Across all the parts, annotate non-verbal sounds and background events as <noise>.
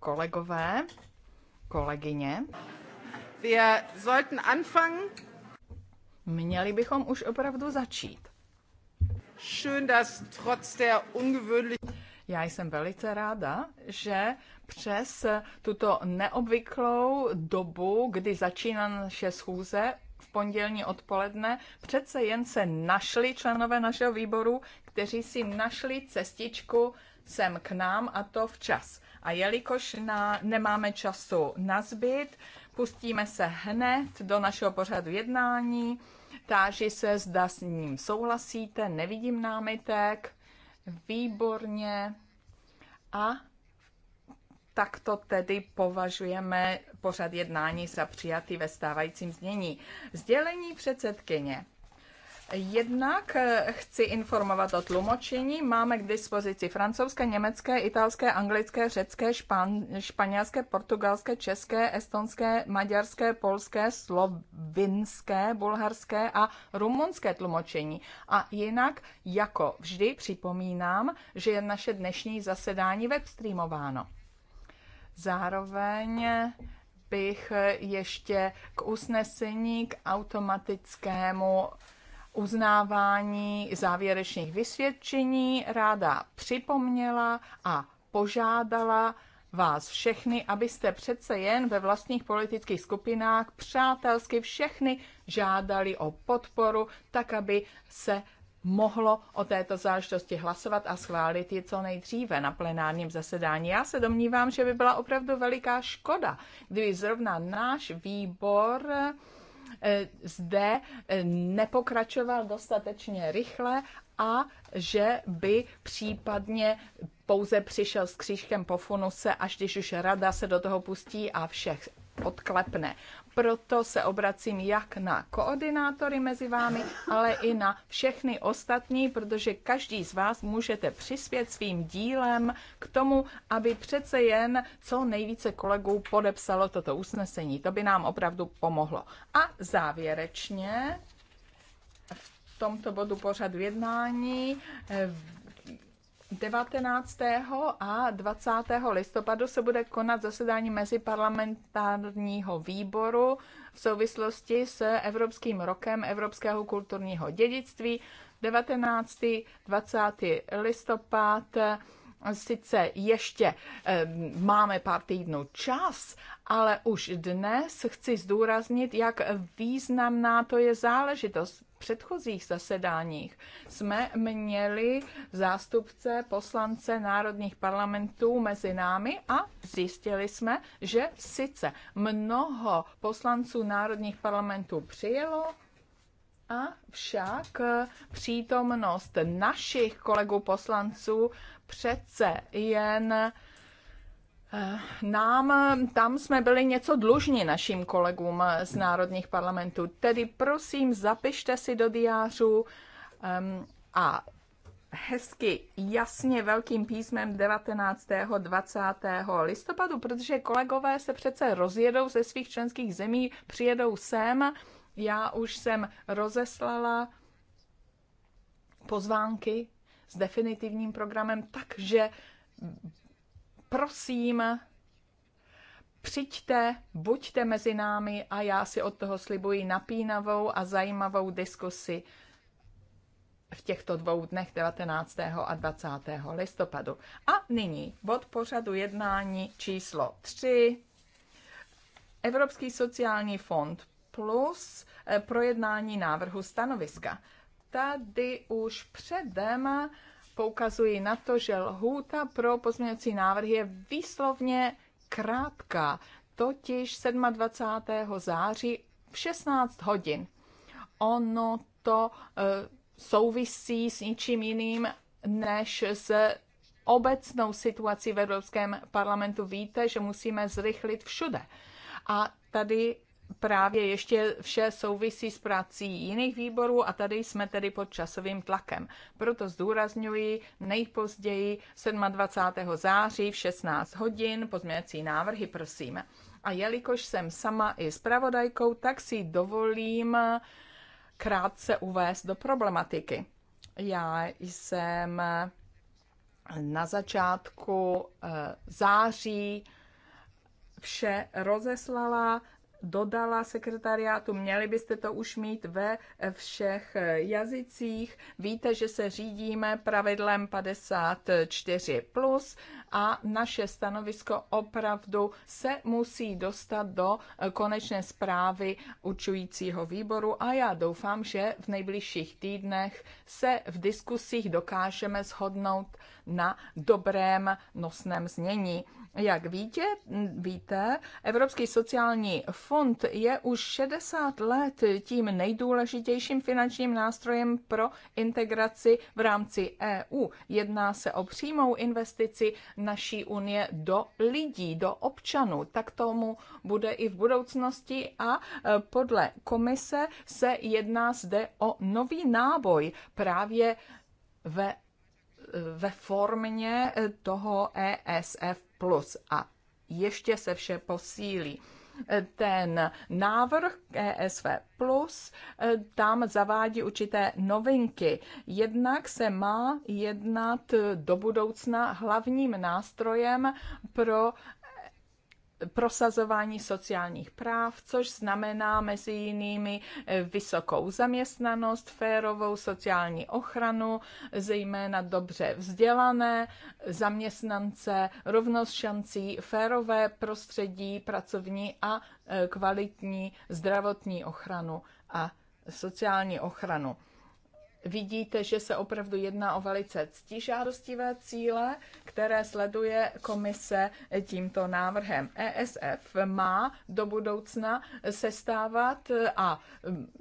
Kolegové, kolegyně. Wir sollten anfangen. Měli bychom už opravdu začít. Schön, dass trotz der ungewöhnlichen já jsem velice ráda, že přes tuto neobvyklou dobu, kdy začíná naše schůze v pondělní odpoledne, přece jen se našli členové našeho výboru, kteří si našli cestičku sem k nám a to včas. A jelikož na, nemáme času na zbyt, pustíme se hned do našeho pořadu jednání. Táži se, zda s ním souhlasíte, nevidím námitek. Výborně. A takto tedy považujeme pořad jednání za přijatý ve stávajícím znění. Sdělení předsedkyně. Jednak eh, chci informovat o tlumočení. Máme k dispozici francouzské, německé, italské, anglické, řecké, špan, španělské, portugalské, české, estonské, maďarské, polské, slovinské, bulharské a rumunské tlumočení. A jinak, jako vždy, připomínám, že je naše dnešní zasedání webstreamováno. Zároveň eh, bych eh, ještě k usnesení, k automatickému uznávání závěrečných vysvědčení ráda připomněla a požádala vás všechny, abyste přece jen ve vlastních politických skupinách přátelsky všechny žádali o podporu, tak aby se mohlo o této záležitosti hlasovat a schválit ji co nejdříve na plenárním zasedání. Já se domnívám, že by byla opravdu veliká škoda, kdyby zrovna náš výbor Eh, zde eh, nepokračoval dostatečně rychle a že by případně pouze přišel s křížkem po funuse, až když už rada se do toho pustí a všech odklepne proto se obracím jak na koordinátory mezi vámi, ale i na všechny ostatní, protože každý z vás můžete přispět svým dílem k tomu, aby přece jen co nejvíce kolegů podepsalo toto usnesení. To by nám opravdu pomohlo. A závěrečně v tomto bodu pořad jednání 19. a 20. listopadu se bude konat zasedání Meziparlamentárního výboru v souvislosti s Evropským rokem Evropského kulturního dědictví. 19. 20. listopad sice ještě máme pár týdnů čas, ale už dnes chci zdůraznit, jak významná to je záležitost předchozích zasedáních jsme měli zástupce poslance národních parlamentů mezi námi a zjistili jsme, že sice mnoho poslanců národních parlamentů přijelo, a však přítomnost našich kolegů poslanců přece jen nám tam jsme byli něco dlužni našim kolegům z národních parlamentů. Tedy prosím, zapište si do diářů um, a hezky jasně velkým písmem 19. 20. listopadu, protože kolegové se přece rozjedou ze svých členských zemí, přijedou sem. Já už jsem rozeslala pozvánky s definitivním programem, takže prosím, přijďte, buďte mezi námi a já si od toho slibuji napínavou a zajímavou diskusi v těchto dvou dnech 19. a 20. listopadu. A nyní bod pořadu jednání číslo 3. Evropský sociální fond plus eh, projednání návrhu stanoviska. Tady už předem poukazují na to, že lhůta pro pozměňovací návrh je výslovně krátká, totiž 27. září v 16 hodin. Ono to e, souvisí s ničím jiným než s obecnou situací v Evropském parlamentu. Víte, že musíme zrychlit všude. A tady právě ještě vše souvisí s prací jiných výborů a tady jsme tedy pod časovým tlakem. Proto zdůrazňuji nejpozději 27. září v 16 hodin pozměňovací návrhy, prosím. A jelikož jsem sama i zpravodajkou, tak si dovolím krátce uvést do problematiky. Já jsem na začátku eh, září vše rozeslala dodala sekretariátu, měli byste to už mít ve všech jazycích. Víte, že se řídíme pravidlem 54 plus a naše stanovisko opravdu se musí dostat do konečné zprávy učujícího výboru a já doufám, že v nejbližších týdnech se v diskusích dokážeme shodnout na dobrém nosném znění jak víte, víte, Evropský sociální fond je už 60 let tím nejdůležitějším finančním nástrojem pro integraci v rámci EU. Jedná se o přímou investici naší unie do lidí, do občanů. Tak tomu bude i v budoucnosti a e, podle komise se jedná zde o nový náboj právě ve e, ve formě e, toho ESF plus a ještě se vše posílí ten návrh ESV+, plus, eh, tam zavádí určité novinky. Jednak se má jednat do budoucna hlavním nástrojem pro prosazování sociálních práv, což znamená mezi jinými eh, vysokou zaměstnanost, férovou sociální ochranu, zejména dobře vzdělané zaměstnance, rovnost šancí, férové prostředí pracovní a eh, kvalitní zdravotní ochranu a sociální ochranu vidíte, že se opravdu jedná o velice ctižádostivé cíle, které sleduje komise tímto návrhem. ESF má do budoucna sestávat a mm,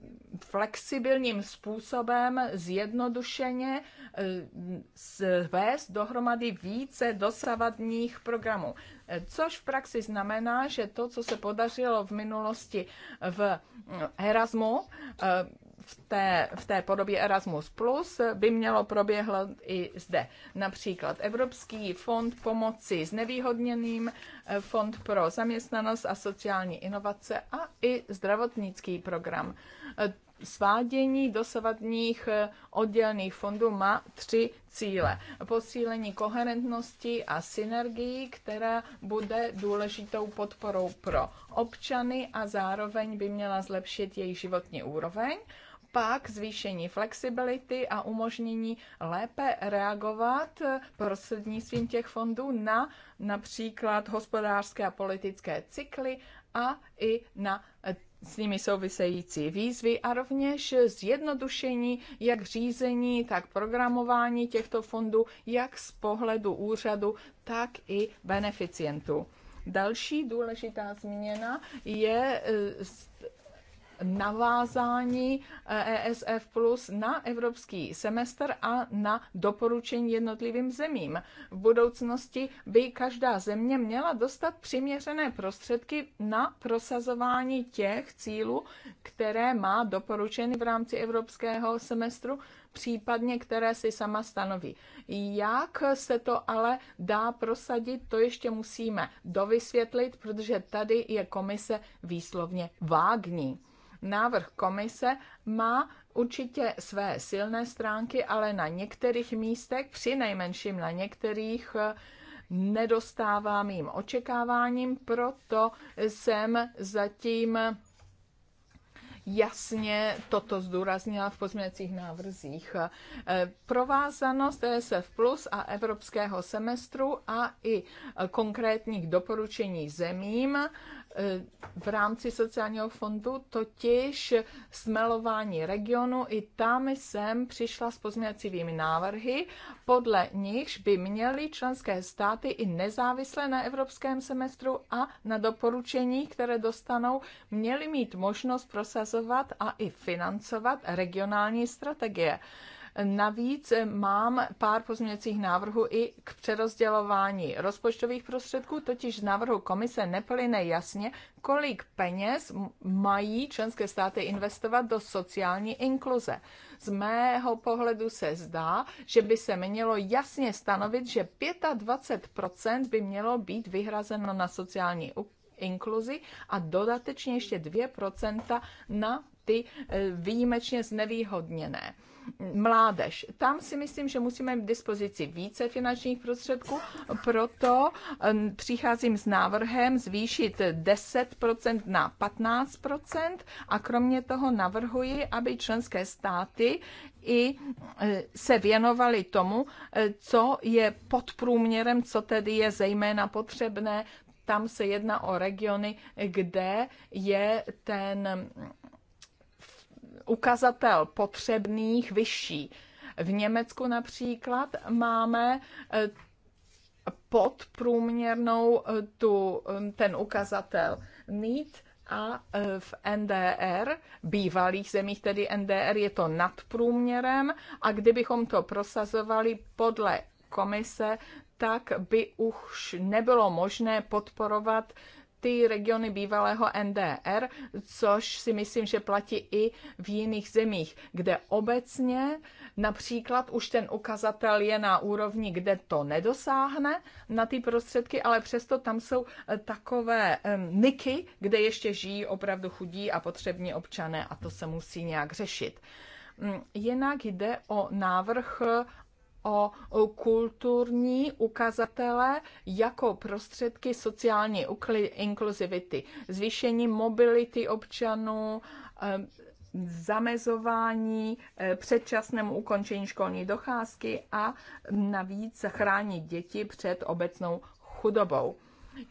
flexibilním způsobem zjednodušeně e, vést dohromady více dosavadních programů. E, což v praxi znamená, že to, co se podařilo v minulosti v mm, Erasmu, e, v té, v té podobě Erasmus Plus by mělo proběhnout i zde. Například Evropský fond pomoci znevýhodněným, fond pro zaměstnanost a sociální inovace a i zdravotnický program. Svádění dosavadních oddělených fondů má tři cíle. Posílení koherentnosti a synergii, která bude důležitou podporou pro občany a zároveň by měla zlepšit jejich životní úroveň pak zvýšení flexibility a umožnění lépe reagovat prostřednictvím těch fondů na například hospodářské a politické cykly a i na eh, s nimi související výzvy a rovněž zjednodušení jak řízení, tak programování těchto fondů, jak z pohledu úřadu, tak i beneficientů. Další důležitá změna je eh, navázání ESF eh, e Plus na evropský semestr a na doporučení jednotlivým zemím. V budoucnosti by každá země měla dostat přiměřené prostředky na prosazování těch cílů, které má doporučeny v rámci evropského semestru, případně které si sama stanoví. Jak se to ale dá prosadit, to ještě musíme dovysvětlit, protože tady je komise výslovně vágní. Návrh komise má určitě své silné stránky, ale na některých místech, při nejmenším na některých, nedostává mým očekáváním, proto jsem zatím jasně toto zdůraznila v pozměňovacích návrzích. Provázanost ESF Plus a evropského semestru a i konkrétních doporučení zemím E, v rámci sociálního fondu, totiž smelování regionu. I tam jsem přišla s pozměňovacími návrhy, podle nichž by měly členské státy i nezávisle na evropském semestru a na doporučení, které dostanou, měly mít možnost prosazovat a i financovat regionální strategie. Navíc mám pár pozměňovacích návrhů i k přerozdělování rozpočtových prostředků, totiž z návrhu komise neplyne jasně, kolik peněz mají členské státy investovat do sociální inkluze. Z mého pohledu se zdá, že by se mělo jasně stanovit, že 25% by mělo být vyhrazeno na sociální inkluzi a dodatečně ještě 2% na ty eh, výjimečně znevýhodněné mládež. Tam si myslím, že musíme mít dispozici více finančních prostředků, proto přicházím s návrhem zvýšit 10% na 15% a kromě toho navrhuji, aby členské státy i e, se věnovali tomu, e, co je pod průměrem, co tedy je zejména potřebné. Tam se jedná o regiony, kde je ten ukazatel potřebných vyšší. V Německu například máme eh, pod průměrnou eh, tu, eh, ten ukazatel mít a v NDR, bývalých zemích tedy NDR, je to nad průměrem a kdybychom to prosazovali podle komise, tak by už nebylo možné podporovat ty regiony bývalého NDR, což si myslím, že platí i v jiných zemích, kde obecně například už ten ukazatel je na úrovni, kde to nedosáhne na ty prostředky, ale přesto tam jsou eh, takové niky, kde ještě žijí opravdu chudí a potřební občané a to se musí nějak řešit. Mm, jinak jde o návrh o kulturní ukazatele jako prostředky sociální inkluzivity, zvýšení mobility občanů, zamezování eh, předčasnému ukončení školní docházky a navíc chránit děti před obecnou chudobou.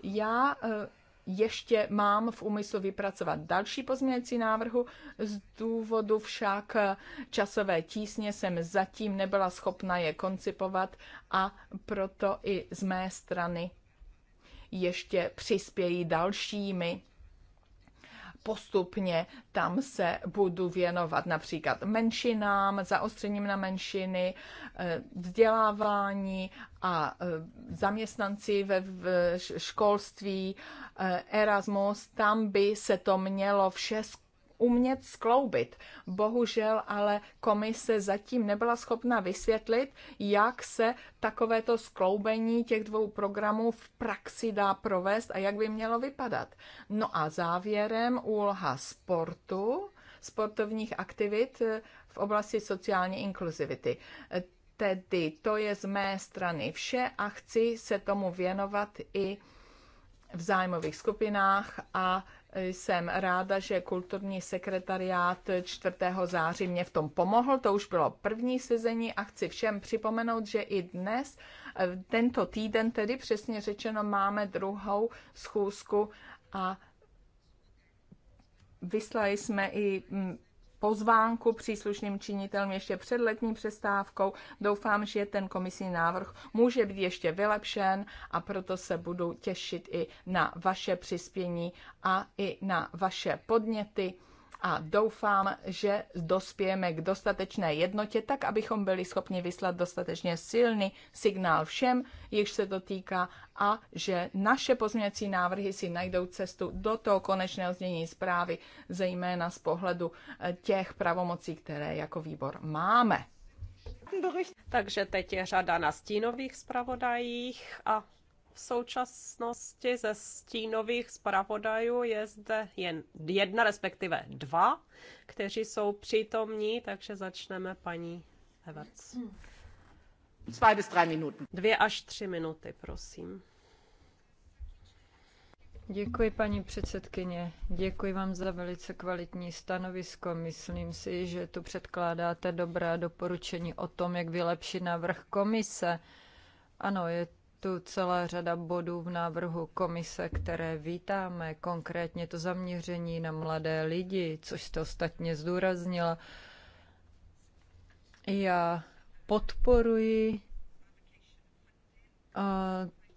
Já eh, ještě mám v úmyslu vypracovat další pozměňující návrhu. Z důvodu však časové tísně jsem zatím nebyla schopna je koncipovat a proto i z mé strany ještě přispějí dalšími postupně tam se budu věnovat například menšinám, zaostřením na menšiny, eh, vzdělávání a eh, zaměstnanci ve školství, eh, Erasmus, tam by se to mělo vše umět skloubit. Bohužel ale komise zatím nebyla schopna vysvětlit, jak se takovéto skloubení těch dvou programů v praxi dá provést a jak by mělo vypadat. No a závěrem úloha sportu, sportovních aktivit eh, v oblasti sociální inkluzivity. Tedy to je z mé strany vše a chci se tomu věnovat i v zájmových skupinách a jsem ráda, že kulturní sekretariát 4. září mě v tom pomohl. To už bylo první sezení a chci všem připomenout, že i dnes, eh, tento týden tedy přesně řečeno, máme druhou schůzku a vyslali jsme i mm, pozvánku příslušným činitelům ještě před letní přestávkou. Doufám, že ten komisní návrh může být ještě vylepšen a proto se budu těšit i na vaše přispění a i na vaše podněty a doufám, že dospějeme k dostatečné jednotě, tak abychom byli schopni vyslat dostatečně silný signál všem, jichž se to týká a že naše pozměňovací návrhy si najdou cestu do toho konečného znění zprávy, zejména z pohledu eh, těch pravomocí, které jako výbor máme. Takže teď je řada na stínových zpravodajích a v současnosti ze stínových zpravodajů je zde jen jedna, respektive dva, kteří jsou přítomní, takže začneme paní Everts. Dvě až tři minuty, prosím. Děkuji, paní předsedkyně. Děkuji vám za velice kvalitní stanovisko. Myslím si, že tu předkládáte dobré doporučení o tom, jak vylepšit návrh komise. Ano, je tu celá řada bodů v návrhu komise, které vítáme, konkrétně to zaměření na mladé lidi, což jste ostatně zdůraznila. Já podporuji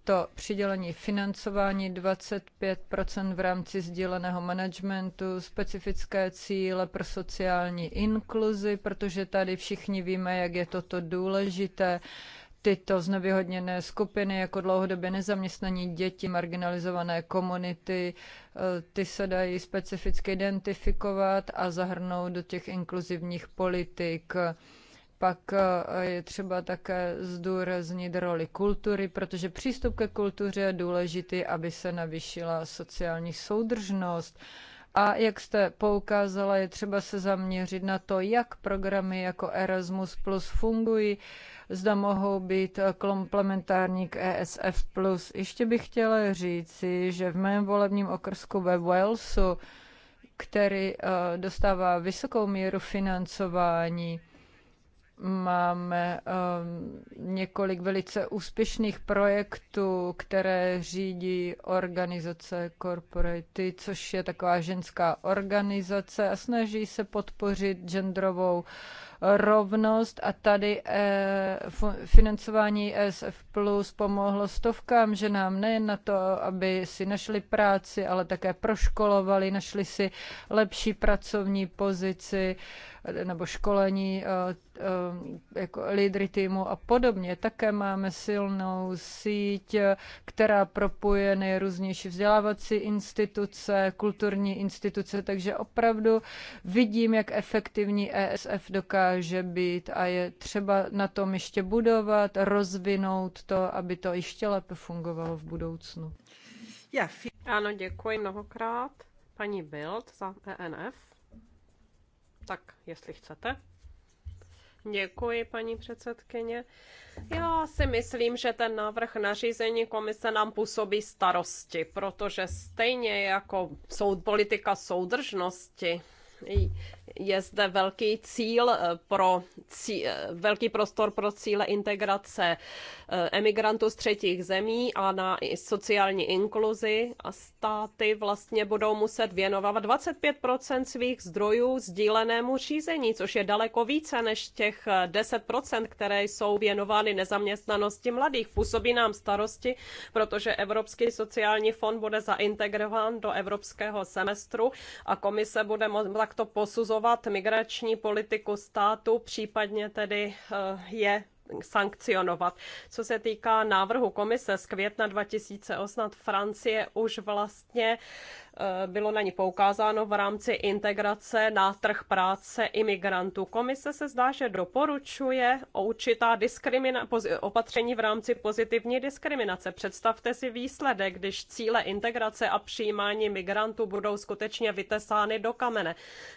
to přidělení financování 25 v rámci sdíleného managementu, specifické cíle pro sociální inkluzi, protože tady všichni víme, jak je toto důležité tyto znevýhodněné skupiny, jako dlouhodobě nezaměstnaní děti, marginalizované komunity, e, ty se dají specificky identifikovat a zahrnout do těch inkluzivních politik. Pak e, je třeba také zdůraznit roli kultury, protože přístup ke kultuře je důležitý, aby se navyšila sociální soudržnost. A jak jste poukázala, je třeba se zaměřit na to, jak programy jako Erasmus Plus fungují, zda mohou být komplementární k ESF Plus. Ještě bych chtěla říci, že v mém volebním okrsku ve Walesu, který eh, dostává vysokou míru financování, Máme ehm, několik velice úspěšných projektů, které řídí organizace Corporate, což je taková ženská organizace a snaží se podpořit genderovou rovnost a tady eh, financování ESF Plus pomohlo stovkám ženám nejen na to, aby si našli práci, ale také proškolovali, našli si lepší pracovní pozici eh, nebo školení eh, Eh, jako lídry týmu a podobně. Také máme silnou síť, která propuje nejrůznější vzdělávací instituce, kulturní instituce, takže opravdu vidím, jak efektivní ESF dokáže být a je třeba na tom ještě budovat, rozvinout to, aby to ještě lépe fungovalo v budoucnu. Ano, děkuji mnohokrát paní Bild za ENF. Tak, jestli chcete. Děkuji, paní předsedkyně. Já si myslím, že ten návrh nařízení komise nám působí starosti, protože stejně jako soud, politika soudržnosti, je zde velký cíl eh, pro cí, eh, velký prostor pro cíle integrace eh, emigrantů z třetích zemí a na sociální inkluzi a státy vlastně budou muset věnovat 25% svých zdrojů sdílenému řízení, což je daleko více než těch 10%, které jsou věnovány nezaměstnanosti mladých. Působí nám starosti, protože Evropský sociální fond bude zaintegrován do evropského semestru a komise bude takto posuzovat formulovat migrační politiku státu, případně tedy eh, je sankcionovat. Co se týká návrhu komise z května 2018, Francie už vlastně eh, bylo na ní poukázáno v rámci integrace na trh práce imigrantů. Komise se zdá, že doporučuje určitá diskrimina- opatření v rámci pozitivní diskriminace. Představte si výsledek, když cíle integrace a přijímání migrantů budou skutečně vytesány do kamene.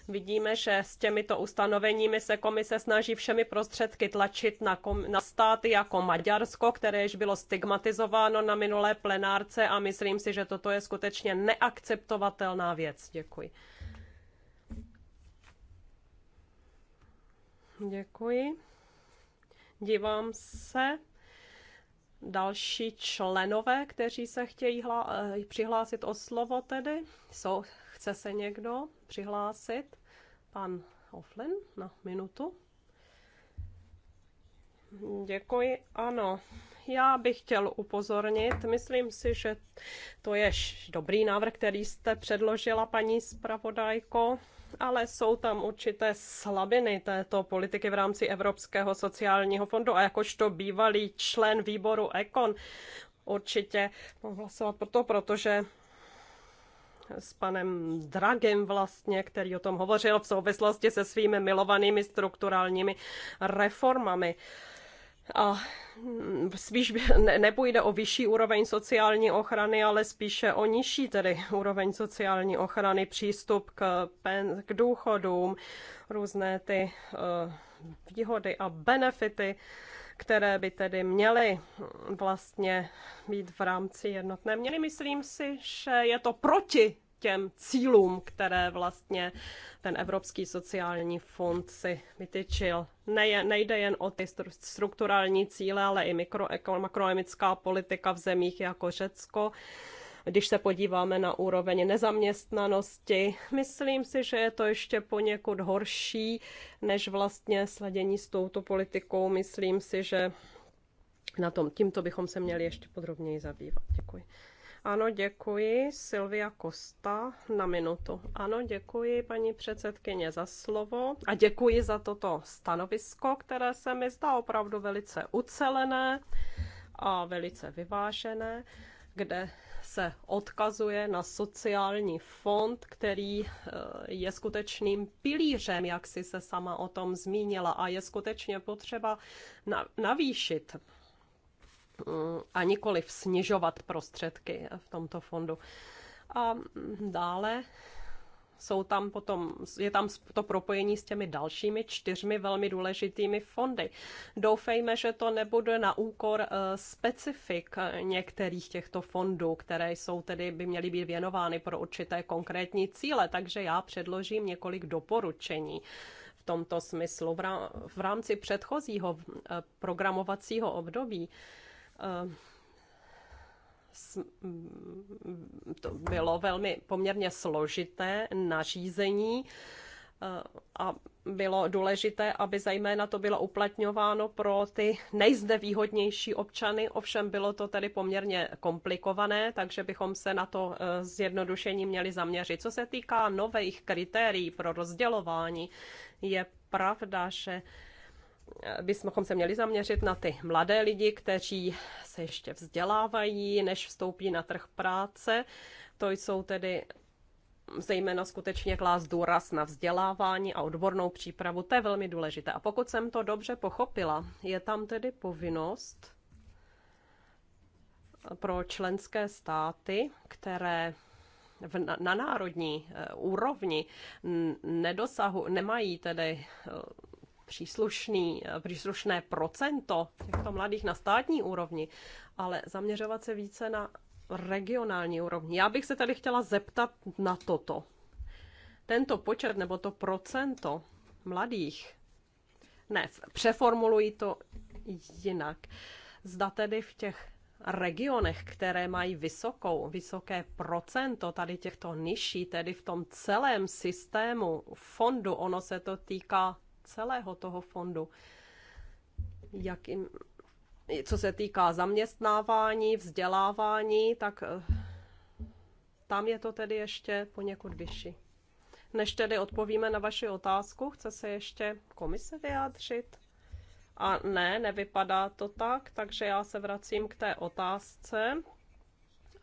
Vidíme, že s těmito ustanoveními se komise snaží všemi prostředky tlačit na, kom- na státy jako Maďarsko, které již bylo stigmatizováno na minulé plenárce a myslím si, že toto je skutečně neakceptovatelná věc. Děkuji. Děkuji. Dívám se. Další členové, kteří se chtějí eh, přihlásit o slovo tedy. Jsou, chce se někdo přihlásit? Pan Oflin na minutu. Děkuji. Ano, já bych chtěl upozornit, myslím si, že to je dobrý návrh, který jste předložila, paní zpravodajko, ale jsou tam určité slabiny této politiky v rámci Evropského sociálního fondu a jakožto bývalý člen výboru Econ určitě mohu hlasovat pro to, protože s panem Dragem vlastně, který o tom hovořil v souvislosti se svými milovanými strukturálními reformami. Uh, a spíš nepůjde o vyšší úroveň sociální ochrany, ale spíše o nižší tedy úroveň sociální ochrany, přístup k, pen, k důchodům, různé ty uh, výhody a benefity, které by tedy měly vlastně být v rámci jednotné měny. Myslím si, že je to proti těm cílům, které vlastně ten Evropský sociální fond si vytyčil. nejde jen o ty strukturální cíle, ale i makroekonomická politika v zemích jako Řecko. Když se podíváme na úroveň nezaměstnanosti, myslím si, že je to ještě poněkud horší než vlastně sladění s touto politikou. Myslím si, že na tom tímto bychom se měli ještě podrobněji zabývat. Děkuji. Ano, děkuji. Silvia Kosta na minutu. Ano, děkuji paní předsedkyně za slovo a děkuji za toto stanovisko, které se mi zdá opravdu velice ucelené a velice vyvážené, kde se odkazuje na sociální fond, který eh, je skutečným pilířem, jak si se sama o tom zmínila, a je skutečně potřeba navýšit a nikoli snižovat prostředky v tomto fondu. A dále jsou tam potom, je tam to propojení s těmi dalšími čtyřmi velmi důležitými fondy. Doufejme, že to nebude na úkor eh, specifik některých těchto fondů, které jsou tedy, by měly být věnovány pro určité konkrétní cíle, takže já předložím několik doporučení. V tomto smyslu v rámci předchozího eh, programovacího období Ehm, to bylo velmi poměrně složité nařízení eh, a bylo důležité, aby zejména to bylo uplatňováno pro ty nejzde výhodnější občany, ovšem bylo to tedy poměrně komplikované, takže bychom se na to eh, zjednodušení měli zaměřit. Co se týká nových kritérií pro rozdělování, je pravda, že bychom se měli zaměřit na ty mladé lidi, kteří se ještě vzdělávají, než vstoupí na trh práce. To jsou tedy zejména skutečně klást důraz na vzdělávání a odbornou přípravu, to je velmi důležité. A pokud jsem to dobře pochopila, je tam tedy povinnost pro členské státy, které v, na, na národní eh, úrovni nedosahu, nemají tedy eh, příslušný, příslušné procento těchto mladých na státní úrovni, ale zaměřovat se více na regionální úrovni. Já bych se tady chtěla zeptat na toto. Tento počet nebo to procento mladých, ne, přeformuluji to jinak, zda tedy v těch regionech, které mají vysokou, vysoké procento tady těchto nižší, tedy v tom celém systému fondu, ono se to týká celého toho fondu. Jak jim, co se týká zaměstnávání, vzdělávání, tak eh, tam je to tedy ještě poněkud vyšší. Než tedy odpovíme na vaši otázku, chce se ještě komise vyjádřit? A ne, nevypadá to tak, takže já se vracím k té otázce.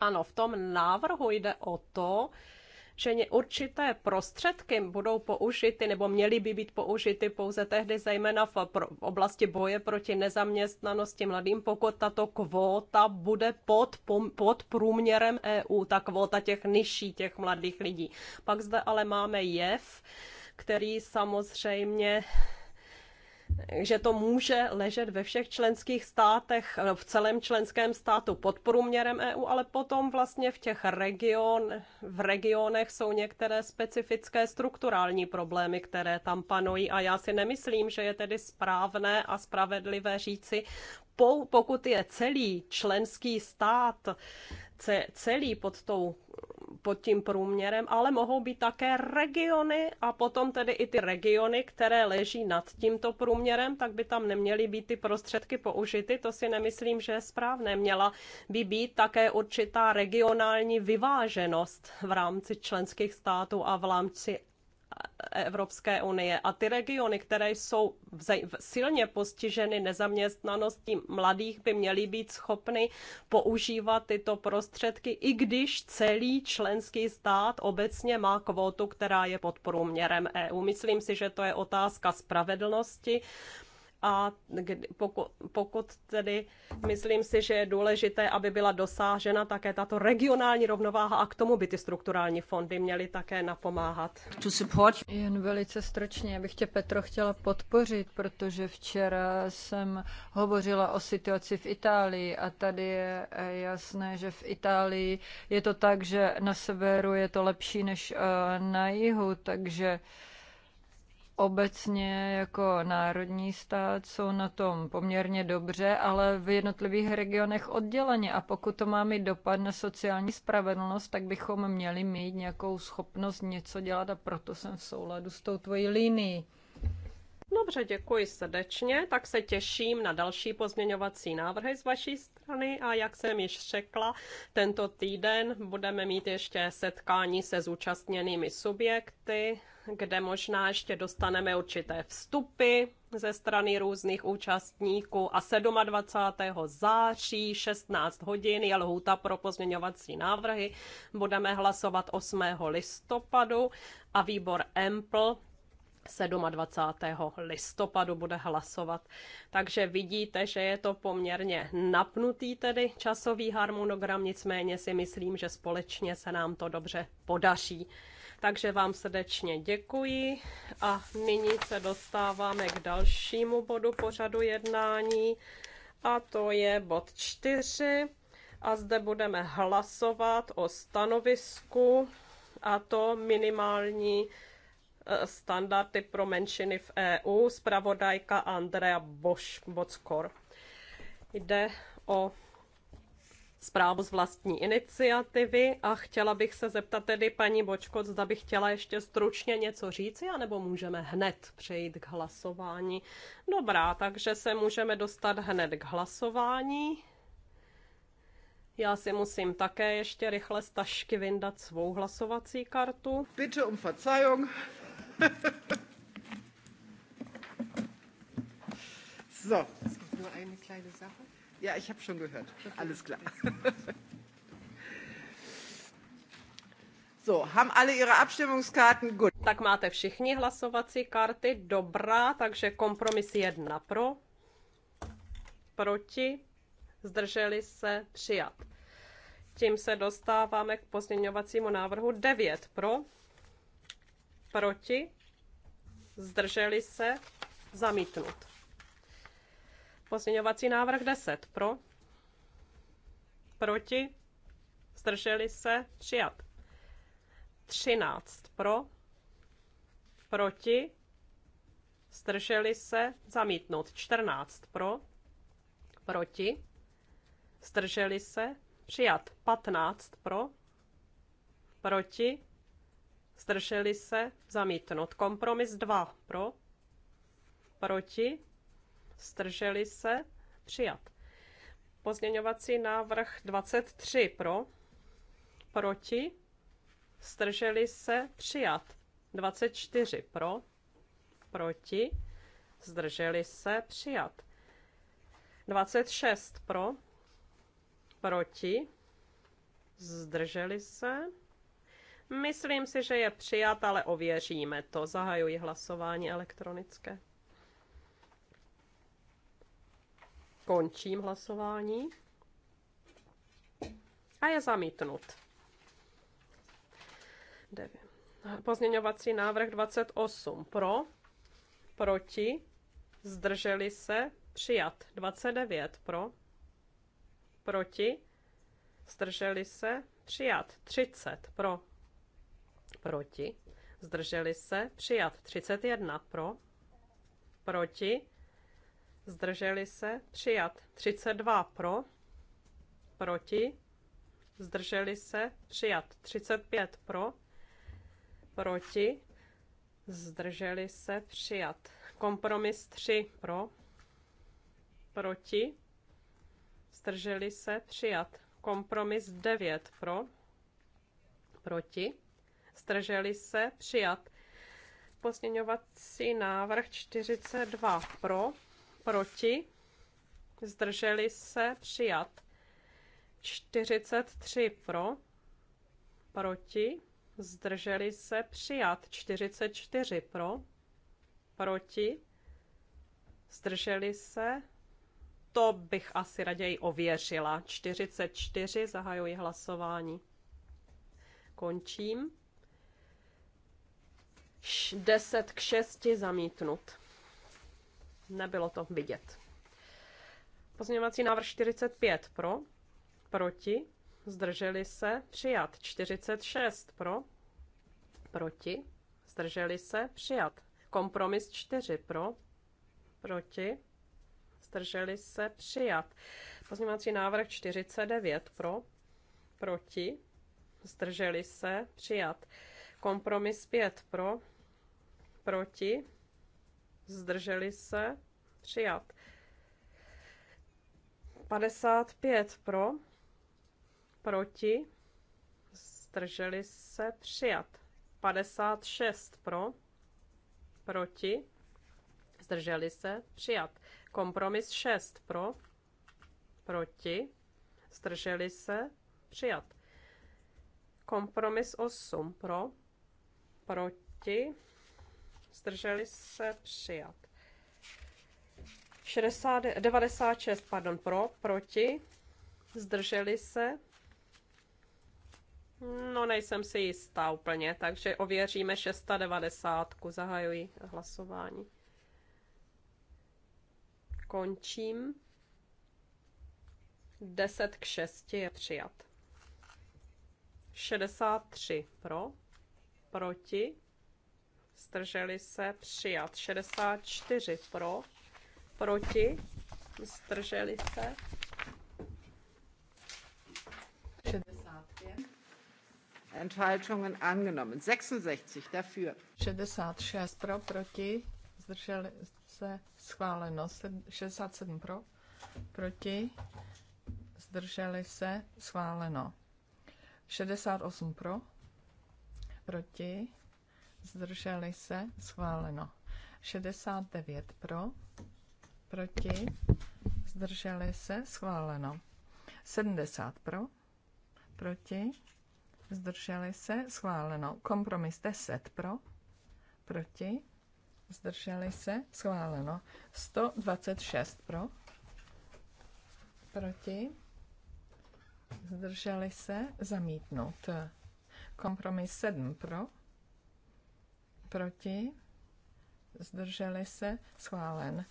Ano, v tom návrhu jde o to, že určité prostředky budou použity nebo měly by být použity pouze tehdy, zejména v oblasti boje proti nezaměstnanosti mladým, pokud tato kvóta bude pod, pod průměrem EU, ta kvóta těch nižší, těch mladých lidí. Pak zde ale máme jev, který samozřejmě že to může ležet ve všech členských státech, no, v celém členském státu pod průměrem EU, ale potom vlastně v těch region, v regionech jsou některé specifické strukturální problémy, které tam panují a já si nemyslím, že je tedy správné a spravedlivé říci, pokud je celý členský stát celý pod tou pod tím průměrem, ale mohou být také regiony a potom tedy i ty regiony, které leží nad tímto průměrem, tak by tam neměly být ty prostředky použity. To si nemyslím, že je správné. Měla by být také určitá regionální vyváženost v rámci členských států a v rámci Evropské unie a ty regiony, které jsou silně postiženy nezaměstnaností mladých, by měly být schopny používat tyto prostředky, i když celý členský stát obecně má kvótu, která je pod průměrem EU. Myslím si, že to je otázka spravedlnosti a pokud, pokud tedy myslím si, že je důležité, aby byla dosážena také tato regionální rovnováha a k tomu by ty strukturální fondy měly také napomáhat. Jen velice stročně, bych tě Petro chtěla podpořit, protože včera jsem hovořila o situaci v Itálii a tady je eh, jasné, že v Itálii je to tak, že na severu je to lepší než eh, na jihu, takže obecně jako národní stát jsou na tom poměrně dobře, ale v jednotlivých regionech odděleně. A pokud to má mít dopad na sociální spravedlnost, tak bychom měli mít nějakou schopnost něco dělat a proto jsem v souladu s tou tvojí linií. Dobře, děkuji srdečně, tak se těším na další pozměňovací návrhy z vaší strany a jak jsem již řekla, tento týden budeme mít ještě setkání se zúčastněnými subjekty kde možná ještě dostaneme určité vstupy ze strany různých účastníků a 27. září 16 hodin je lhůta pro pozměňovací návrhy. Budeme hlasovat 8. listopadu a výbor EMPL 27. listopadu bude hlasovat. Takže vidíte, že je to poměrně napnutý tedy časový harmonogram, nicméně si myslím, že společně se nám to dobře podaří. Takže vám srdečně děkuji a nyní se dostáváme k dalšímu bodu pořadu jednání a to je bod 4 a zde budeme hlasovat o stanovisku a to minimální eh, standardy pro menšiny v EU, zpravodajka Andrea Boš, Bockor. Jde o zprávu z vlastní iniciativy a chtěla bych se zeptat tedy paní Bočkot, zda bych chtěla ještě stručně něco říci, anebo můžeme hned přejít k hlasování. Dobrá, takže se můžeme dostat hned k hlasování. Já si musím také ještě rychle z tašky vyndat svou hlasovací kartu. Bitte um Verzeihung. <laughs> so. Es gibt nur eine kleine Sache. Ja, ich habe schon gehört. Alles klar. <laughs> So, haben alle ihre Abstimmungskarten gut. Tak máte všichni hlasovací karty, dobrá, takže kompromis jedna pro, proti, zdrželi se, přijat. Tím se dostáváme k pozměňovacímu návrhu 9 pro, proti, zdrželi se, zamítnut. Pozměňovací návrh 10 pro, proti, zdrželi se, přijat. 13 pro, proti, zdrželi se, zamítnout. 14 pro, proti, zdrželi se, přijat. 15 pro, proti, zdrželi se, zamítnout. Kompromis 2 pro, proti, Zdrželi se? Přijat. Pozměňovací návrh 23 pro, proti, zdrželi se, přijat. 24 pro, proti, zdrželi se, přijat. 26 pro, proti, zdrželi se. Myslím si, že je přijat, ale ověříme to. Zahajuji hlasování elektronické. Končím hlasování. A je zamítnut. Pozměňovací návrh 28 pro, proti, zdrželi se, přijat. 29 pro, proti, zdrželi se, přijat. 30 pro, proti, zdrželi se, přijat. 31 pro, proti, zdrželi se, přijat. 32 pro, proti, zdrželi se, přijat. 35 pro, proti, zdrželi se, přijat. Kompromis 3 pro, proti, zdrželi se, přijat. Kompromis 9 pro, proti, zdrželi se, přijat. Pozměňovací návrh 42 pro, proti, zdrželi se, přijat. 43 pro, proti, zdrželi se, přijat. 44 pro, proti, zdrželi se, to bych asi raději ověřila. 44, zahajuji hlasování. Končím. 10 k 6 zamítnut. Nebylo to vidět. Pozměňovací návrh 45 pro, proti, zdrželi se, přijat. 46 pro, proti, zdrželi se, přijat. Kompromis 4 pro, proti, zdrželi se, přijat. Pozměňovací návrh 49 pro, proti, zdrželi se, přijat. Kompromis 5 pro, proti, zdrželi se, přijat. 55 pro, proti, zdrželi se, přijat. 56 pro, proti, zdrželi se, přijat. Kompromis 6 pro, proti, zdrželi se, přijat. Kompromis 8 pro, proti, zdrželi se, přijat. 60, 96, pardon, pro, proti, zdrželi se. No, nejsem si jistá úplně, takže ověříme 690. Zahajuji hlasování. Končím. 10 k 6 je přijat. 63 pro, proti, zdrželi se přijat. 64 pro, proti, zdrželi se. 65. Enthaltungen angenommen. 66 dafür. 66 pro, proti, zdrželi se schváleno. 67 pro, proti, zdrželi se schváleno. 68 pro, proti, zdrželi se, schváleno. 69 pro, proti, zdrželi se, schváleno. 70 pro, proti, zdrželi se, schváleno. Kompromis 10 pro, proti, zdrželi se, schváleno. 126 pro, proti, zdrželi se, zamítnut. Kompromis 7 pro, proti, zdrželi se, schválen.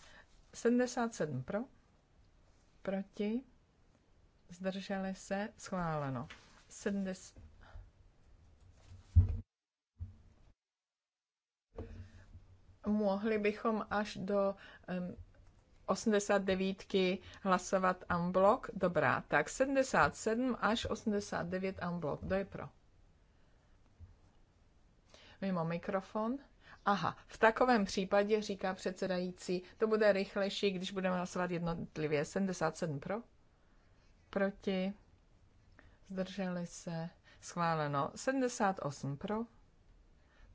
77 pro, proti, zdrželi se, schváleno. 70... Mohli bychom až do um, 89 hlasovat unblock? Dobrá, tak 77 až 89 unblock. Kdo je pro? mimo mikrofon. Aha, v takovém případě, říká předsedající, to bude rychlejší, když budeme hlasovat jednotlivě. 77 pro, proti, zdrželi se, schváleno. 78 pro,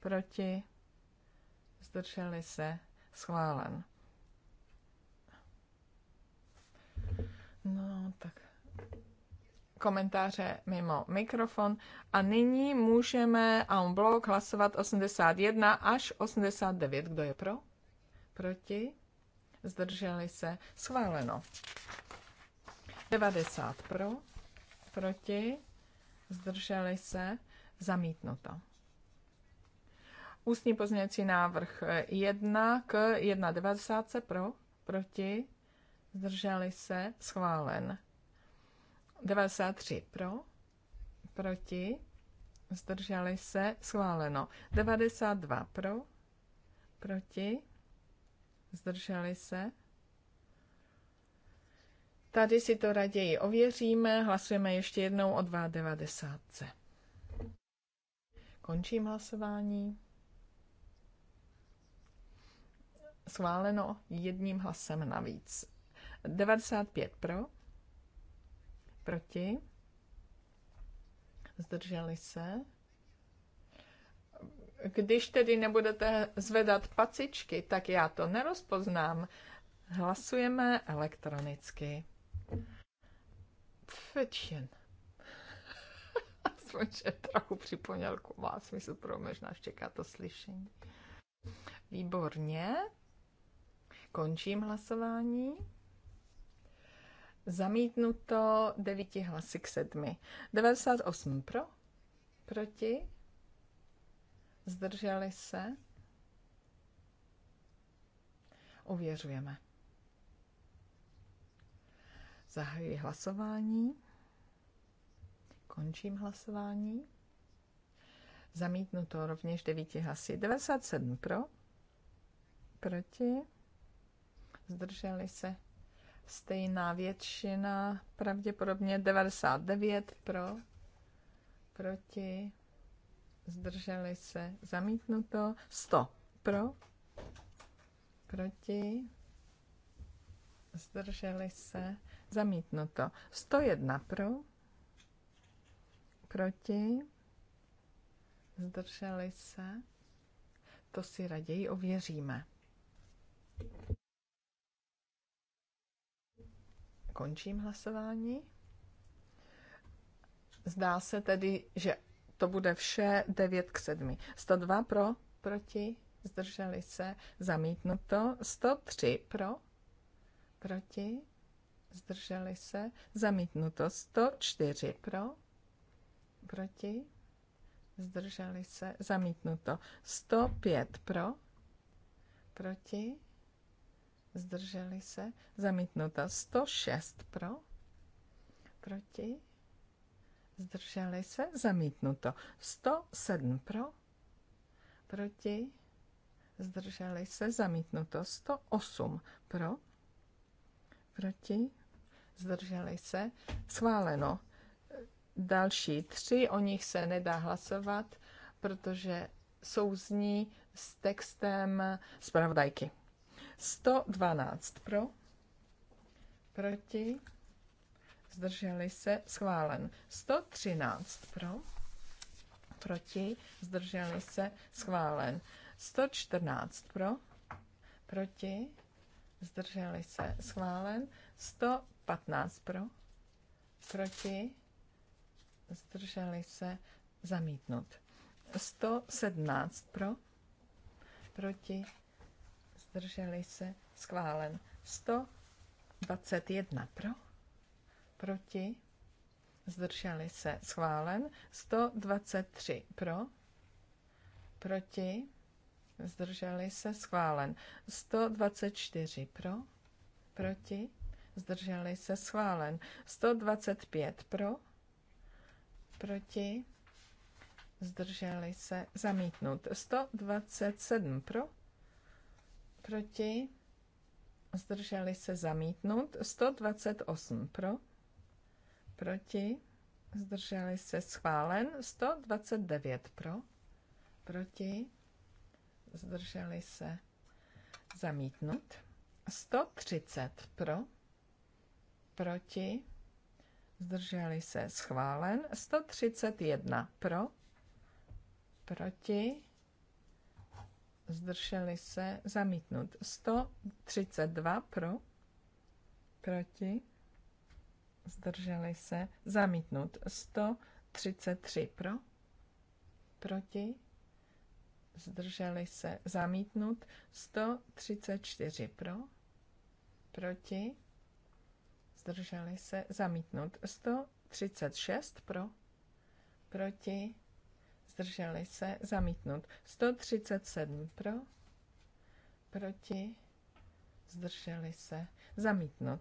proti, zdrželi se, schválen. No, tak komentáře mimo mikrofon. A nyní můžeme en blok hlasovat 81 až 89. Kdo je pro? Proti? Zdrželi se? Schváleno. 90 pro? Proti? Zdrželi se? Zamítnuto. Ústní pozměňovací návrh 1 k 1,90 pro? Proti? Zdrželi se? Schválen. 93 pro, proti, zdrželi se, schváleno. 92 pro, proti, zdrželi se. Tady si to raději ověříme, hlasujeme ještě jednou o 2,90. Končím hlasování. Schváleno jedním hlasem navíc. 95 pro, Proti? Zdrželi se? Když tedy nebudete zvedat pacičky, tak já to nerozpoznám. Hlasujeme elektronicky. Pfečen. <laughs> Aspoň, že trochu připomnělku má smysl pro možná čeká to slyšení. Výborně. Končím hlasování. Zamítnuto 9 hlasy k 7. 98 pro, proti, zdrželi se. Uvěřujeme. Zahajuji hlasování. Končím hlasování. Zamítnuto rovněž 9 hlasy. 97 pro, proti, zdrželi se Stejná většina, pravděpodobně 99 pro, proti, zdrželi se, zamítnuto, 100 pro, proti, zdrželi se, zamítnuto, 101 pro, proti, zdrželi se, to si raději ověříme. končím hlasování. Zdá se tedy, že to bude vše 9 k 7. 102 pro, proti, zdrželi se, zamítnuto. 103 pro, proti, zdrželi se, zamítnuto. 104 pro, proti, zdrželi se, zamítnuto. 105 pro, proti, zdrželi se, zamítnuto 106 pro, proti, zdrželi se, zamítnuto 107 pro, proti, zdrželi se, zamítnuto 108 pro, proti, zdrželi se, schváleno. Další tři, o nich se nedá hlasovat, protože jsou z ní s textem zpravodajky. 112 pro, proti, zdrželi se, schválen. 113 pro, proti, zdrželi se, schválen. 114 pro, proti, zdrželi se, schválen. 115 pro, proti, zdrželi se, zamítnut. 117 pro, proti, zdrželi se, schválen. 121 pro, proti, zdrželi se, schválen. 123 pro, proti, zdrželi se, schválen. 124 pro, proti, zdrželi se, schválen. 125 pro, proti, zdrželi se, zamítnut. 127 pro, proti, zdrželi se zamítnout, 128 pro, proti, zdrželi se schválen, 129 pro, proti, zdrželi se zamítnout, 130 pro, proti, zdrželi se schválen, 131 pro, proti, zdrželi se, zamítnut. 132 pro, proti, zdrželi se, zamítnut. 133 pro, proti, zdrželi se, zamítnut. 134 pro, proti, zdrželi se, zamítnut. 136 pro, proti, zdrželi se, zamítnut. 137 pro, proti, zdrželi se, zamítnut.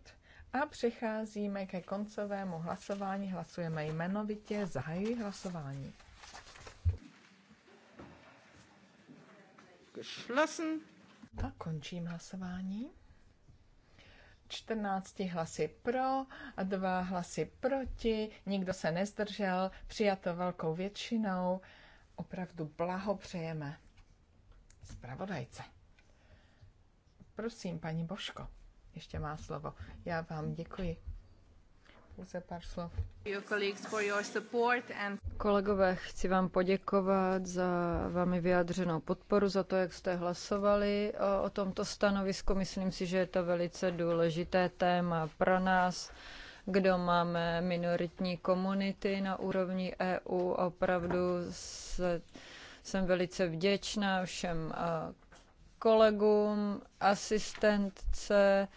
A přecházíme ke koncovému hlasování. Hlasujeme jmenovitě, zahajuji hlasování. Geschlossen. A končím hlasování. 14 hlasy pro a 2 hlasy proti, nikdo se nezdržel, přijato velkou většinou opravdu blahopřejeme zpravodajce. Prosím, paní Boško, ještě má slovo. Já vám děkuji. Pouze pár slov. Kolegové, chci vám poděkovat za vámi vyjádřenou podporu, za to, jak jste hlasovali o tomto stanovisku. Myslím si, že je to velice důležité téma pro nás kdo máme minoritní komunity na úrovni EU. Opravdu se, jsem velice vděčná všem eh, kolegům, asistentce,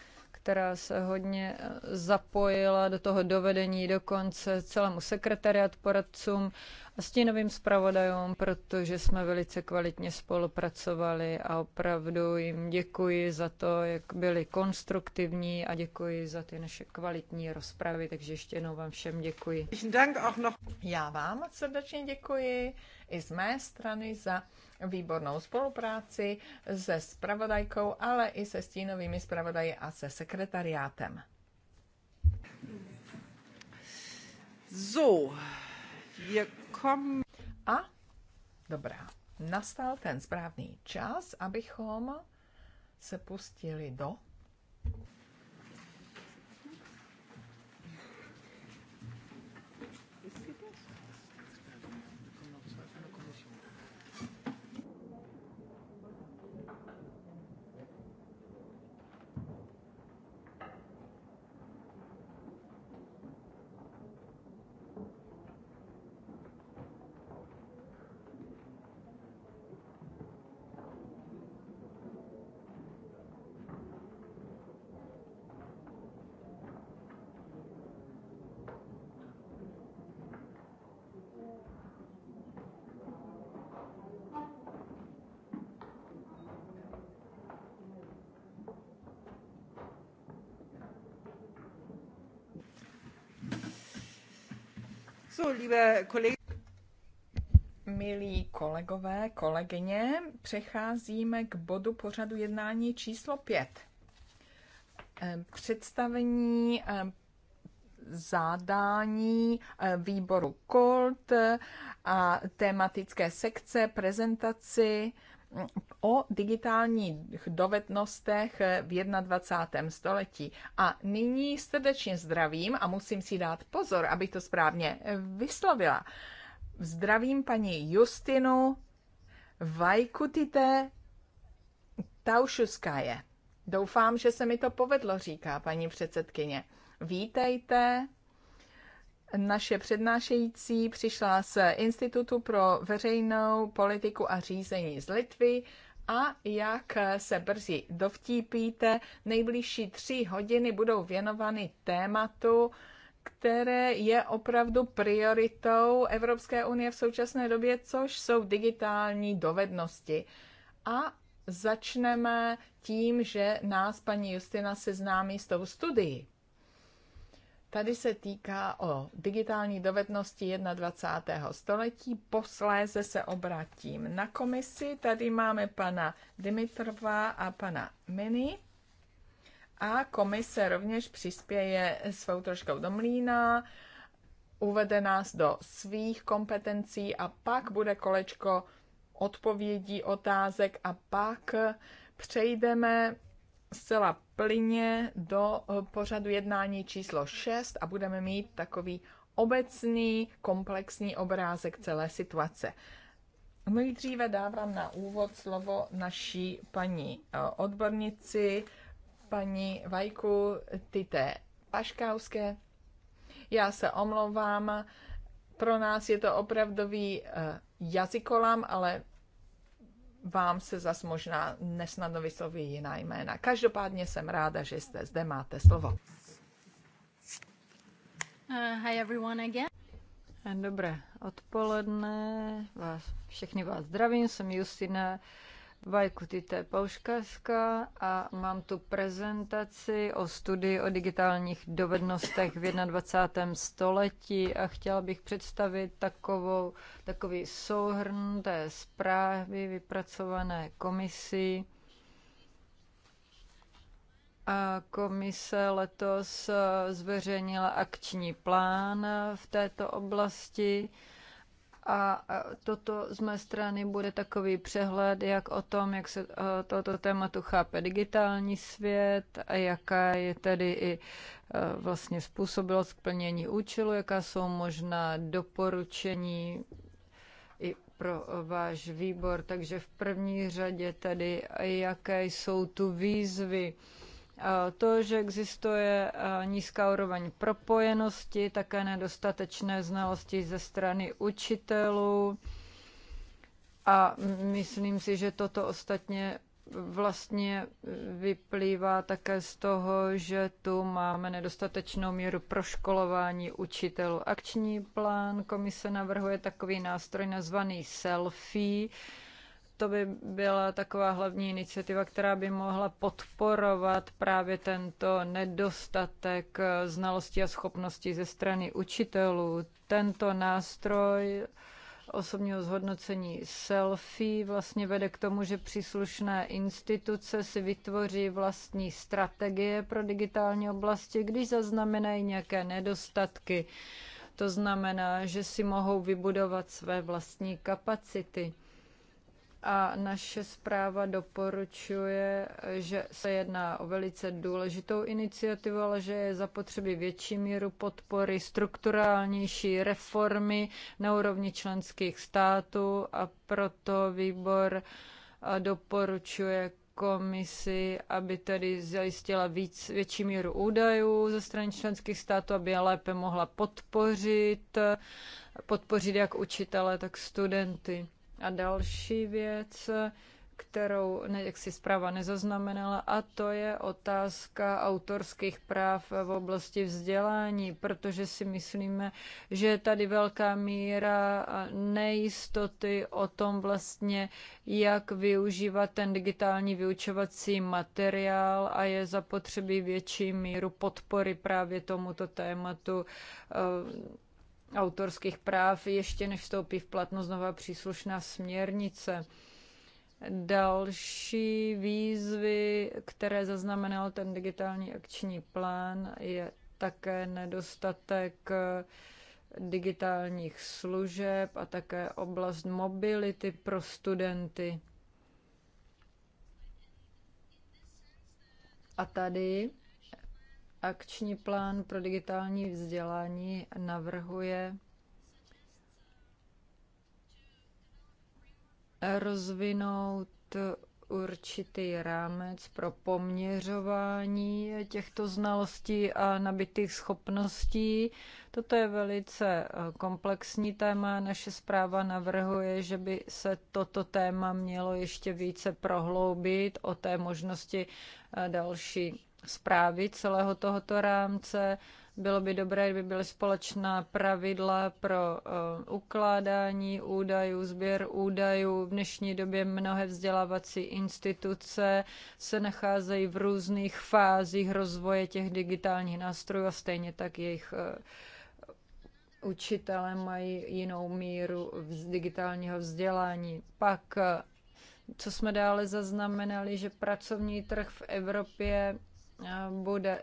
která se hodně eh, zapojila do toho dovedení dokonce celému sekretariat poradcům a stínovým zpravodajům, protože jsme velice kvalitně spolupracovali a opravdu jim děkuji za to, jak byli konstruktivní a děkuji za ty naše kvalitní rozpravy, takže ještě jednou vám všem děkuji. Já vám srdečně děkuji i z mé strany za výbornou spolupráci se spravodajkou, ale i se stínovými spravodaji a se sekretariátem. So, je kom... A, dobrá, nastal ten správný čas, abychom se pustili do So, liebe Kollegen. Milí kolegové, kolegyně, přecházíme k bodu pořadu jednání číslo 5. Eh, představení eh, zádání eh, výboru KOLT a tematické sekce, prezentaci o digitálních dovednostech v 21. století. A nyní srdečně zdravím a musím si dát pozor, abych to správně vyslovila. Zdravím paní Justinu Vajkutite Taušuskaje. Doufám, že se mi to povedlo, říká paní předsedkyně. Vítejte naše přednášející přišla z Institutu pro veřejnou politiku a řízení z Litvy a jak se brzy dovtípíte, nejbližší tři hodiny budou věnovány tématu, které je opravdu prioritou Evropské unie v současné době, což jsou digitální dovednosti. A začneme tím, že nás paní Justina seznámí s tou studií. Tady se týká o digitální dovednosti 21. století. Posléze se obratím na komisi. Tady máme pana Dimitrova a pana Mini. A komise rovněž přispěje svou troškou do mlína, uvede nás do svých kompetencí a pak bude kolečko odpovědí, otázek a pak přejdeme zcela plyně do eh, pořadu jednání číslo 6 a budeme mít takový obecný, komplexní obrázek celé situace. Nejdříve dávám na úvod slovo naší paní eh, odbornici, paní Vajku Tite Paškauské. Já se omlouvám, pro nás je to opravdový eh, jazykolam, ale vám se zas možná nesnadno vysloví jiná jména. Každopádně jsem ráda, že jste zde, máte slovo. Uh, hi everyone again. Dobré odpoledne, vás, všechny vás zdravím, jsem Justina je Pouškařka a mám tu prezentaci o studii o digitálních dovednostech v 21. století a chtěla bych představit takovou, takový souhrn té zprávy vypracované komisí. A komise letos zveřejnila akční plán v této oblasti. A toto z mé strany bude takový přehled, jak o tom, jak se eh, toto tématu chápe digitální svět a jaká je tedy i eh, vlastně způsobilost k plnění účelu, jaká jsou možná doporučení i pro váš výbor. Takže v první řadě tedy, jaké jsou tu výzvy, to, že existuje nízká úroveň propojenosti, také nedostatečné znalosti ze strany učitelů. A myslím si, že toto ostatně vlastně vyplývá také z toho, že tu máme nedostatečnou míru proškolování učitelů. Akční plán komise navrhuje takový nástroj nazvaný selfie, to by byla taková hlavní iniciativa, která by mohla podporovat právě tento nedostatek eh, znalostí a schopností ze strany učitelů. Tento nástroj osobního zhodnocení selfie vlastně vede k tomu, že příslušné instituce si vytvoří vlastní strategie pro digitální oblasti, když zaznamenají nějaké nedostatky. To znamená, že si mohou vybudovat své vlastní kapacity a naše zpráva doporučuje, že se jedná o velice důležitou iniciativu, ale že je zapotřebí větší míru podpory, strukturálnější reformy na úrovni členských států a proto výbor doporučuje komisi, aby tedy zajistila víc, větší míru údajů ze strany členských států, aby je lépe mohla podpořit, podpořit jak učitele, tak studenty. A další věc, kterou ne, jak si zpráva nezaznamenala, a to je otázka autorských práv v oblasti vzdělání, protože si myslíme, že je tady velká míra nejistoty o tom vlastně, jak využívat ten digitální vyučovací materiál a je zapotřebí větší míru podpory právě tomuto tématu autorských práv, ještě než vstoupí v platnost nová příslušná směrnice. Další výzvy, které zaznamenal ten digitální akční plán, je také nedostatek digitálních služeb a také oblast mobility pro studenty. A tady Akční plán pro digitální vzdělání navrhuje rozvinout určitý rámec pro poměřování těchto znalostí a nabitých schopností. Toto je velice eh, komplexní téma. Naše zpráva navrhuje, že by se toto téma mělo ještě více prohloubit o té možnosti eh, další zprávy celého tohoto rámce. Bylo by dobré, kdyby byly společná pravidla pro uh, ukládání údajů, sběr údajů. V dnešní době mnohé vzdělávací instituce se nacházejí v různých fázích rozvoje těch digitálních nástrojů a stejně tak jejich uh, učitelé mají jinou míru vz digitálního vzdělání. Pak, eh, co jsme dále zaznamenali, že pracovní trh v Evropě bude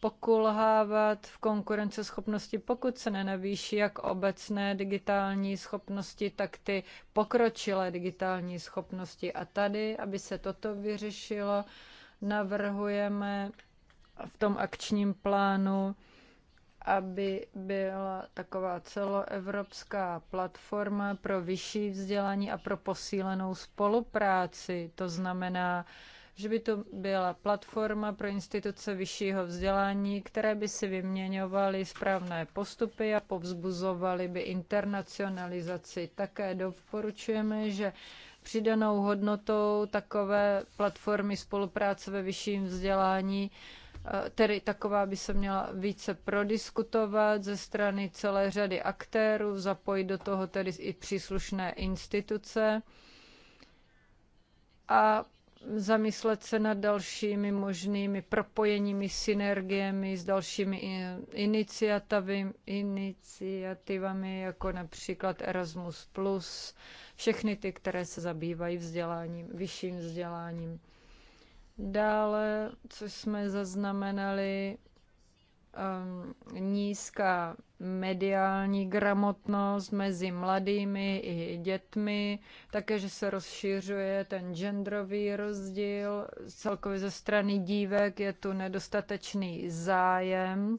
pokulhávat v konkurenceschopnosti, pokud se nenavýší jak obecné digitální schopnosti, tak ty pokročilé digitální schopnosti. A tady, aby se toto vyřešilo, navrhujeme v tom akčním plánu, aby byla taková celoevropská platforma pro vyšší vzdělání a pro posílenou spolupráci. To znamená, že by to byla platforma pro instituce vyššího vzdělání, které by si vyměňovaly správné postupy a povzbuzovaly by internacionalizaci. Také doporučujeme, že přidanou hodnotou takové platformy spolupráce ve vyšším vzdělání eh, tedy taková by se měla více prodiskutovat ze strany celé řady aktérů, zapojit do toho tedy i příslušné instituce a zamyslet se nad dalšími možnými propojeními, synergiemi s dalšími iniciativami, jako například Erasmus+, všechny ty, které se zabývají vzděláním, vyšším vzděláním. Dále, co jsme zaznamenali, Ehm, nízká mediální gramotnost mezi mladými i dětmi, také, že se rozšiřuje ten genderový rozdíl, celkově ze strany dívek je tu nedostatečný zájem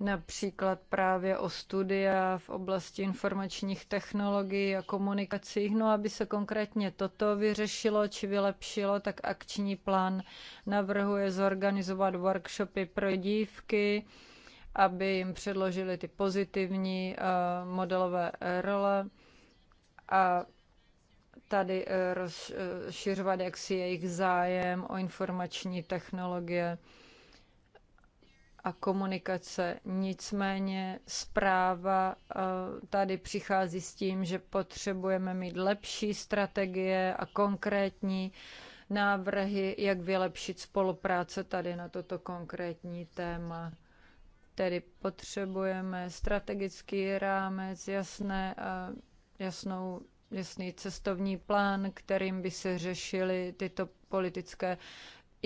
například právě o studia v oblasti informačních technologií a komunikacích, no aby se konkrétně toto vyřešilo či vylepšilo, tak akční plán navrhuje zorganizovat workshopy pro dívky, aby jim předložili ty pozitivní eh, modelové role a tady eh, rozšiřovat jaksi jejich zájem o informační technologie a komunikace. Nicméně zpráva eh, tady přichází s tím, že potřebujeme mít lepší strategie a konkrétní návrhy, jak vylepšit spolupráce tady na toto konkrétní téma. Tedy potřebujeme strategický rámec, jasné, jasnou, jasný cestovní plán, kterým by se řešily tyto politické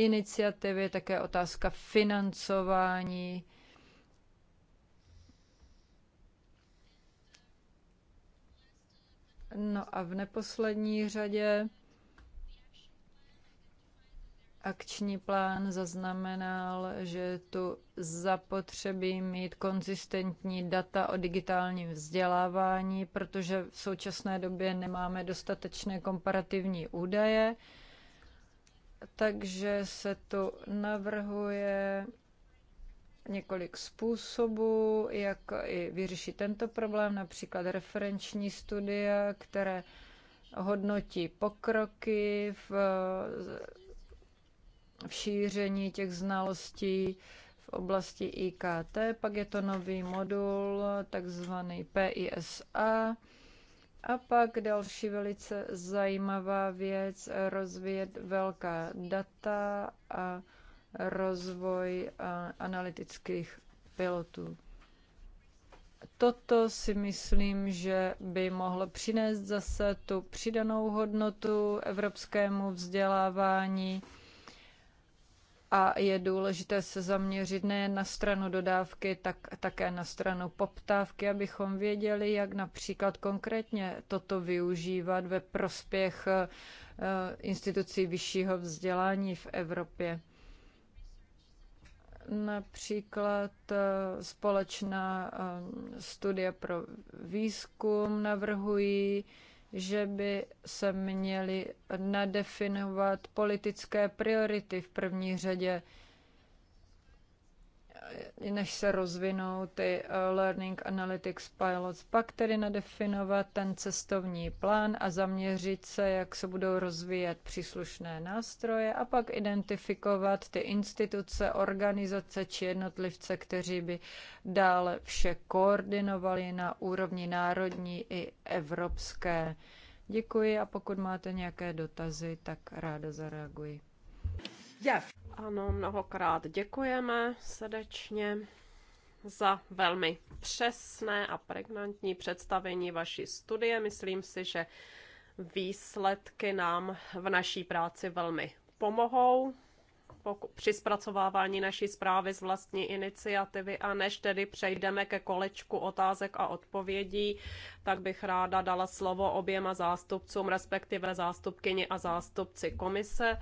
iniciativy, také otázka financování. No a v neposlední řadě akční plán zaznamenal, že tu zapotřebí mít konzistentní data o digitálním vzdělávání, protože v současné době nemáme dostatečné komparativní údaje. Takže se tu navrhuje několik způsobů, jak i vyřešit tento problém, například referenční studia, které hodnotí pokroky v, v šíření těch znalostí v oblasti IKT. Pak je to nový modul, takzvaný PISA, a pak další velice zajímavá věc, rozvíjet velká data a rozvoj analytických pilotů. Toto si myslím, že by mohlo přinést zase tu přidanou hodnotu evropskému vzdělávání a je důležité se zaměřit nejen na stranu dodávky, tak také na stranu poptávky, abychom věděli, jak například konkrétně toto využívat ve prospěch eh, institucí vyššího vzdělání v Evropě například eh, společná eh, studie pro výzkum navrhují že by se měly nadefinovat politické priority v první řadě než se rozvinou ty eh, Learning Analytics Pilots, pak tedy nadefinovat ten cestovní plán a zaměřit se, jak se budou rozvíjet příslušné nástroje a pak identifikovat ty instituce, organizace či jednotlivce, kteří by dále vše koordinovali na úrovni národní i evropské. Děkuji a pokud máte nějaké dotazy, tak ráda zareaguji. Yeah. Ano, mnohokrát děkujeme srdečně za velmi přesné a pregnantní představení vaší studie. Myslím si, že výsledky nám v naší práci velmi pomohou při zpracovávání naší zprávy z vlastní iniciativy a než tedy přejdeme ke kolečku otázek a odpovědí, tak bych ráda dala slovo oběma zástupcům, respektive zástupkyni a zástupci komise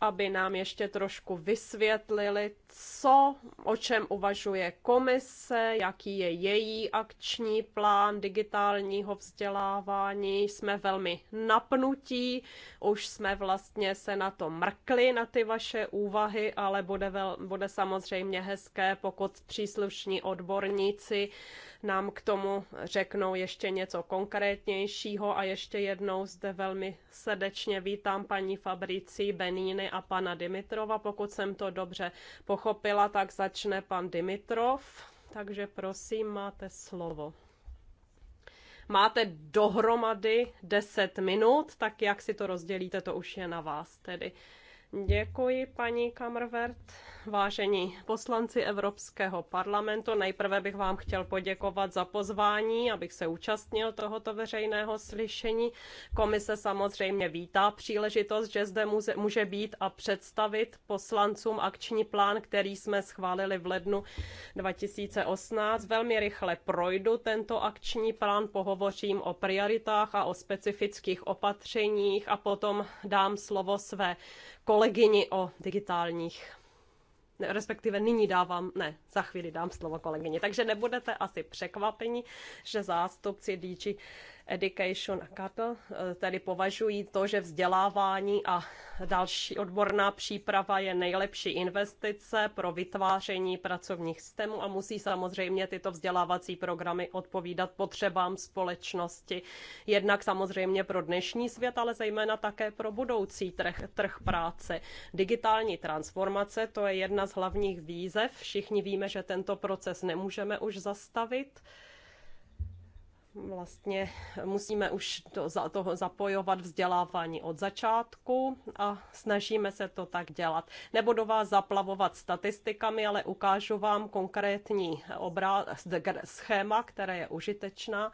aby nám ještě trošku vysvětlili, co, o čem uvažuje komise, jaký je její akční plán digitálního vzdělávání. Jsme velmi napnutí, už jsme vlastně se na to mrkli, na ty vaše úvahy, ale bude, vel, bude samozřejmě hezké, pokud příslušní odborníci nám k tomu řeknou ještě něco konkrétnějšího a ještě jednou zde velmi srdečně vítám paní Fabrici Beníny a pana Dimitrova. Pokud jsem to dobře pochopila, tak začne pan Dimitrov. Takže prosím, máte slovo máte dohromady 10 minut, tak jak si to rozdělíte, to už je na vás tedy. Děkuji, paní Kamrvert vážení poslanci Evropského parlamentu, nejprve bych vám chtěl poděkovat za pozvání, abych se účastnil tohoto veřejného slyšení. Komise samozřejmě vítá příležitost, že zde může být a představit poslancům akční plán, který jsme schválili v lednu 2018. Velmi rychle projdu tento akční plán, pohovořím o prioritách a o specifických opatřeních a potom dám slovo své kolegyni o digitálních respektive nyní dávám, ne, za chvíli dám slovo kolegyni, takže nebudete asi překvapeni, že zástupci DG Education a Cattle, eh, tedy považují to, že vzdělávání a další odborná příprava je nejlepší investice pro vytváření pracovních systémů a musí samozřejmě tyto vzdělávací programy odpovídat potřebám společnosti. Jednak samozřejmě pro dnešní svět, ale zejména také pro budoucí trh, trh práce. Digitální transformace to je jedna z hlavních výzev. Všichni víme, že tento proces nemůžeme už zastavit vlastně musíme už to, za, toho zapojovat vzdělávání od začátku a snažíme se to tak dělat. Nebudu vás zaplavovat statistikami, ale ukážu vám konkrétní obrá- schéma, které je užitečná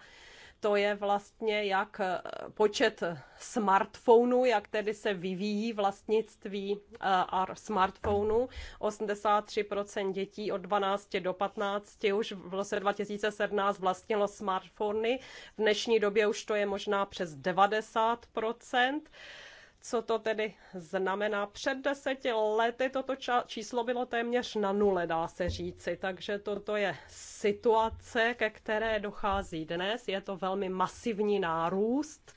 to je vlastně jak eh, počet smartphonů, jak tedy se vyvíjí vlastnictví eh, a smartphonů. 83% dětí od 12 do 15 už v roce 2017 vlastnilo smartphony. V dnešní době už to je možná přes 90% co to tedy znamená. Před deseti lety toto číslo bylo téměř na nule, dá se říci, takže toto je situace, ke které dochází dnes. Je to velmi masivní nárůst.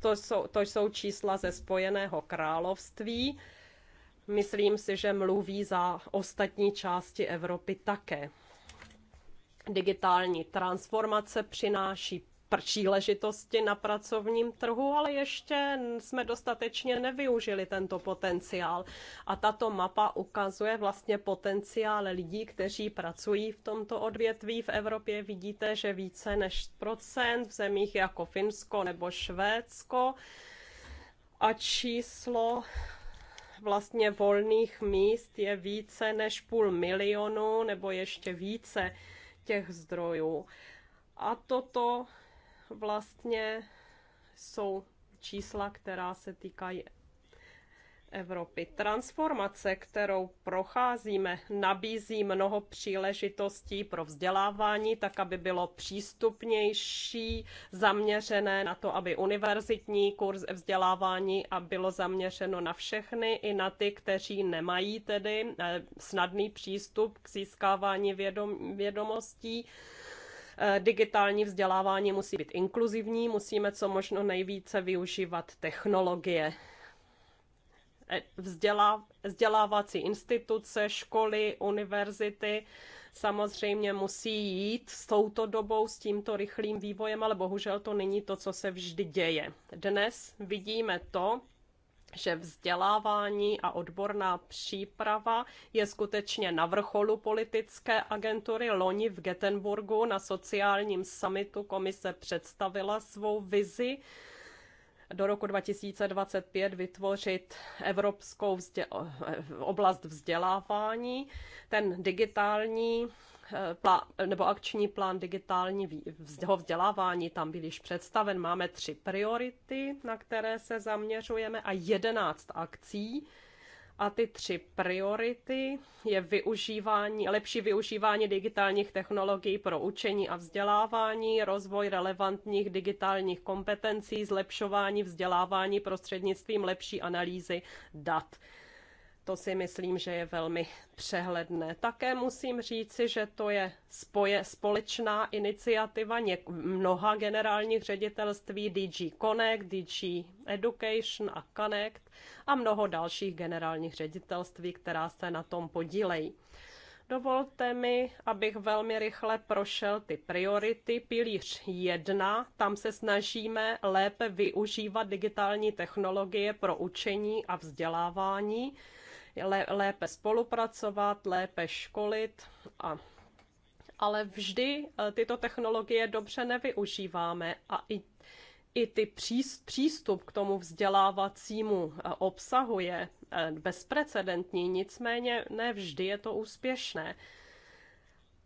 To jsou, to jsou čísla ze Spojeného království. Myslím si, že mluví za ostatní části Evropy také. Digitální transformace přináší příležitosti na pracovním trhu, ale ještě jsme dostatečně nevyužili tento potenciál. A tato mapa ukazuje vlastně potenciál lidí, kteří pracují v tomto odvětví. V Evropě vidíte, že více než procent v zemích jako Finsko nebo Švédsko a číslo vlastně volných míst je více než půl milionu nebo ještě více těch zdrojů. A toto vlastně jsou čísla, která se týkají Evropy. Transformace, kterou procházíme, nabízí mnoho příležitostí pro vzdělávání, tak aby bylo přístupnější, zaměřené na to, aby univerzitní kurz vzdělávání a bylo zaměřeno na všechny i na ty, kteří nemají tedy eh, snadný přístup k získávání vědom, vědomostí Eh, digitální vzdělávání musí být inkluzivní, musíme co možno nejvíce využívat technologie eh, vzdělávací instituce, školy, univerzity samozřejmě musí jít s touto dobou, s tímto rychlým vývojem, ale bohužel to není to, co se vždy děje. Dnes vidíme to, že vzdělávání a odborná příprava je skutečně na vrcholu politické agentury. Loni v Gettenburgu na sociálním summitu komise představila svou vizi do roku 2025 vytvořit evropskou vzdě- oblast vzdělávání. Ten digitální Eh, nebo akční plán digitálního vzdělávání tam byl již představen. Máme tři priority, na které se zaměřujeme a jedenáct akcí. A ty tři priority je využívání, lepší využívání digitálních technologií pro učení a vzdělávání, rozvoj relevantních digitálních kompetencí, zlepšování vzdělávání prostřednictvím lepší analýzy dat to si myslím, že je velmi přehledné. Také musím říci, že to je spoje, společná iniciativa něk- mnoha generálních ředitelství DG Connect, DG Education a Connect a mnoho dalších generálních ředitelství, která se na tom podílejí. Dovolte mi, abych velmi rychle prošel ty priority. Pilíř 1, tam se snažíme lépe využívat digitální technologie pro učení a vzdělávání lépe spolupracovat, lépe školit a ale vždy eh, tyto technologie dobře nevyužíváme a i, i ty přístup k tomu vzdělávacímu eh, obsahu je eh, bezprecedentní, nicméně ne vždy je to úspěšné.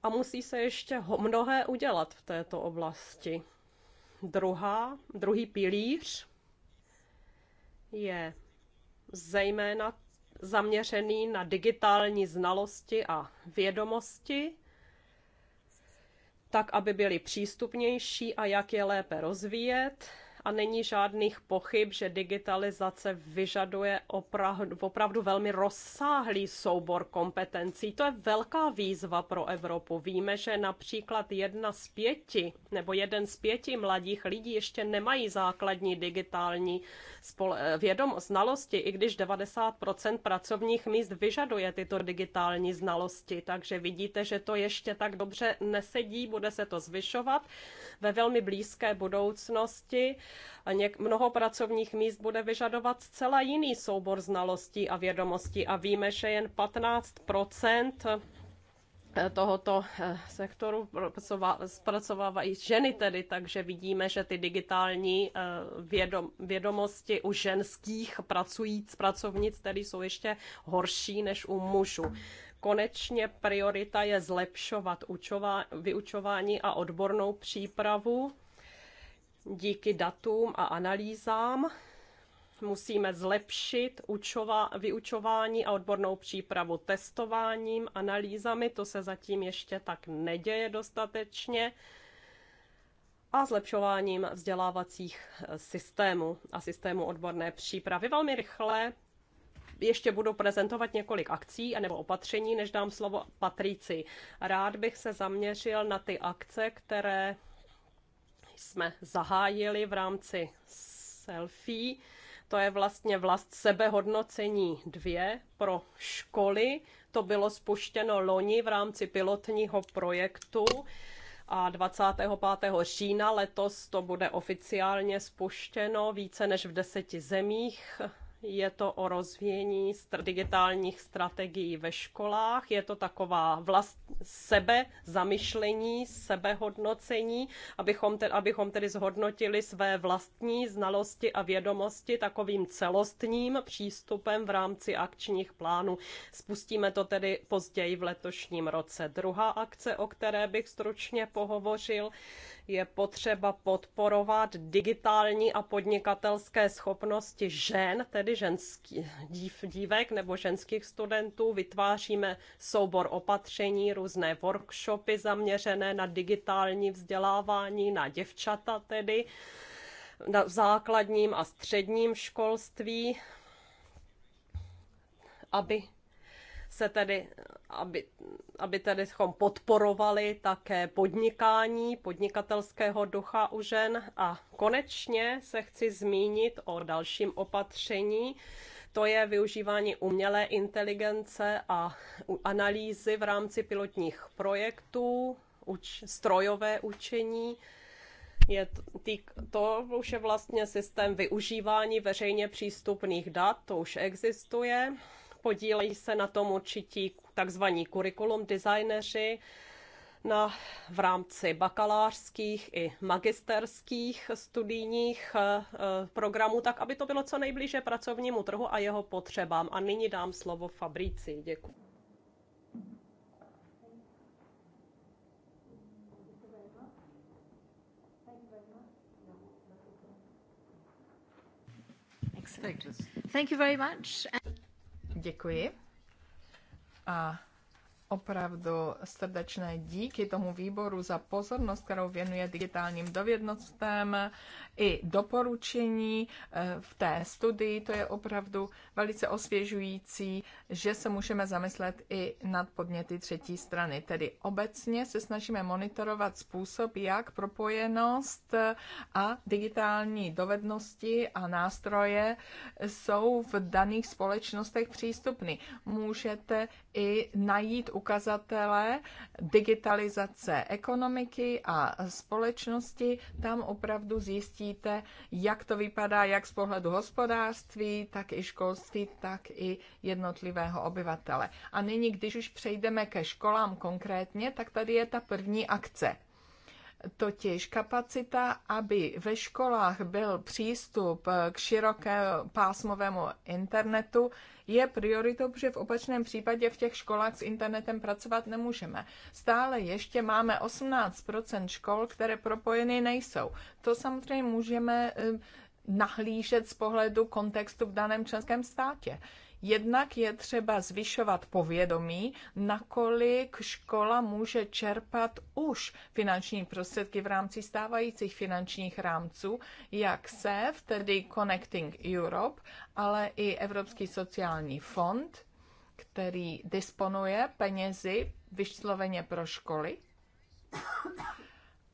A musí se ještě mnohé udělat v této oblasti. Druhá, druhý pilíř je zejména zaměřený na digitální znalosti a vědomosti, tak aby byly přístupnější a jak je lépe rozvíjet a není žádných pochyb, že digitalizace vyžaduje opravdu, opravdu velmi rozsáhlý soubor kompetencí. To je velká výzva pro Evropu. Víme, že například jedna z pěti nebo jeden z pěti mladých lidí ještě nemají základní digitální vědomost, znalosti, i když 90% pracovních míst vyžaduje tyto digitální znalosti. Takže vidíte, že to ještě tak dobře nesedí, bude se to zvyšovat ve velmi blízké budoucnosti a něk- mnoho pracovních míst bude vyžadovat zcela jiný soubor znalostí a vědomostí a víme, že jen 15 eh, tohoto eh, sektoru zpracovávají ženy tedy, takže vidíme, že ty digitální eh, vědomosti u ženských pracujíc, pracovnic tedy jsou ještě horší než u mužů. Konečně priorita je zlepšovat učová, vyučování a odbornou přípravu díky datům a analýzám musíme zlepšit učova, vyučování a odbornou přípravu testováním, analýzami, to se zatím ještě tak neděje dostatečně, a zlepšováním vzdělávacích eh, systémů a systému odborné přípravy. Velmi rychle ještě budu prezentovat několik akcí nebo opatření, než dám slovo Patrici. Rád bych se zaměřil na ty akce, které jsme zahájili v rámci selfie. To je vlastně vlast sebehodnocení Dvě pro školy. To bylo spuštěno loni v rámci pilotního projektu a 25. října letos to bude oficiálně spuštěno více než v deseti zemích je to o rozvíjení digitálních strategií ve školách, je to taková vlast sebe zamyšlení, sebehodnocení, abychom, te, abychom tedy zhodnotili své vlastní znalosti a vědomosti takovým celostním přístupem v rámci akčních plánů. Spustíme to tedy později v letošním roce. Druhá akce, o které bych stručně pohovořil, je potřeba podporovat digitální a podnikatelské schopnosti žen, tedy ženský, dív, dívek nebo ženských studentů. Vytváříme soubor opatření, různé workshopy zaměřené na digitální vzdělávání, na děvčata tedy, na základním a středním školství, aby se tedy, aby, aby tedy chom podporovali také podnikání, podnikatelského ducha u žen. A konečně se chci zmínit o dalším opatření, to je využívání umělé inteligence a analýzy v rámci pilotních projektů, uč, strojové učení. Je týk, to už je vlastně systém využívání veřejně přístupných dat, to už existuje podílejí se na tom určití takzvaní kurikulum designéři na, v rámci bakalářských i magisterských studijních eh, eh, programů, tak aby to bylo co nejblíže pracovnímu trhu a jeho potřebám. A nyní dám slovo Fabrici. Děkuji. Thank you very much. Děkuji. A opravdu srdečné díky tomu výboru za pozornost, kterou věnuje digitálním dovednostem i doporučení eh, v té studii. To je opravdu velice osvěžující, že se můžeme zamyslet i nad podněty třetí strany. Tedy obecně se snažíme monitorovat způsob, jak propojenost a digitální dovednosti a nástroje jsou v daných společnostech přístupny. Můžete i najít u ukazatele digitalizace ekonomiky a společnosti. Tam opravdu zjistíte, jak to vypadá, jak z pohledu hospodářství, tak i školství, tak i jednotlivého obyvatele. A nyní, když už přejdeme ke školám konkrétně, tak tady je ta první akce totiž kapacita, aby ve školách byl přístup k pásmovému internetu, je prioritou, protože v opačném případě v těch školách s internetem pracovat nemůžeme. Stále ještě máme 18% škol, které propojeny nejsou. To samozřejmě můžeme eh, nahlížet z pohledu kontextu v daném členském státě. Jednak je třeba zvyšovat povědomí, nakolik škola může čerpat už finanční prostředky v rámci stávajících finančních rámců, jak SEF, tedy Connecting Europe, ale i Evropský sociální fond, který disponuje penězi vysloveně pro školy.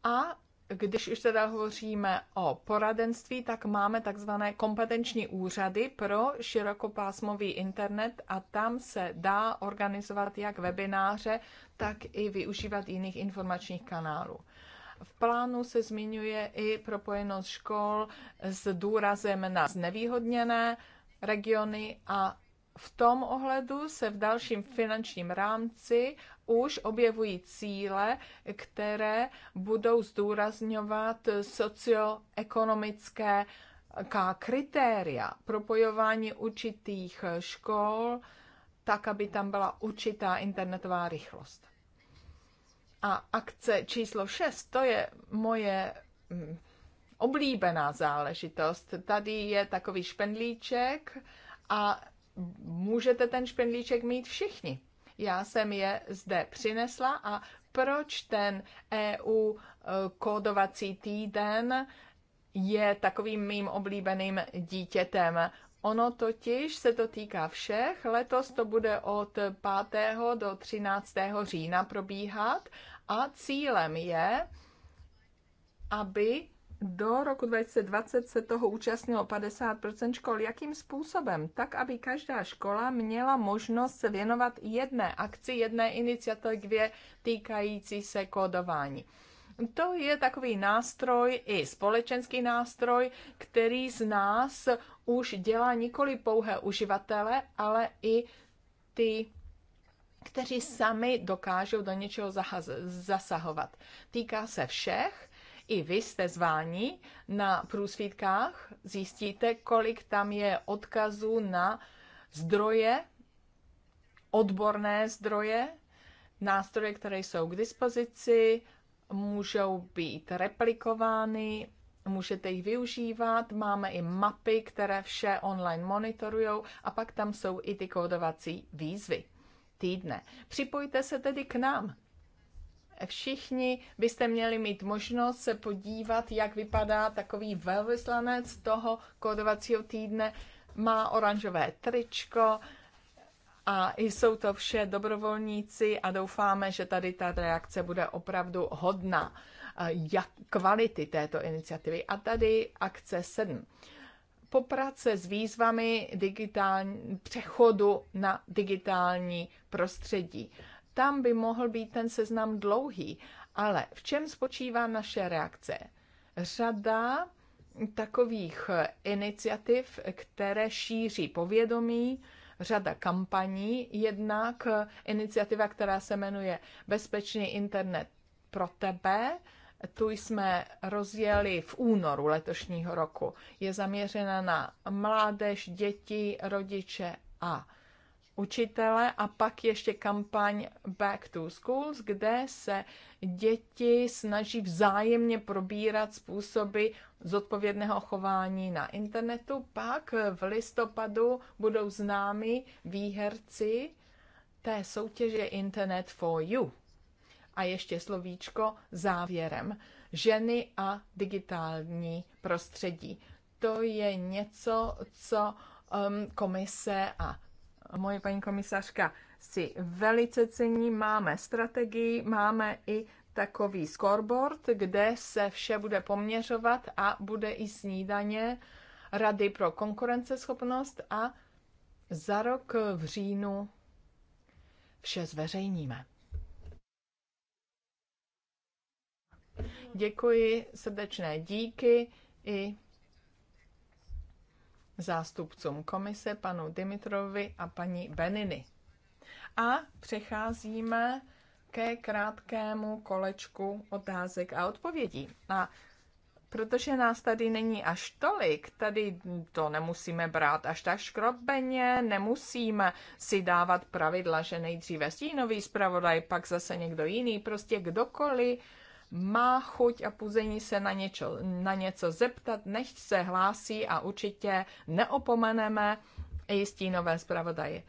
A když už teda hovoříme o poradenství, tak máme takzvané kompetenční úřady pro širokopásmový internet a tam se dá organizovat jak webináře, tak i využívat jiných informačních kanálů. V plánu se zmiňuje i propojenost škol s důrazem na znevýhodněné regiony a v tom ohledu se v dalším finančním rámci už objevují cíle, které budou zdůrazňovat socioekonomické kritéria propojování určitých škol, tak, aby tam byla určitá internetová rychlost. A akce číslo 6, to je moje mm, oblíbená záležitost. Tady je takový špendlíček a můžete ten špendlíček mít všichni. Já jsem je zde přinesla a proč ten EU eh, kódovací týden je takovým mým oblíbeným dítětem. Ono totiž se to týká všech. Letos to bude od 5. do 13. října probíhat a cílem je, aby do roku 2020 se toho účastnilo 50 škol. Jakým způsobem? Tak, aby každá škola měla možnost se věnovat jedné akci, jedné iniciativě týkající se kodování. To je takový nástroj, i společenský nástroj, který z nás už dělá nikoli pouhé uživatele, ale i ty kteří sami dokážou do něčeho zasahovat. Týká se všech i vy jste zváni na průsvítkách, zjistíte, kolik tam je odkazů na zdroje, odborné zdroje, nástroje, které jsou k dispozici, můžou být replikovány, můžete jich využívat, máme i mapy, které vše online monitorujou a pak tam jsou i ty kódovací výzvy týdne. Připojte se tedy k nám Všichni byste měli mít možnost se podívat, jak vypadá takový velvyslanec toho kódovacího týdne. Má oranžové tričko a jsou to vše dobrovolníci a doufáme, že tady ta reakce bude opravdu hodná eh, jak kvality této iniciativy. A tady akce 7 Poprace s výzvami digitální, přechodu na digitální prostředí. Tam by mohl být ten seznam dlouhý, ale v čem spočívá naše reakce? Řada takových iniciativ, které šíří povědomí, řada kampaní, jednak iniciativa, která se jmenuje Bezpečný internet pro tebe, tu jsme rozjeli v únoru letošního roku. Je zaměřena na mládež, děti, rodiče a učitele a pak ještě kampaň Back to Schools, kde se děti snaží vzájemně probírat způsoby zodpovědného chování na internetu. Pak v listopadu budou známi výherci té soutěže Internet for You. A ještě slovíčko závěrem. Ženy a digitální prostředí. To je něco, co um, komise a moje paní komisařka, si velice cení. Máme strategii, máme i takový scoreboard, kde se vše bude poměřovat a bude i snídaně Rady pro konkurenceschopnost a za rok v říjnu vše zveřejníme. Děkuji, srdečné díky i zástupcům komise, panu Dimitrovi a paní Beniny. A přecházíme ke krátkému kolečku otázek a odpovědí. A protože nás tady není až tolik, tady to nemusíme brát až tak škrobeně, nemusíme si dávat pravidla, že nejdříve stínový zpravodaj, pak zase někdo jiný, prostě kdokoliv má chuť a puzení se na, něčo, na něco zeptat, nechť se hlásí a určitě neopomeneme i stínové zpravodaje.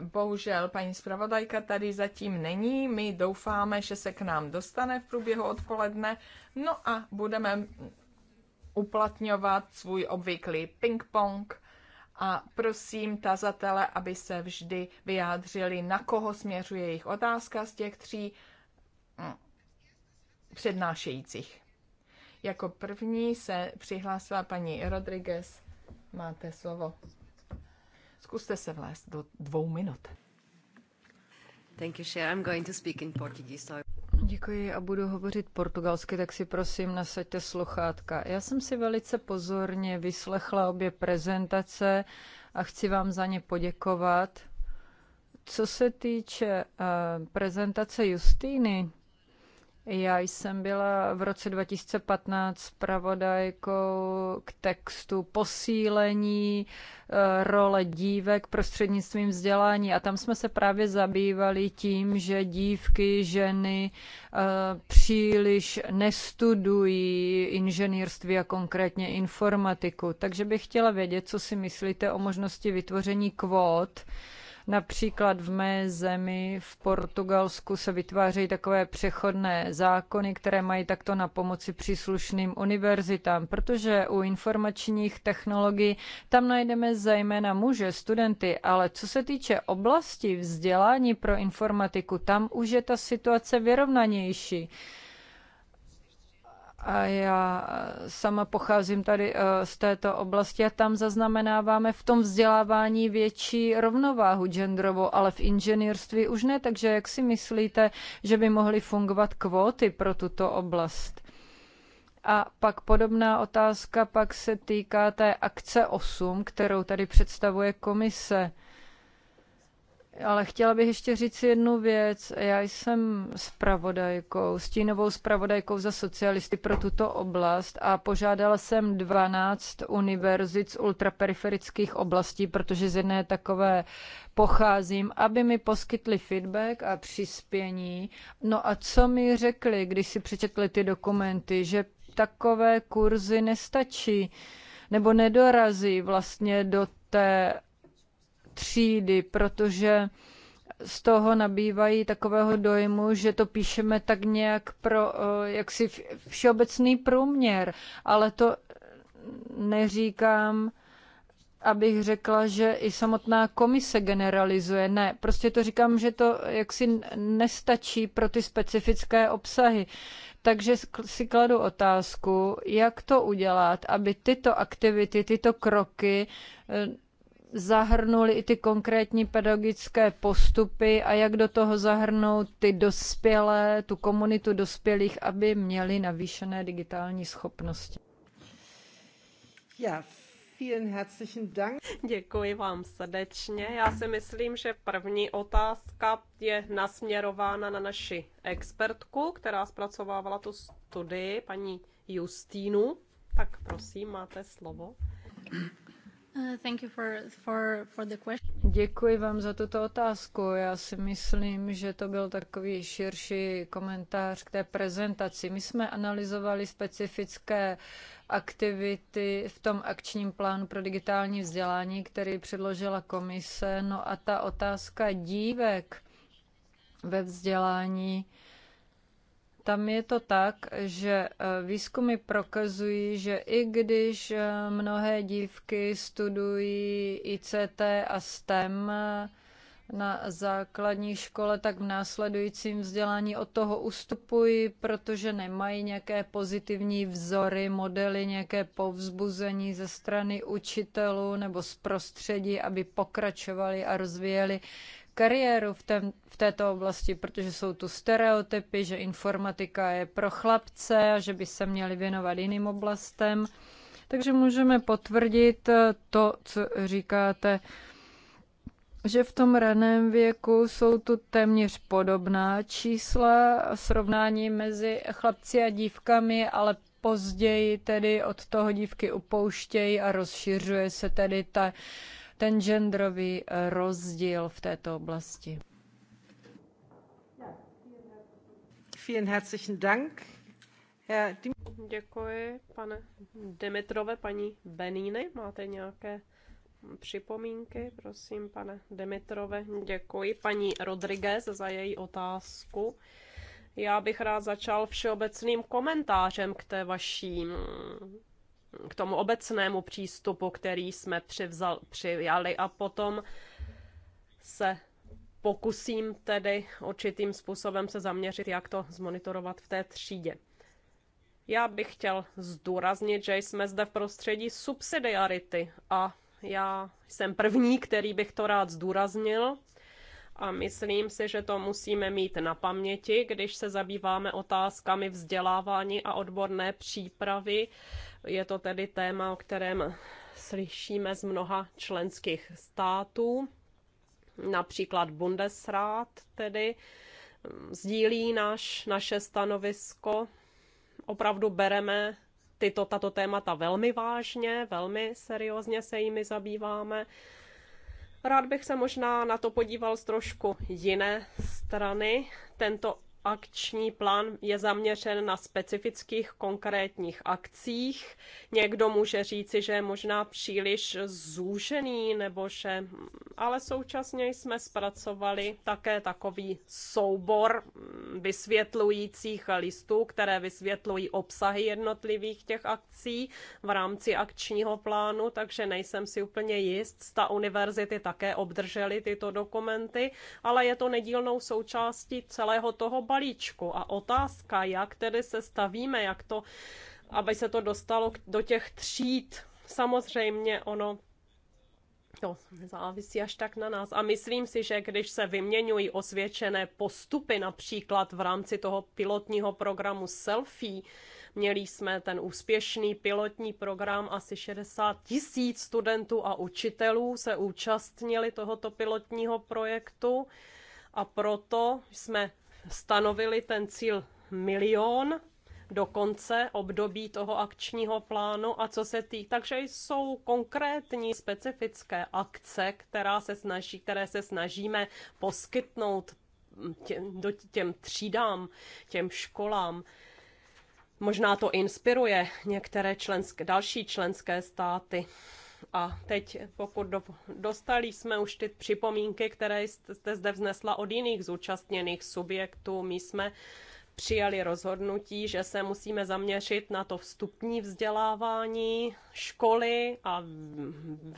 Bohužel paní zpravodajka tady zatím není, my doufáme, že se k nám dostane v průběhu odpoledne, no a budeme uplatňovat svůj obvyklý ping-pong a prosím tazatele, aby se vždy vyjádřili, na koho směřuje jejich otázka z těch tří přednášejících. Jako první se přihlásila paní Rodriguez. Máte slovo. Zkuste se vlést do dvou minut. Thank you, I'm going to speak in Portuguese. So... Děkuji a budu hovořit portugalsky, tak si prosím nasaďte sluchátka. Já jsem si velice pozorně vyslechla obě prezentace a chci vám za ně poděkovat. Co se týče uh, prezentace Justýny, já jsem byla v roce 2015 pravodajkou k textu posílení eh, role dívek prostřednictvím vzdělání a tam jsme se právě zabývali tím, že dívky, ženy eh, příliš nestudují inženýrství a konkrétně informatiku. Takže bych chtěla vědět, co si myslíte o možnosti vytvoření kvót, Například v mé zemi v Portugalsku se vytvářejí takové přechodné zákony, které mají takto na pomoci příslušným univerzitám, protože u informačních technologií tam najdeme zejména muže, studenty, ale co se týče oblasti vzdělání pro informatiku, tam už je ta situace vyrovnanější. A já eh, sama pocházím tady eh, z této oblasti a tam zaznamenáváme v tom vzdělávání větší rovnováhu genderovou, ale v inženýrství už ne. Takže jak si myslíte, že by mohly fungovat kvóty pro tuto oblast? A pak podobná otázka pak se týká té akce 8, kterou tady představuje komise. Ale chtěla bych ještě říct jednu věc. Já jsem spravodajkou, stínovou spravodajkou za socialisty pro tuto oblast a požádala jsem 12 univerzit z ultraperiferických oblastí, protože z jedné takové pocházím, aby mi poskytli feedback a přispění. No a co mi řekli, když si přečetli ty dokumenty, že takové kurzy nestačí nebo nedorazí vlastně do té třídy, protože z toho nabývají takového dojmu, že to píšeme tak nějak pro eh, jaksi všeobecný průměr, ale to neříkám, abych řekla, že i samotná komise generalizuje. Ne, prostě to říkám, že to jaksi nestačí pro ty specifické obsahy. Takže si kladu otázku, jak to udělat, aby tyto aktivity, tyto kroky eh, zahrnuli i ty konkrétní pedagogické postupy a jak do toho zahrnout ty dospělé, tu komunitu dospělých, aby měli navýšené digitální schopnosti. Já vielen herzlichen Dank. Děkuji vám srdečně. Já si myslím, že první otázka je nasměrována na naši expertku, která zpracovávala tu studii, paní Justínu. Tak prosím, máte slovo. Uh, Děkuji vám za tuto otázku. Já si myslím, že to byl takový širší komentář k té prezentaci. My jsme analyzovali specifické aktivity v tom akčním plánu pro digitální vzdělání, který předložila komise. No a ta otázka dívek ve vzdělání tam je to tak, že e, výzkumy prokazují, že i když e, mnohé dívky studují ICT a STEM e, na základní škole, tak v následujícím vzdělání od toho ustupují, protože nemají nějaké pozitivní vzory, modely, nějaké povzbuzení ze strany učitelů nebo z prostředí, aby pokračovali a rozvíjeli kariéru v, tém, v této oblasti, protože jsou tu stereotypy, že informatika je pro chlapce a že by se měli věnovat jiným oblastem. Takže můžeme potvrdit to, co říkáte, že v tom raném věku jsou tu téměř podobná čísla srovnání mezi chlapci a dívkami, ale později tedy od toho dívky upouštějí a rozšiřuje se tedy ta ten genderový eh, rozdíl v této oblasti. Děkuji, pane Demetrove, paní Beníny. Máte nějaké připomínky? Prosím, pane Demetrove. Děkuji paní Rodriguez za její otázku. Já bych rád začal všeobecným komentářem k té vaší mm, k tomu obecnému přístupu, který jsme přivzal, přijali a potom se pokusím tedy určitým způsobem se zaměřit, jak to zmonitorovat v té třídě. Já bych chtěl zdůraznit, že jsme zde v prostředí subsidiarity a já jsem první, který bych to rád zdůraznil a myslím si, že to musíme mít na paměti, když se zabýváme otázkami vzdělávání a odborné přípravy je to tedy téma, o kterém slyšíme z mnoha členských států, například Bundesrat tedy mm, sdílí naš naše stanovisko. Opravdu bereme tyto, tato témata velmi vážně, velmi seriózně se jimi zabýváme. Rád bych se možná na to podíval z trošku jiné strany. Tento akční plán je zaměřen na specifických konkrétních akcích. Někdo může říci, že je možná příliš zúžený, nebo že... Ale současně jsme zpracovali také takový soubor vysvětlujících listů, které vysvětlují obsahy jednotlivých těch akcí v rámci akčního plánu, takže nejsem si úplně jist, Ta univerzity také obdržely tyto dokumenty, ale je to nedílnou součástí celého toho balíčku balíčku. A otázka, jak tedy se stavíme, jak to, aby se to dostalo do těch tříd. Samozřejmě ono to závisí až tak na nás. A myslím si, že když se vyměňují osvědčené postupy, například v rámci toho pilotního programu Selfie, měli jsme ten úspěšný pilotní program, asi 60 tisíc studentů a učitelů se účastnili tohoto pilotního projektu a proto jsme stanovili ten cíl milion do konce období toho akčního plánu a co se týká, takže jsou konkrétní specifické akce, která se snaží, které se snažíme poskytnout těm, do těm třídám, těm školám. Možná to inspiruje některé členské, další členské státy a teď, pokud do, dostali jsme už ty připomínky, které jste zde vznesla od jiných zúčastněných subjektů, my jsme přijali rozhodnutí, že se musíme zaměřit na to vstupní vzdělávání, školy a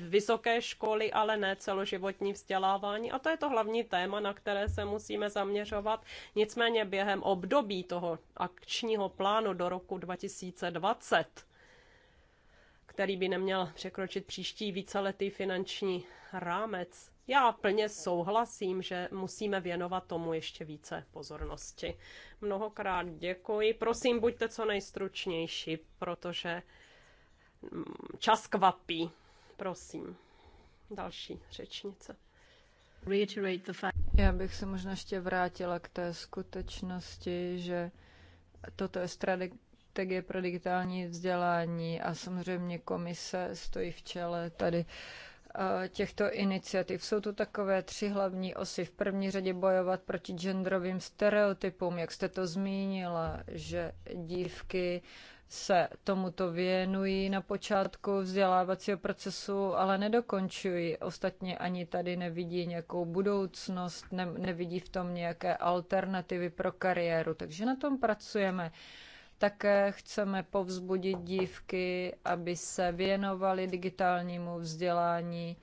vysoké školy, ale ne celoživotní vzdělávání. A to je to hlavní téma, na které se musíme zaměřovat. Nicméně během období toho akčního plánu do roku 2020 který by neměl překročit příští víceletý finanční rámec. Já plně souhlasím, že musíme věnovat tomu ještě více pozornosti. Mnohokrát děkuji. Prosím, buďte co nejstručnější, protože mm, čas kvapí. Prosím, další řečnice. Já bych se možná ještě vrátila k té skutečnosti, že toto je strategie pro digitální vzdělání a samozřejmě komise stojí v čele tady eh, těchto iniciativ. Jsou to takové tři hlavní osy. V první řadě bojovat proti genderovým stereotypům, jak jste to zmínila, že dívky se tomuto věnují na počátku vzdělávacího procesu, ale nedokončují. Ostatně ani tady nevidí nějakou budoucnost, ne, nevidí v tom nějaké alternativy pro kariéru. Takže na tom pracujeme. Také chceme povzbudit dívky, aby se věnovaly digitálnímu vzdělání.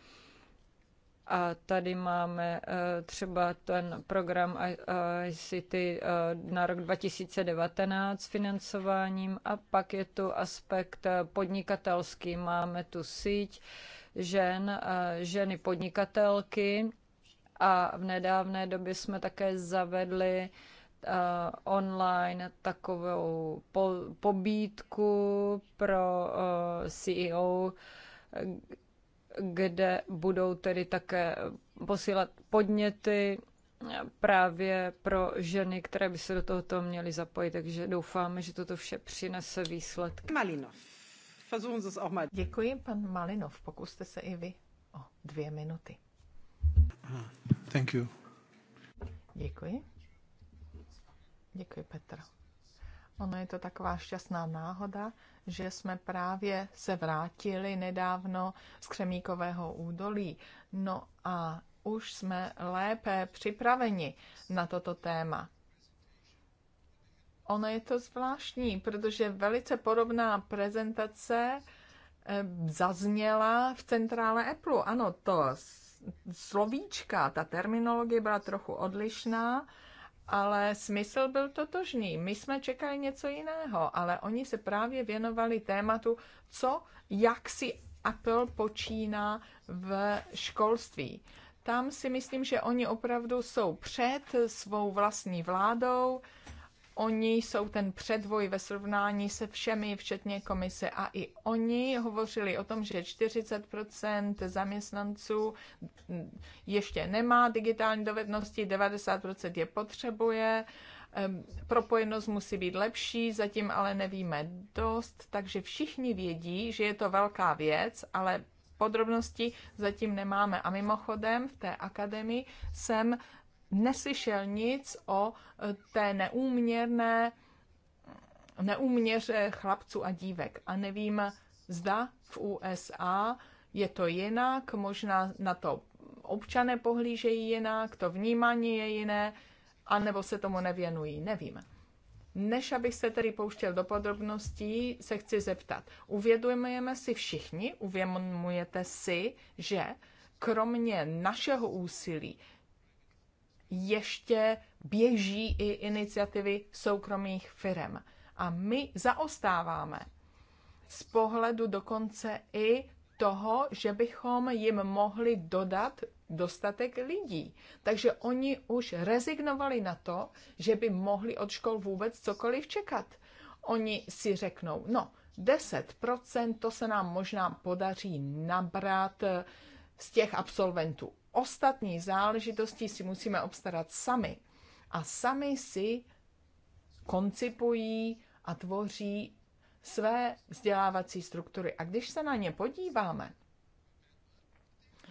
A tady máme eh, třeba ten program ICT eh, eh, na rok 2019 s financováním a pak je tu aspekt podnikatelský. Máme tu síť žen, ženy podnikatelky a v nedávné době jsme také zavedli Eh, online takovou po, pobídku pro eh, CEO, eh, kde budou tedy také posílat podněty právě pro ženy, které by se do tohoto měly zapojit. Takže doufáme, že toto vše přinese výsledky. Malinov. Děkuji, pan Malinov. Pokuste se i vy o dvě minuty. Thank you. Děkuji. Děkuji, Petr. Ono je to taková šťastná náhoda, že jsme právě se vrátili nedávno z Křemíkového údolí. No a už jsme lépe připraveni na toto téma. Ono je to zvláštní, protože velice podobná prezentace eh, zazněla v centrále Apple. Ano, to slovíčka, ta terminologie byla trochu odlišná, ale smysl byl totožný. My jsme čekali něco jiného, ale oni se právě věnovali tématu, co, jak si Apple počíná v školství. Tam si myslím, že oni opravdu jsou před svou vlastní vládou, Oni jsou ten předvoj ve srovnání se všemi, včetně komise. A i oni hovořili o tom, že 40 zaměstnanců ještě nemá digitální dovednosti, 90 je potřebuje. Propojenost musí být lepší, zatím ale nevíme dost, takže všichni vědí, že je to velká věc, ale podrobnosti zatím nemáme. A mimochodem v té akademii jsem neslyšel nic o eh, té neúměrné neúměře chlapců a dívek. A nevím, zda v USA je to jinak, možná na to občané pohlížejí jinak, to vnímání je jiné, anebo se tomu nevěnují, nevím. Než abych se tedy pouštěl do podrobností, se chci zeptat. Uvědomujeme si všichni, uvědomujete si, že kromě našeho úsilí ještě běží i iniciativy soukromých firm. A my zaostáváme z pohledu dokonce i toho, že bychom jim mohli dodat dostatek lidí. Takže oni už rezignovali na to, že by mohli od škol vůbec cokoliv čekat. Oni si řeknou, no, 10% to se nám možná podaří nabrat z těch absolventů ostatní záležitosti si musíme obstarat sami. A sami si koncipují a tvoří své vzdělávací struktury. A když se na ně podíváme,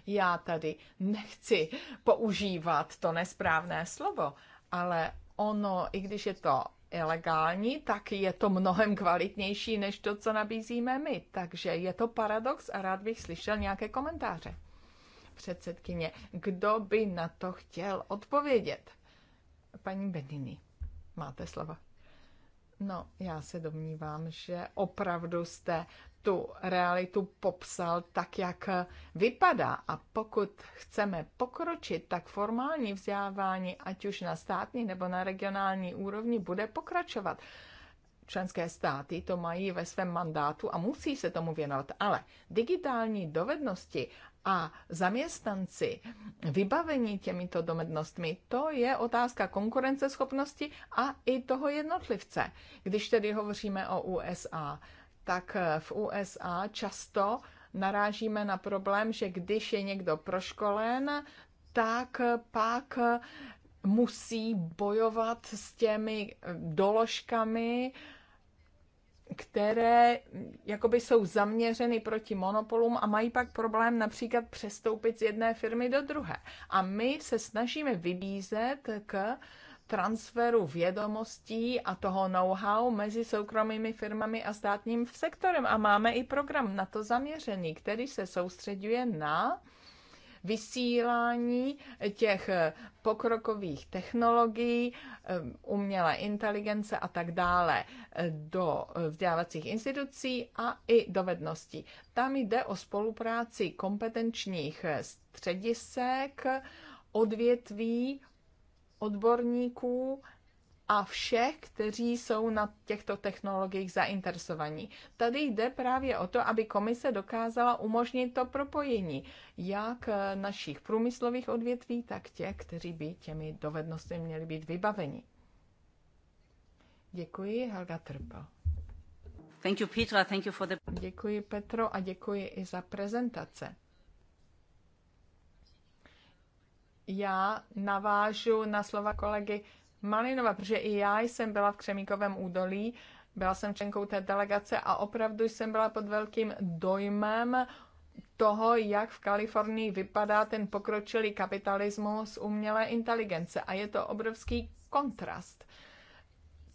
já tady nechci používat to nesprávné slovo, ale ono, i když je to ilegální, tak je to mnohem kvalitnější než to, co nabízíme my. Takže je to paradox a rád bych slyšel nějaké komentáře předsedkyně. Kdo by na to chtěl odpovědět? Paní Bediny, máte slovo. No, já se domnívám, že opravdu jste tu realitu popsal tak, jak vypadá. A pokud chceme pokročit, tak formální vzdělávání, ať už na státní nebo na regionální úrovni, bude pokračovat. Členské státy to mají ve svém mandátu a musí se tomu věnovat. Ale digitální dovednosti a zaměstnanci vybavení těmito domednostmi, to je otázka konkurenceschopnosti a i toho jednotlivce. Když tedy hovoříme o USA, tak v USA často narážíme na problém, že když je někdo proškolen, tak pak musí bojovat s těmi doložkami, které mm, jakoby jsou zaměřeny proti monopolům a mají pak problém například přestoupit z jedné firmy do druhé. A my se snažíme vybízet k transferu vědomostí a toho know-how mezi soukromými firmami a státním sektorem. A máme i program na to zaměřený, který se soustředuje na vysílání těch eh, pokrokových technologií, eh, umělé inteligence a tak dále eh, do vzdělávacích institucí a i dovedností. Tam jde o spolupráci kompetenčních středisek, odvětví, odborníků, a všech, kteří jsou na těchto technologiích zainteresovaní. Tady jde právě o to, aby komise dokázala umožnit to propojení jak eh, našich průmyslových odvětví, tak těch, kteří by těmi dovednostmi měli být vybaveni. Děkuji, Helga Trpel. Thank you, Petra. Thank you for the... Děkuji, Petro, a děkuji i za prezentace. Já navážu na slova kolegy Malinova, protože i já jsem byla v Křemíkovém údolí, byla jsem členkou té delegace a opravdu jsem byla pod velkým dojmem toho, jak v Kalifornii vypadá ten pokročilý kapitalismus umělé inteligence. A je to obrovský kontrast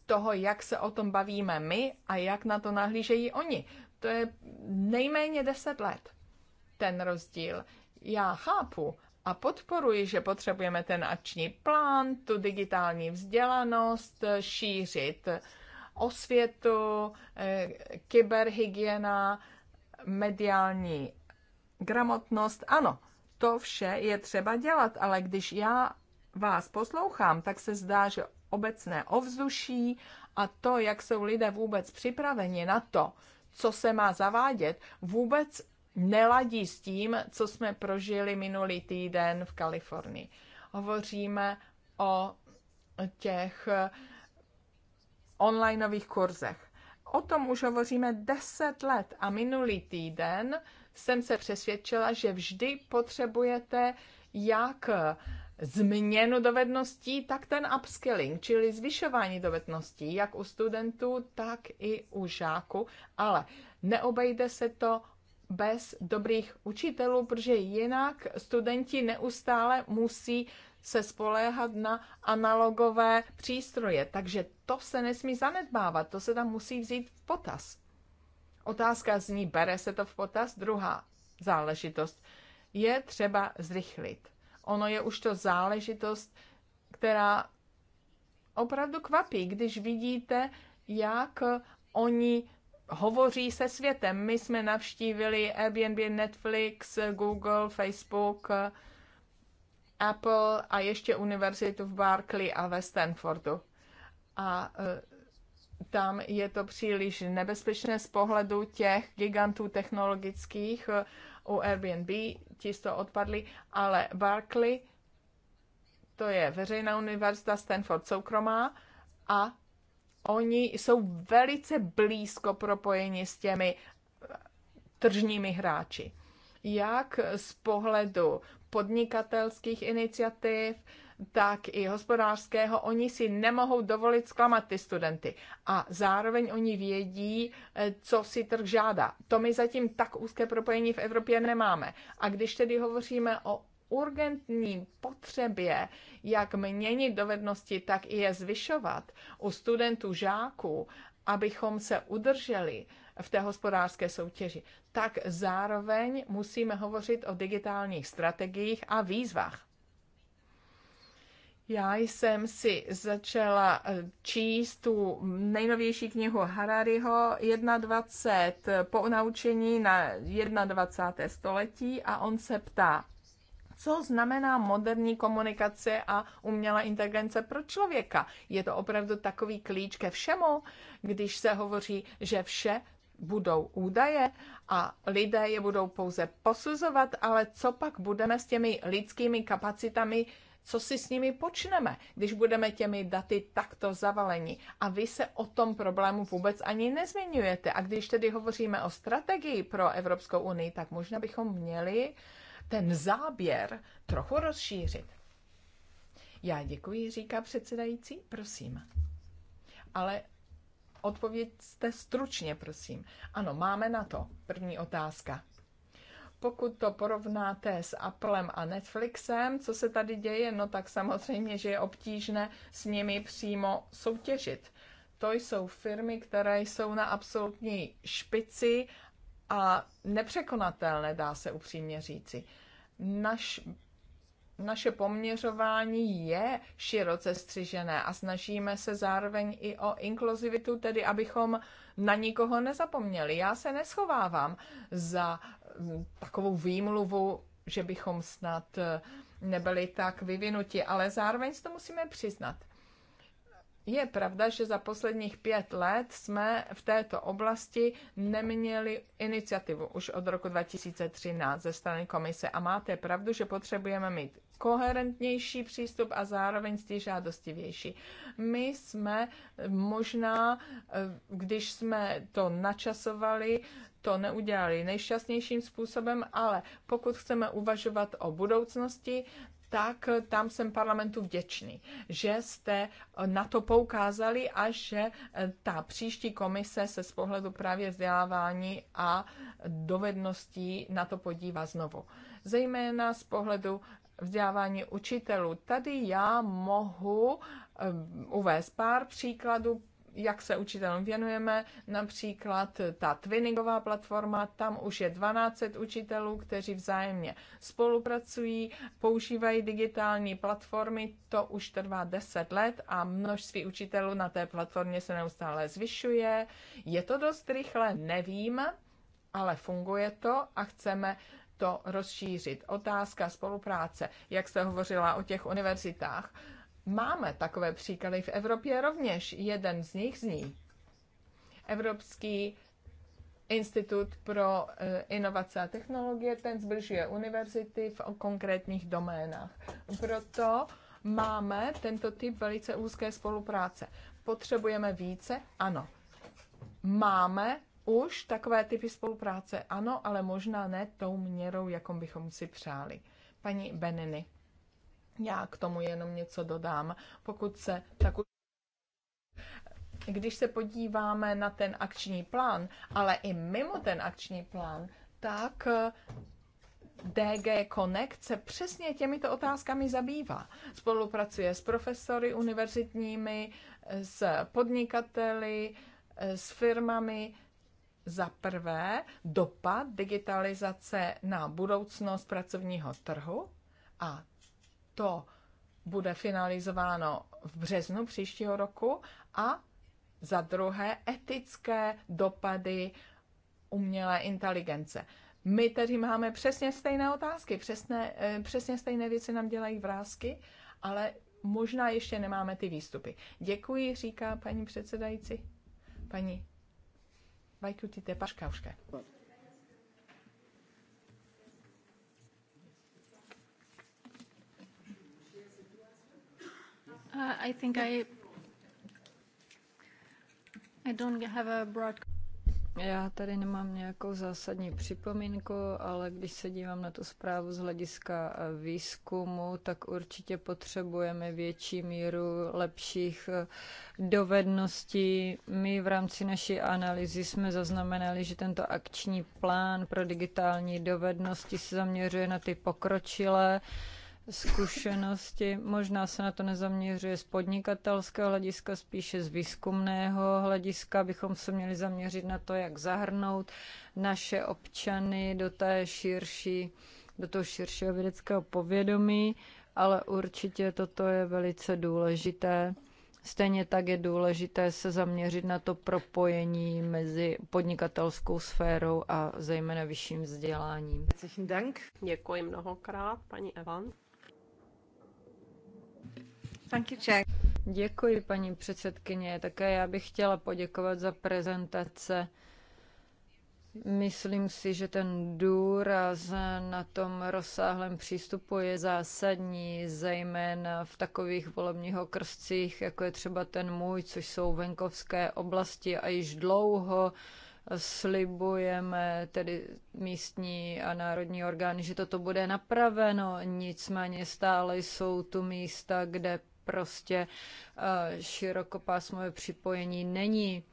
toho, jak se o tom bavíme my a jak na to nahlížejí oni. To je nejméně deset let ten rozdíl. Já chápu, a podporuji, že potřebujeme ten akční plán, tu digitální vzdělanost, šířit osvětu, eh, kyberhygiena, mediální gramotnost. Ano, to vše je třeba dělat, ale když já vás poslouchám, tak se zdá, že obecné ovzduší a to, jak jsou lidé vůbec připraveni na to, co se má zavádět, vůbec neladí s tím, co jsme prožili minulý týden v Kalifornii. Hovoříme o těch eh, onlineových kurzech. O tom už hovoříme 10 let a minulý týden jsem se přesvědčila, že vždy potřebujete jak eh, změnu dovedností, tak ten upskilling, čili zvyšování dovedností, jak u studentů, tak i u žáků, ale neobejde se to bez dobrých učitelů, protože jinak studenti neustále musí se spoléhat na analogové přístroje. Takže to se nesmí zanedbávat, to se tam musí vzít v potaz. Otázka zní, bere se to v potaz? Druhá záležitost je třeba zrychlit. Ono je už to záležitost, která opravdu kvapí, když vidíte, jak oni hovoří se světem. My jsme navštívili Airbnb, Netflix, Google, Facebook, Apple a ještě univerzitu v Berkeley a ve Stanfordu. A e, tam je to příliš nebezpečné z pohledu těch gigantů technologických e, u Airbnb, ti z toho odpadli, ale Barclay, to je veřejná univerzita, Stanford soukromá a oni jsou velice blízko propojeni s těmi tržními hráči. Jak z pohledu podnikatelských iniciativ, tak i hospodářského, oni si nemohou dovolit zklamat ty studenty. A zároveň oni vědí, eh, co si trh žádá. To my zatím tak úzké propojení v Evropě nemáme. A když tedy hovoříme o urgentní potřebě, jak měnit dovednosti, tak i je zvyšovat u studentů, žáků, abychom se udrželi v té hospodářské soutěži, tak zároveň musíme hovořit o digitálních strategiích a výzvách. Já jsem si začala eh, číst tu nejnovější knihu Harariho 21. po naučení na 21. století a on se ptá, co znamená moderní komunikace a umělá inteligence pro člověka. Je to opravdu takový klíč ke všemu, když se hovoří, že vše budou údaje a lidé je budou pouze posuzovat, ale co pak budeme s těmi lidskými kapacitami co si s nimi počneme, když budeme těmi daty takto zavaleni. A vy se o tom problému vůbec ani nezmiňujete. A když tedy hovoříme o strategii pro Evropskou unii, tak možná bychom měli ten záběr trochu rozšířit. Já děkuji, říká předsedající, prosím. Ale odpověďte stručně, prosím. Ano, máme na to. První otázka. Pokud to porovnáte s Applem a Netflixem, co se tady děje, no tak samozřejmě, že je obtížné s nimi přímo soutěžit. To jsou firmy, které jsou na absolutní špici a nepřekonatelné, dá se upřímně říci. Naš, naše poměřování je široce střižené a snažíme se zároveň i o inkluzivitu, tedy abychom na nikoho nezapomněli. Já se neschovávám za mm, takovou výmluvu, že bychom snad eh, nebyli tak vyvinuti, ale zároveň si to musíme přiznat. Je pravda, že za posledních pět let jsme v této oblasti neměli iniciativu už od roku 2013 ze strany komise a máte pravdu, že potřebujeme mít koherentnější přístup a zároveň žádostivější. My jsme možná, eh, když jsme to načasovali, to neudělali nejšťastnějším způsobem, ale pokud chceme uvažovat o budoucnosti, tak tam jsem parlamentu vděčný, že jste eh, na to poukázali a že eh, ta příští komise se z pohledu právě vzdělávání a dovedností na to podívá znovu. Zejména z pohledu vzdělávání učitelů. Tady já mohu eh, uvést pár příkladů jak se učitelům věnujeme, například ta twinningová platforma, tam už je 12 učitelů, kteří vzájemně spolupracují, používají digitální platformy, to už trvá 10 let a množství učitelů na té platformě se neustále zvyšuje. Je to dost rychle, nevím, ale funguje to a chceme to rozšířit. Otázka spolupráce, jak jste hovořila o těch univerzitách Máme takové příklady v Evropě rovněž. Jeden z nich zní Evropský Institut pro eh, inovace a technologie, ten zbližuje univerzity v konkrétních doménách. Proto máme tento typ velice úzké spolupráce. Potřebujeme více? Ano. Máme už takové typy spolupráce? Ano, ale možná ne tou měrou, jakou bychom si přáli. Paní Beniny. Já k tomu jenom něco dodám. Pokud se tak když se podíváme na ten akční plán, ale i mimo ten akční plán, tak eh, DG Connect se přesně těmito otázkami zabývá. Spolupracuje s profesory univerzitními, eh, s podnikateli, eh, s firmami. Za prvé, dopad digitalizace na budoucnost pracovního trhu a to bude finalizováno v březnu příštího roku a za druhé etické dopady umělé inteligence. My tedy máme přesně stejné otázky, přesné, eh, přesně stejné věci nám dělají vrázky, ale možná ještě nemáme ty výstupy. Děkuji, říká paní předsedající. Paní Vajkutite Paškauške. Uh, I think I, I don't have a broad... Já tady nemám nějakou zásadní připomínku, ale když se dívám na tu zprávu z hlediska eh, výzkumu, tak určitě potřebujeme větší míru lepších eh, dovedností. My v rámci naší analýzy jsme zaznamenali, že tento akční plán pro digitální dovednosti se zaměřuje na ty pokročilé zkušenosti. Možná se na to nezaměřuje z podnikatelského hlediska, spíše z výzkumného hlediska. Bychom se měli zaměřit na to, jak zahrnout naše občany do té širší, do toho širšího vědeckého povědomí, ale určitě toto je velice důležité. Stejně tak je důležité se zaměřit na to propojení mezi podnikatelskou sférou a zejména vyšším vzděláním. Děkuji mnohokrát, paní Evan. Děkuji, paní předsedkyně. Také já bych chtěla poděkovat za prezentace. Myslím si, že ten důraz na tom rozsáhlém přístupu je zásadní, zejména v takových volebních okrscích, jako je třeba ten můj, což jsou venkovské oblasti a již dlouho slibujeme tedy místní a národní orgány, že toto bude napraveno. Nicméně stále jsou tu místa, kde prostě eh, širokopásmové připojení není.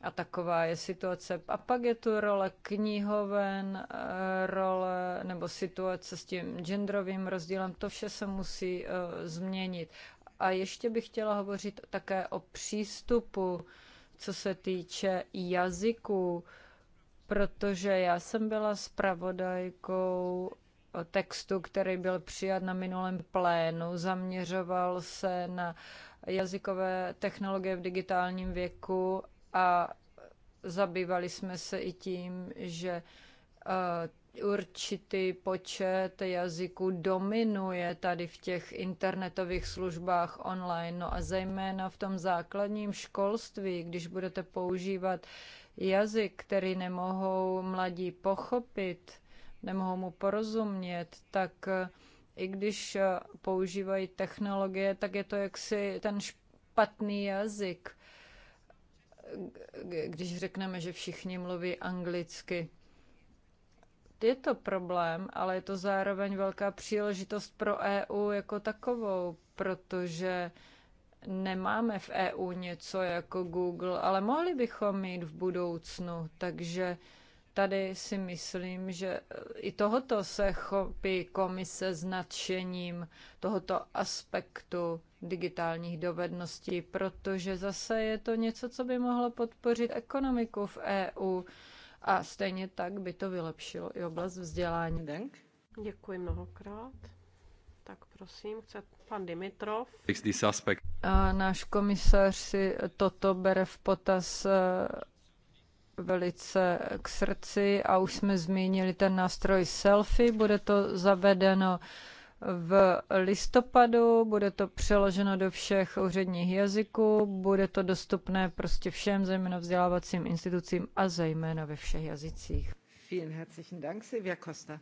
A taková je situace. A pak je tu role knihoven, eh, role nebo situace s tím genderovým rozdílem. To vše se musí eh, změnit. A ještě bych chtěla hovořit také o přístupu, co se týče jazyku, protože já jsem byla spravodajkou textu, který byl přijat na minulém plénu, zaměřoval se na jazykové technologie v digitálním věku a zabývali jsme se i tím, že eh, určitý počet jazyků dominuje tady v těch internetových službách online. No a zejména v tom základním školství, když budete používat jazyk, který nemohou mladí pochopit, nemohou mu porozumět, tak eh, i když eh, používají technologie, tak je to jaksi ten špatný jazyk. Když řekneme, že všichni mluví anglicky, je to problém, ale je to zároveň velká příležitost pro EU jako takovou, protože nemáme v EU něco jako Google, ale mohli bychom mít v budoucnu, takže uh, Tady si myslím, že eh, i tohoto se chopí komise s nadšením tohoto aspektu digitálních dovedností, protože zase je to něco, co by mohlo podpořit ekonomiku v EU a stejně tak by to vylepšilo i oblast vzdělání. Denk. Děkuji mnohokrát. Tak prosím, chce pan Dimitrov. A náš komisař si toto bere v potaz eh, velice k srdci a už jsme zmínili ten nástroj selfie, bude to zavedeno v listopadu, bude to přeloženo do všech úředních jazyků, bude to dostupné prostě všem, zejména vzdělávacím institucím a zejména ve všech jazycích. Vielen herzlichen Dank, Silvia Costa.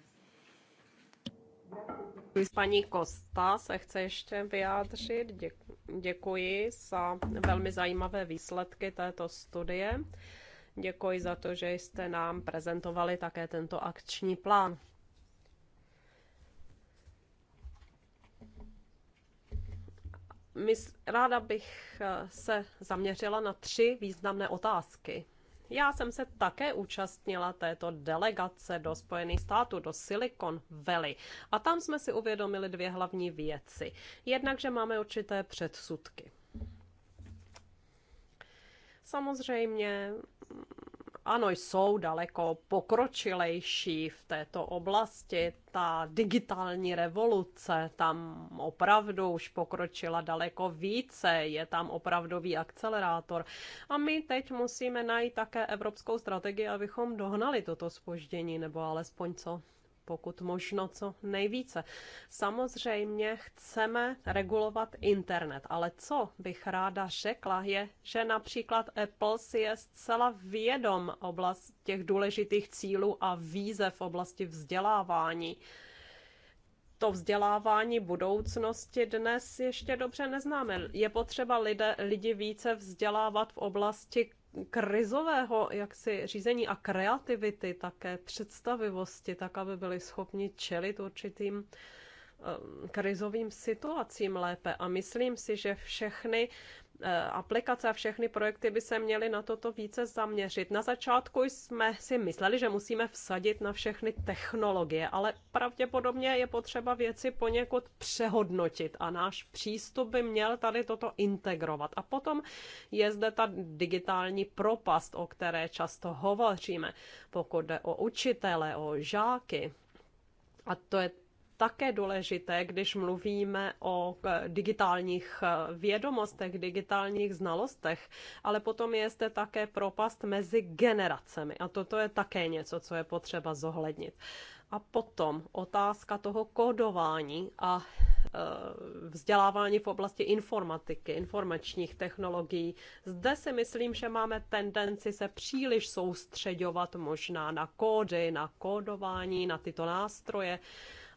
Paní Kosta se chce ještě vyjádřit. Děkuji za velmi zajímavé výsledky této studie. Děkuji za to, že jste nám prezentovali také tento akční plán. ráda bych eh, se zaměřila na tři významné otázky. Já jsem se také účastnila této delegace do Spojených států, do Silicon Valley. A tam jsme si uvědomili dvě hlavní věci. Jednak, že máme určité předsudky. Samozřejmě ano, jsou daleko pokročilejší v této oblasti. Ta digitální revoluce tam opravdu už pokročila daleko více, je tam opravdový akcelerátor. A my teď musíme najít také evropskou strategii, abychom dohnali toto spoždění, nebo alespoň co pokud možno co nejvíce. Samozřejmě chceme regulovat internet, ale co bych ráda řekla je, že například Apple si je zcela vědom oblast těch důležitých cílů a víze v oblasti vzdělávání to vzdělávání budoucnosti dnes ještě dobře neznáme. Je potřeba lidé, lidi více vzdělávat v oblasti krizového jaksi řízení a kreativity, také představivosti, tak aby byli schopni čelit určitým eh, krizovým situacím lépe. A myslím si, že všechny Eh, aplikace a všechny projekty by se měly na toto více zaměřit. Na začátku jsme si mysleli, že musíme vsadit na všechny technologie, ale pravděpodobně je potřeba věci poněkud přehodnotit a náš přístup by měl tady toto integrovat. A potom je zde ta digitální propast, o které často hovoříme, pokud jde o učitele, o žáky. A to je také důležité, když mluvíme o digitálních eh, vědomostech, digitálních znalostech, ale potom je zde také propast mezi generacemi a toto je také něco, co je potřeba zohlednit. A potom otázka toho kódování a eh, vzdělávání v oblasti informatiky, informačních technologií. Zde si myslím, že máme tendenci se příliš soustředovat možná na kódy, na kódování, na tyto nástroje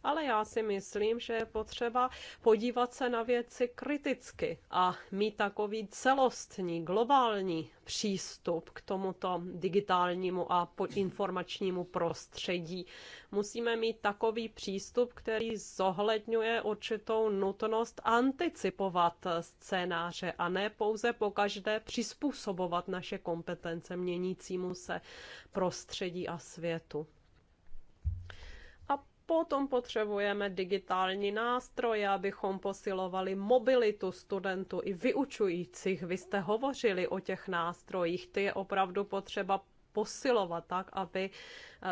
ale já si myslím, že je potřeba podívat se na věci kriticky a mít takový celostní, globální přístup k tomuto digitálnímu a informačnímu prostředí. Musíme mít takový přístup, který zohledňuje určitou nutnost anticipovat scénáře a ne pouze po každé přizpůsobovat naše kompetence měnícímu se prostředí a světu. Potom potřebujeme digitální nástroje, abychom posilovali mobilitu studentů i vyučujících. Vy jste hovořili o těch nástrojích, ty je opravdu potřeba posilovat tak, aby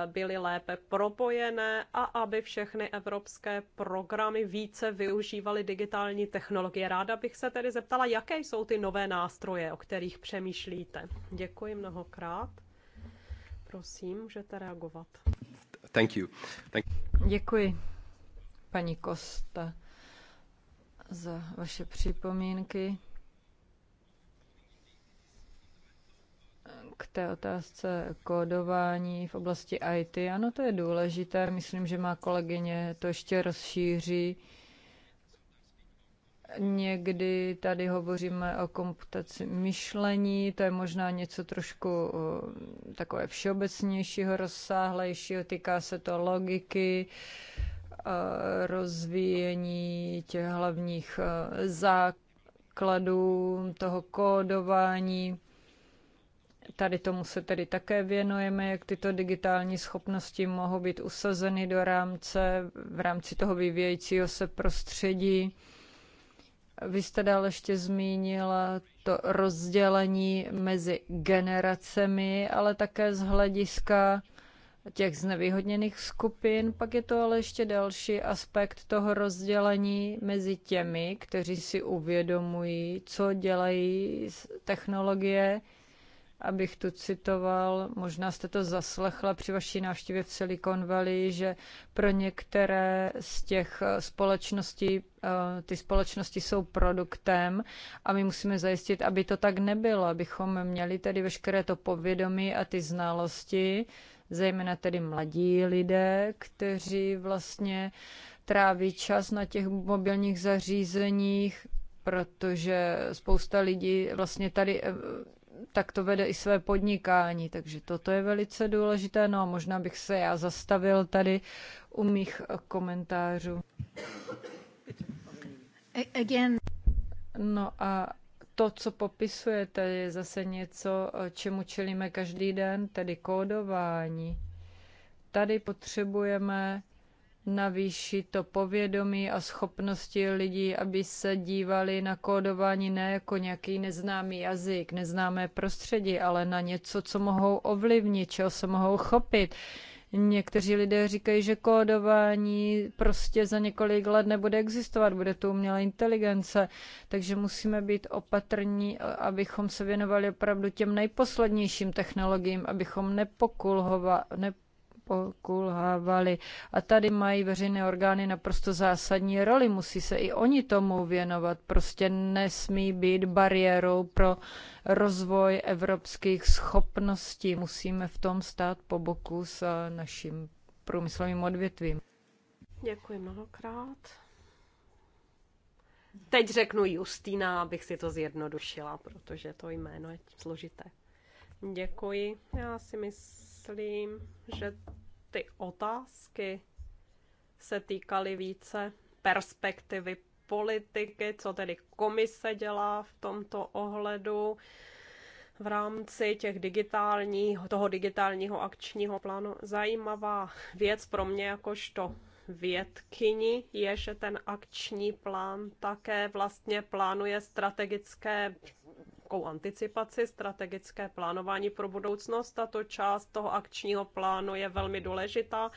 eh, byly lépe propojené a aby všechny evropské programy více využívaly digitální technologie. Ráda bych se tedy zeptala, jaké jsou ty nové nástroje, o kterých přemýšlíte. Děkuji mnohokrát. Prosím, můžete reagovat. Thank you. Thank you. Děkuji, paní Kosta, za vaše připomínky k té otázce kódování v oblasti IT. Ano, to je důležité. Myslím, že má kolegyně to ještě rozšíří Někdy tady hovoříme o komputaci myšlení, to je možná něco trošku eh, takové všeobecnějšího, rozsáhlejšího, týká se to logiky, eh, rozvíjení těch hlavních eh, základů, toho kódování. Tady tomu se tedy také věnujeme, jak tyto digitální schopnosti mohou být usazeny do rámce, v rámci toho vyvíjejícího se prostředí. Vy jste dále ještě zmínila to rozdělení mezi generacemi, ale také z hlediska těch znevýhodněných skupin. Pak je to ale ještě další aspekt toho rozdělení mezi těmi, kteří si uvědomují, co dělají technologie, abych tu citoval, možná jste to zaslechla při vaší návštěvě v Silicon Valley, že pro některé z těch eh, společností, eh, ty společnosti jsou produktem a my musíme zajistit, aby to tak nebylo, abychom měli tedy veškeré to povědomí a ty znalosti, zejména tedy mladí lidé, kteří vlastně tráví čas na těch mobilních zařízeních, protože spousta lidí vlastně tady eh, tak to vede i své podnikání, takže toto je velice důležité. No a možná bych se já zastavil tady u mých komentářů. Again. No a to, co popisujete, je zase něco, čemu čelíme každý den, tedy kódování. Tady potřebujeme navýší to povědomí a schopnosti lidí, aby se dívali na kódování ne jako nějaký neznámý jazyk, neznámé prostředí, ale na něco, co mohou ovlivnit, čeho se mohou chopit. Někteří lidé říkají, že kódování prostě za několik let nebude existovat, bude tu umělá inteligence, takže musíme být opatrní, abychom se věnovali opravdu těm nejposlednějším technologiím, abychom nepokulhova, ne, pokulhávaly. A tady mají veřejné orgány naprosto zásadní roli, musí se i oni tomu věnovat. Prostě nesmí být bariérou pro rozvoj evropských schopností. Musíme v tom stát po boku s eh, naším průmyslovým odvětvím. Děkuji mnohokrát. Teď řeknu Justína, abych si to zjednodušila, protože to jméno je složité. Děkuji. Já si myslím, myslím, že ty otázky se týkaly více perspektivy politiky, co tedy komise dělá v tomto ohledu v rámci těch digitálního, toho digitálního akčního plánu. Zajímavá věc pro mě jakožto vědkyni je, že ten akční plán také vlastně plánuje strategické nějakou anticipaci, strategické plánování pro budoucnost. Tato část toho akčního plánu je velmi důležitá.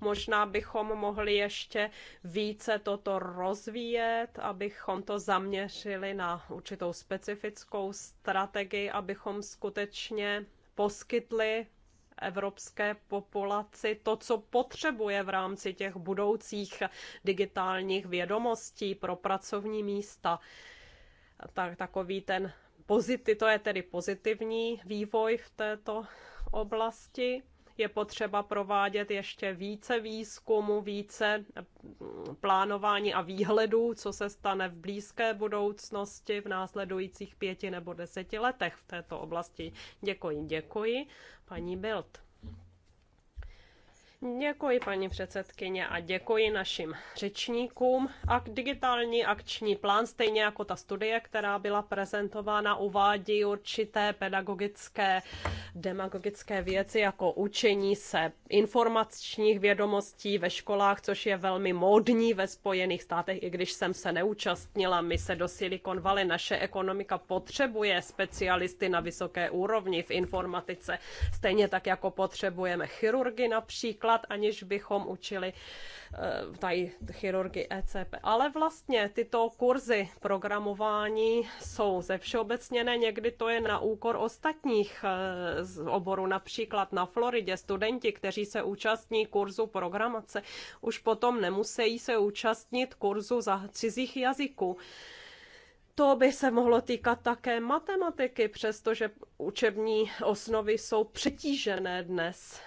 Možná bychom mohli ještě více toto rozvíjet, abychom to zaměřili na určitou specifickou strategii, abychom skutečně poskytli evropské populaci to, co potřebuje v rámci těch budoucích digitálních vědomostí pro pracovní místa. Tak, takový ten pozitiv, to je tedy pozitivní vývoj v této oblasti. Je potřeba provádět ještě více výzkumu, více mm, plánování a výhledů, co se stane v blízké budoucnosti v následujících pěti nebo deseti letech v této oblasti. Děkuji, děkuji. Paní Bild. Děkuji, paní předsedkyně, a děkuji našim řečníkům. A digitální akční plán, stejně jako ta studie, která byla prezentována, uvádí určité pedagogické, demagogické věci, jako učení se informačních vědomostí ve školách, což je velmi módní ve Spojených státech, i když jsem se neúčastnila. My se do Silicon Valley, naše ekonomika potřebuje specialisty na vysoké úrovni v informatice, stejně tak jako potřebujeme chirurgy například základ, aniž bychom učili eh, tady chirurgy ECP. Ale vlastně tyto kurzy programování jsou ze všeobecněné, někdy to je na úkor ostatních eh, z oborů, například na Floridě studenti, kteří se účastní kurzu programace, už potom nemusí se účastnit kurzu za cizích jazyků. To by se mohlo týkat také matematiky, přestože učební osnovy jsou přetížené dnes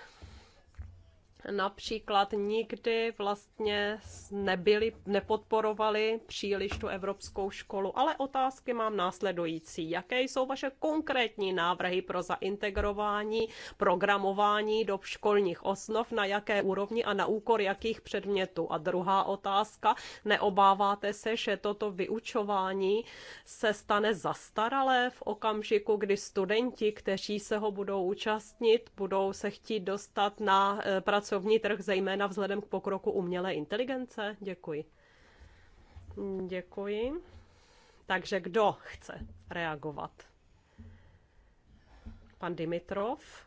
například nikdy vlastně nebyli, nepodporovali příliš tu evropskou školu. Ale otázky mám následující. Jaké jsou vaše konkrétní návrhy pro zaintegrování, programování do školních osnov, na jaké úrovni a na úkor jakých předmětů? A druhá otázka, neobáváte se, že toto vyučování se stane zastaralé v okamžiku, kdy studenti, kteří se ho budou účastnit, budou se chtít dostat na eh, pracovní pracovní trh, zejména vzhledem k pokroku umělé inteligence? Děkuji. Děkuji. Takže kdo chce reagovat? Pan Dimitrov.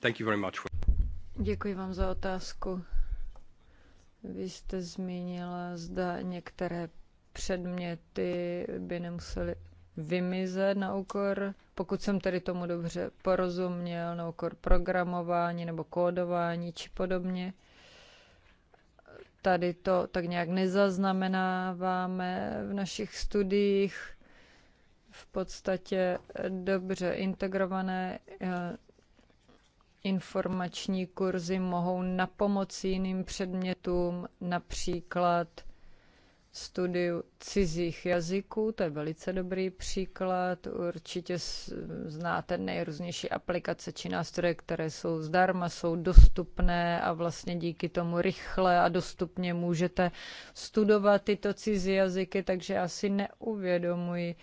Thank you very much. Děkuji vám za otázku. Vy jste zmínila, zda některé předměty by nemusely vymizet na úkor, pokud jsem tedy tomu dobře porozuměl, na úkor programování nebo kódování či podobně. Tady to tak nějak nezaznamenáváme v našich studiích. V podstatě dobře integrované eh, informační kurzy mohou na pomoci jiným předmětům, například studiu cizích jazyků, to je velice dobrý příklad. Určitě znáte nejrůznější aplikace či nástroje, které jsou zdarma, jsou dostupné a vlastně díky tomu rychle a dostupně můžete studovat tyto cizí jazyky, takže já si neuvědomuji,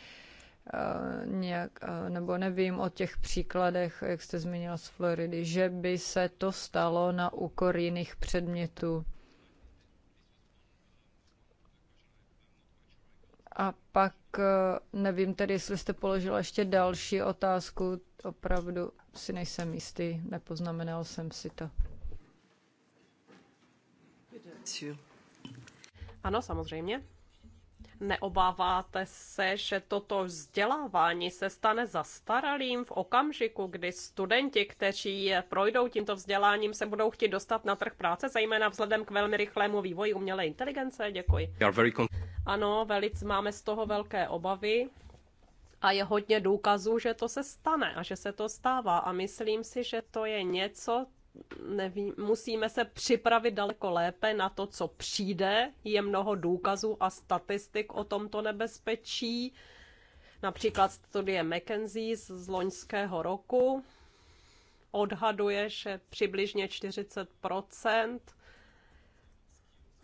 eh, nějak, eh, nebo nevím o těch příkladech, jak jste zmínila z Floridy, že by se to stalo na úkor jiných předmětů. A pak eh, nevím tedy, jestli jste položila ještě další otázku. Opravdu si nejsem jistý, nepoznamenal jsem si to. Ano, samozřejmě. Neobáváte se, že toto vzdělávání se stane zastaralým v okamžiku, kdy studenti, kteří projdou tímto vzděláním, se budou chtít dostat na trh práce, zejména vzhledem k velmi rychlému vývoji umělé inteligence? Děkuji. Ano, velice máme z toho velké obavy a je hodně důkazů, že to se stane a že se to stává. A myslím si, že to je něco, nevím, musíme se připravit daleko lépe na to, co přijde. Je mnoho důkazů a statistik o tomto nebezpečí. Například studie McKenzie z loňského roku odhaduje, že přibližně 40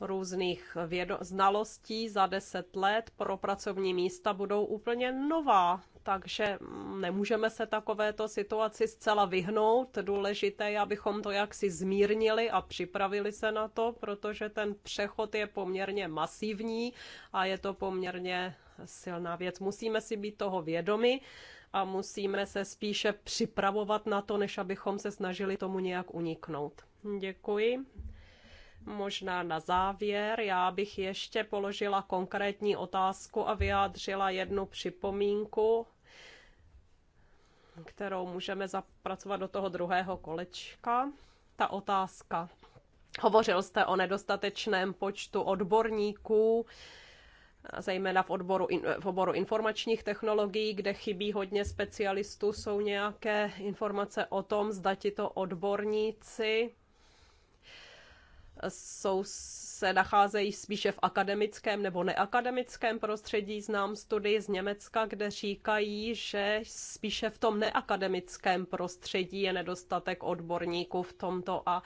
různých vědo- znalostí za deset let pro pracovní místa budou úplně nová. Takže nemůžeme se takovéto situaci zcela vyhnout. Důležité je, abychom to jaksi zmírnili a připravili se na to, protože ten přechod je poměrně masivní a je to poměrně silná věc. Musíme si být toho vědomi a musíme se spíše připravovat na to, než abychom se snažili tomu nějak uniknout. Děkuji. Možná na závěr, já bych ještě položila konkrétní otázku a vyjádřila jednu připomínku, kterou můžeme zapracovat do toho druhého kolečka. Ta otázka. Hovořil jste o nedostatečném počtu odborníků, zejména v, odboru, v oboru informačních technologií, kde chybí hodně specialistů, jsou nějaké informace o tom, zda tito odborníci jsou, se nacházejí spíše v akademickém nebo neakademickém prostředí. Znám studii z Německa, kde říkají, že spíše v tom neakademickém prostředí je nedostatek odborníků v tomto a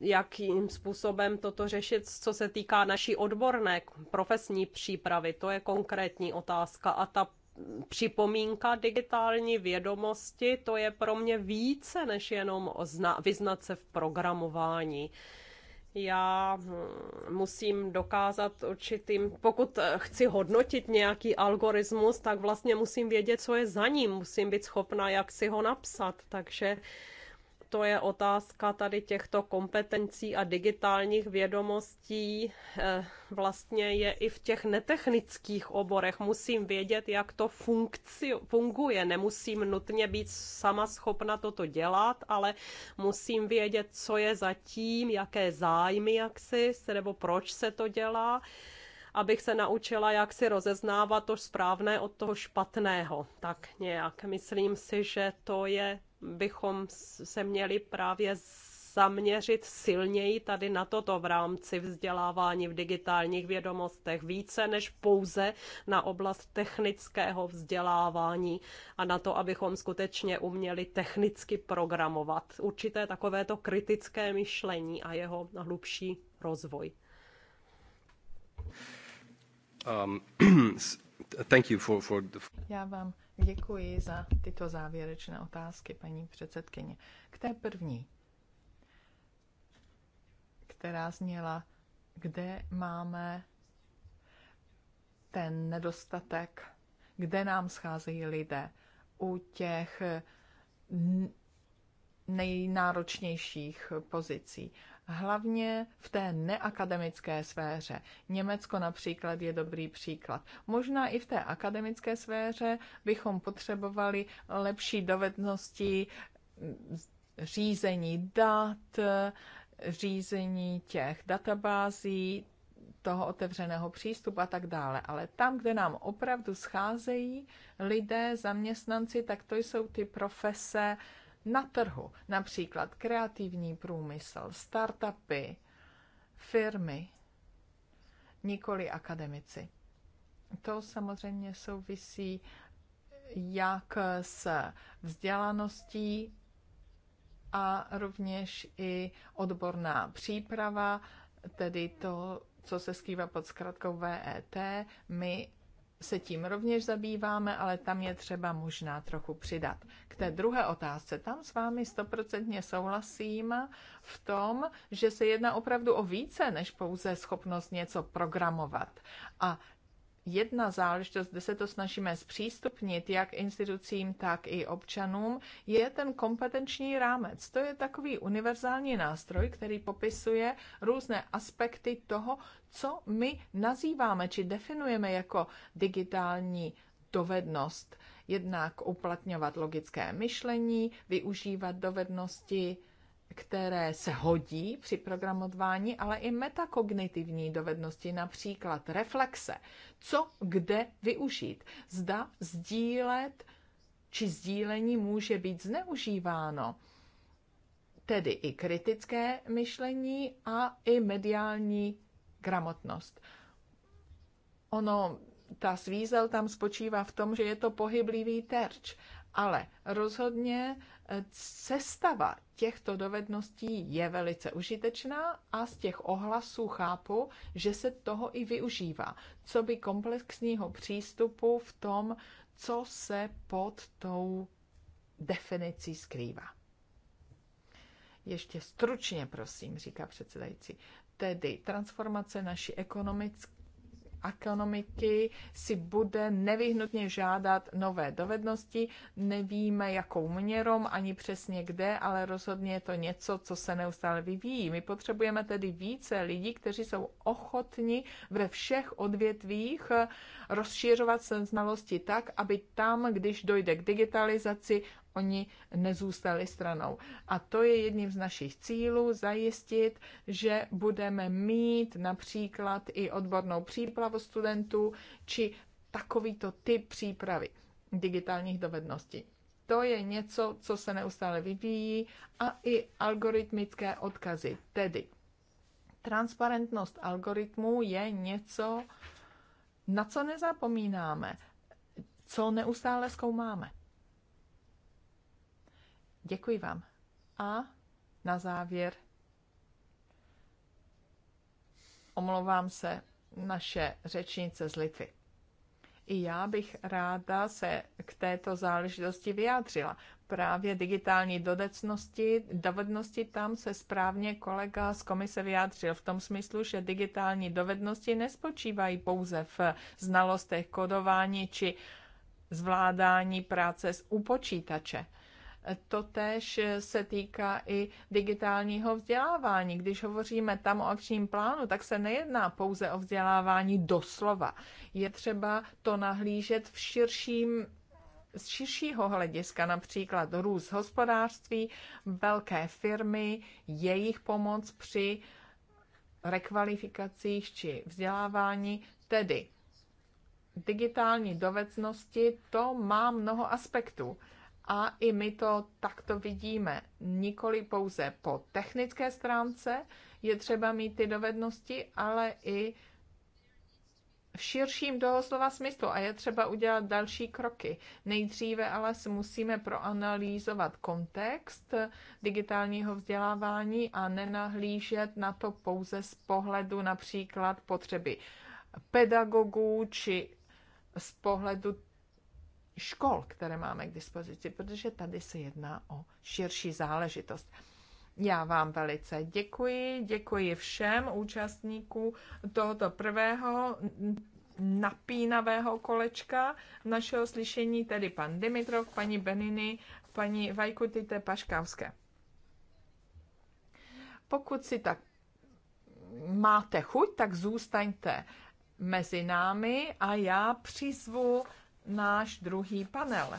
jakým způsobem toto řešit, co se týká naší odborné profesní přípravy. To je konkrétní otázka. A ta připomínka digitální vědomosti, to je pro mě více než jenom vyznat se v programování já hm, musím dokázat určitým, pokud eh, chci hodnotit nějaký algoritmus, tak vlastně musím vědět, co je za ním, musím být schopna, jak si ho napsat, takže to je otázka tady těchto kompetencí a digitálních vědomostí eh, vlastně je i v těch netechnických oborech. Musím vědět, jak to funkci- funguje. Nemusím nutně být sama schopna toto dělat, ale musím vědět, co je zatím, jaké zájmy, jak si, nebo proč se to dělá abych se naučila, jak si rozeznávat to správné od toho špatného. Tak nějak myslím si, že to je bychom se měli právě zaměřit silněji tady na toto v rámci vzdělávání v digitálních vědomostech více než pouze na oblast technického vzdělávání a na to, abychom skutečně uměli technicky programovat určité takovéto kritické myšlení a jeho hlubší rozvoj. Um, <clears throat> thank you for, for the... Já vám Děkuji za tyto závěrečné otázky, paní předsedkyně. K té první, která zněla, kde máme ten nedostatek, kde nám scházejí lidé u těch nejnáročnějších pozicí hlavně v té neakademické sféře. Německo například je dobrý příklad. Možná i v té akademické sféře bychom potřebovali lepší dovednosti řízení dat, řízení těch databází, toho otevřeného přístupu a tak dále. Ale tam, kde nám opravdu scházejí lidé, zaměstnanci, tak to jsou ty profese, na trhu, například kreativní průmysl, startupy, firmy, nikoli akademici. To samozřejmě souvisí jak s vzdělaností a rovněž i odborná příprava, tedy to, co se skrývá pod zkratkou VET. My se tím rovněž zabýváme, ale tam je třeba možná trochu přidat. K té druhé otázce, tam s vámi stoprocentně souhlasím v tom, že se jedná opravdu o více než pouze schopnost něco programovat. A jedna záležitost, kde se to snažíme zpřístupnit jak institucím, tak i občanům, je ten kompetenční rámec. To je takový univerzální nástroj, který popisuje různé aspekty toho, co my nazýváme či definujeme jako digitální dovednost. Jednak uplatňovat logické myšlení, využívat dovednosti, které se hodí při programování, ale i metakognitivní dovednosti, například reflexe. Co kde využít? Zda sdílet či sdílení může být zneužíváno tedy i kritické myšlení a i mediální gramotnost. Ono, ta svízel tam spočívá v tom, že je to pohyblivý terč, ale rozhodně e, sestava těchto dovedností je velice užitečná a z těch ohlasů chápu, že se toho i využívá. Co by komplexního přístupu v tom, co se pod tou definicí skrývá. Ještě stručně, prosím, říká předsedající. Tedy transformace naší ekonomické ekonomiky si bude nevyhnutně žádat nové dovednosti. Nevíme, jakou měrou, ani přesně kde, ale rozhodně je to něco, co se neustále vyvíjí. My potřebujeme tedy více lidí, kteří jsou ochotni ve všech odvětvích rozšiřovat své znalosti tak, aby tam, když dojde k digitalizaci, oni nezůstali stranou. A to je jedním z našich cílů zajistit, že budeme mít například i odbornou přípravu studentů či takovýto typ přípravy digitálních dovedností. To je něco, co se neustále vyvíjí a i algoritmické odkazy. Tedy transparentnost algoritmů je něco, na co nezapomínáme, co neustále zkoumáme. Děkuji vám. A na závěr omlouvám se naše řečnice z Litvy. I já bych ráda se k této záležitosti vyjádřila. Právě digitální dodecnosti, dovednosti, tam se správně kolega z komise vyjádřil v tom smyslu, že digitální dovednosti nespočívají pouze v znalostech kodování či zvládání práce z upočítače. počítače Totež se týká i digitálního vzdělávání. Když hovoříme tam o akčním plánu, tak se nejedná pouze o vzdělávání doslova. Je třeba to nahlížet v širším z širšího hlediska, například růst hospodářství, velké firmy, jejich pomoc při rekvalifikacích či vzdělávání, tedy digitální dovednosti, to má mnoho aspektů. A i my to takto vidíme. Nikoli pouze po technické stránce je třeba mít ty dovednosti, ale i v širším toho slova smyslu a je třeba udělat další kroky. Nejdříve ale si musíme proanalýzovat kontext digitálního vzdělávání a nenahlížet na to pouze z pohledu například potřeby pedagogů či z pohledu škol, které máme k dispozici, protože tady se jedná o širší záležitost. Já vám velice děkuji, děkuji všem účastníkům tohoto prvého napínavého kolečka našeho slyšení, tedy pan Dimitrov, paní Beniny, paní Vajkutite Paškavské. Pokud si tak máte chuť, tak zůstaňte mezi námi a já přizvu náš druhý panel.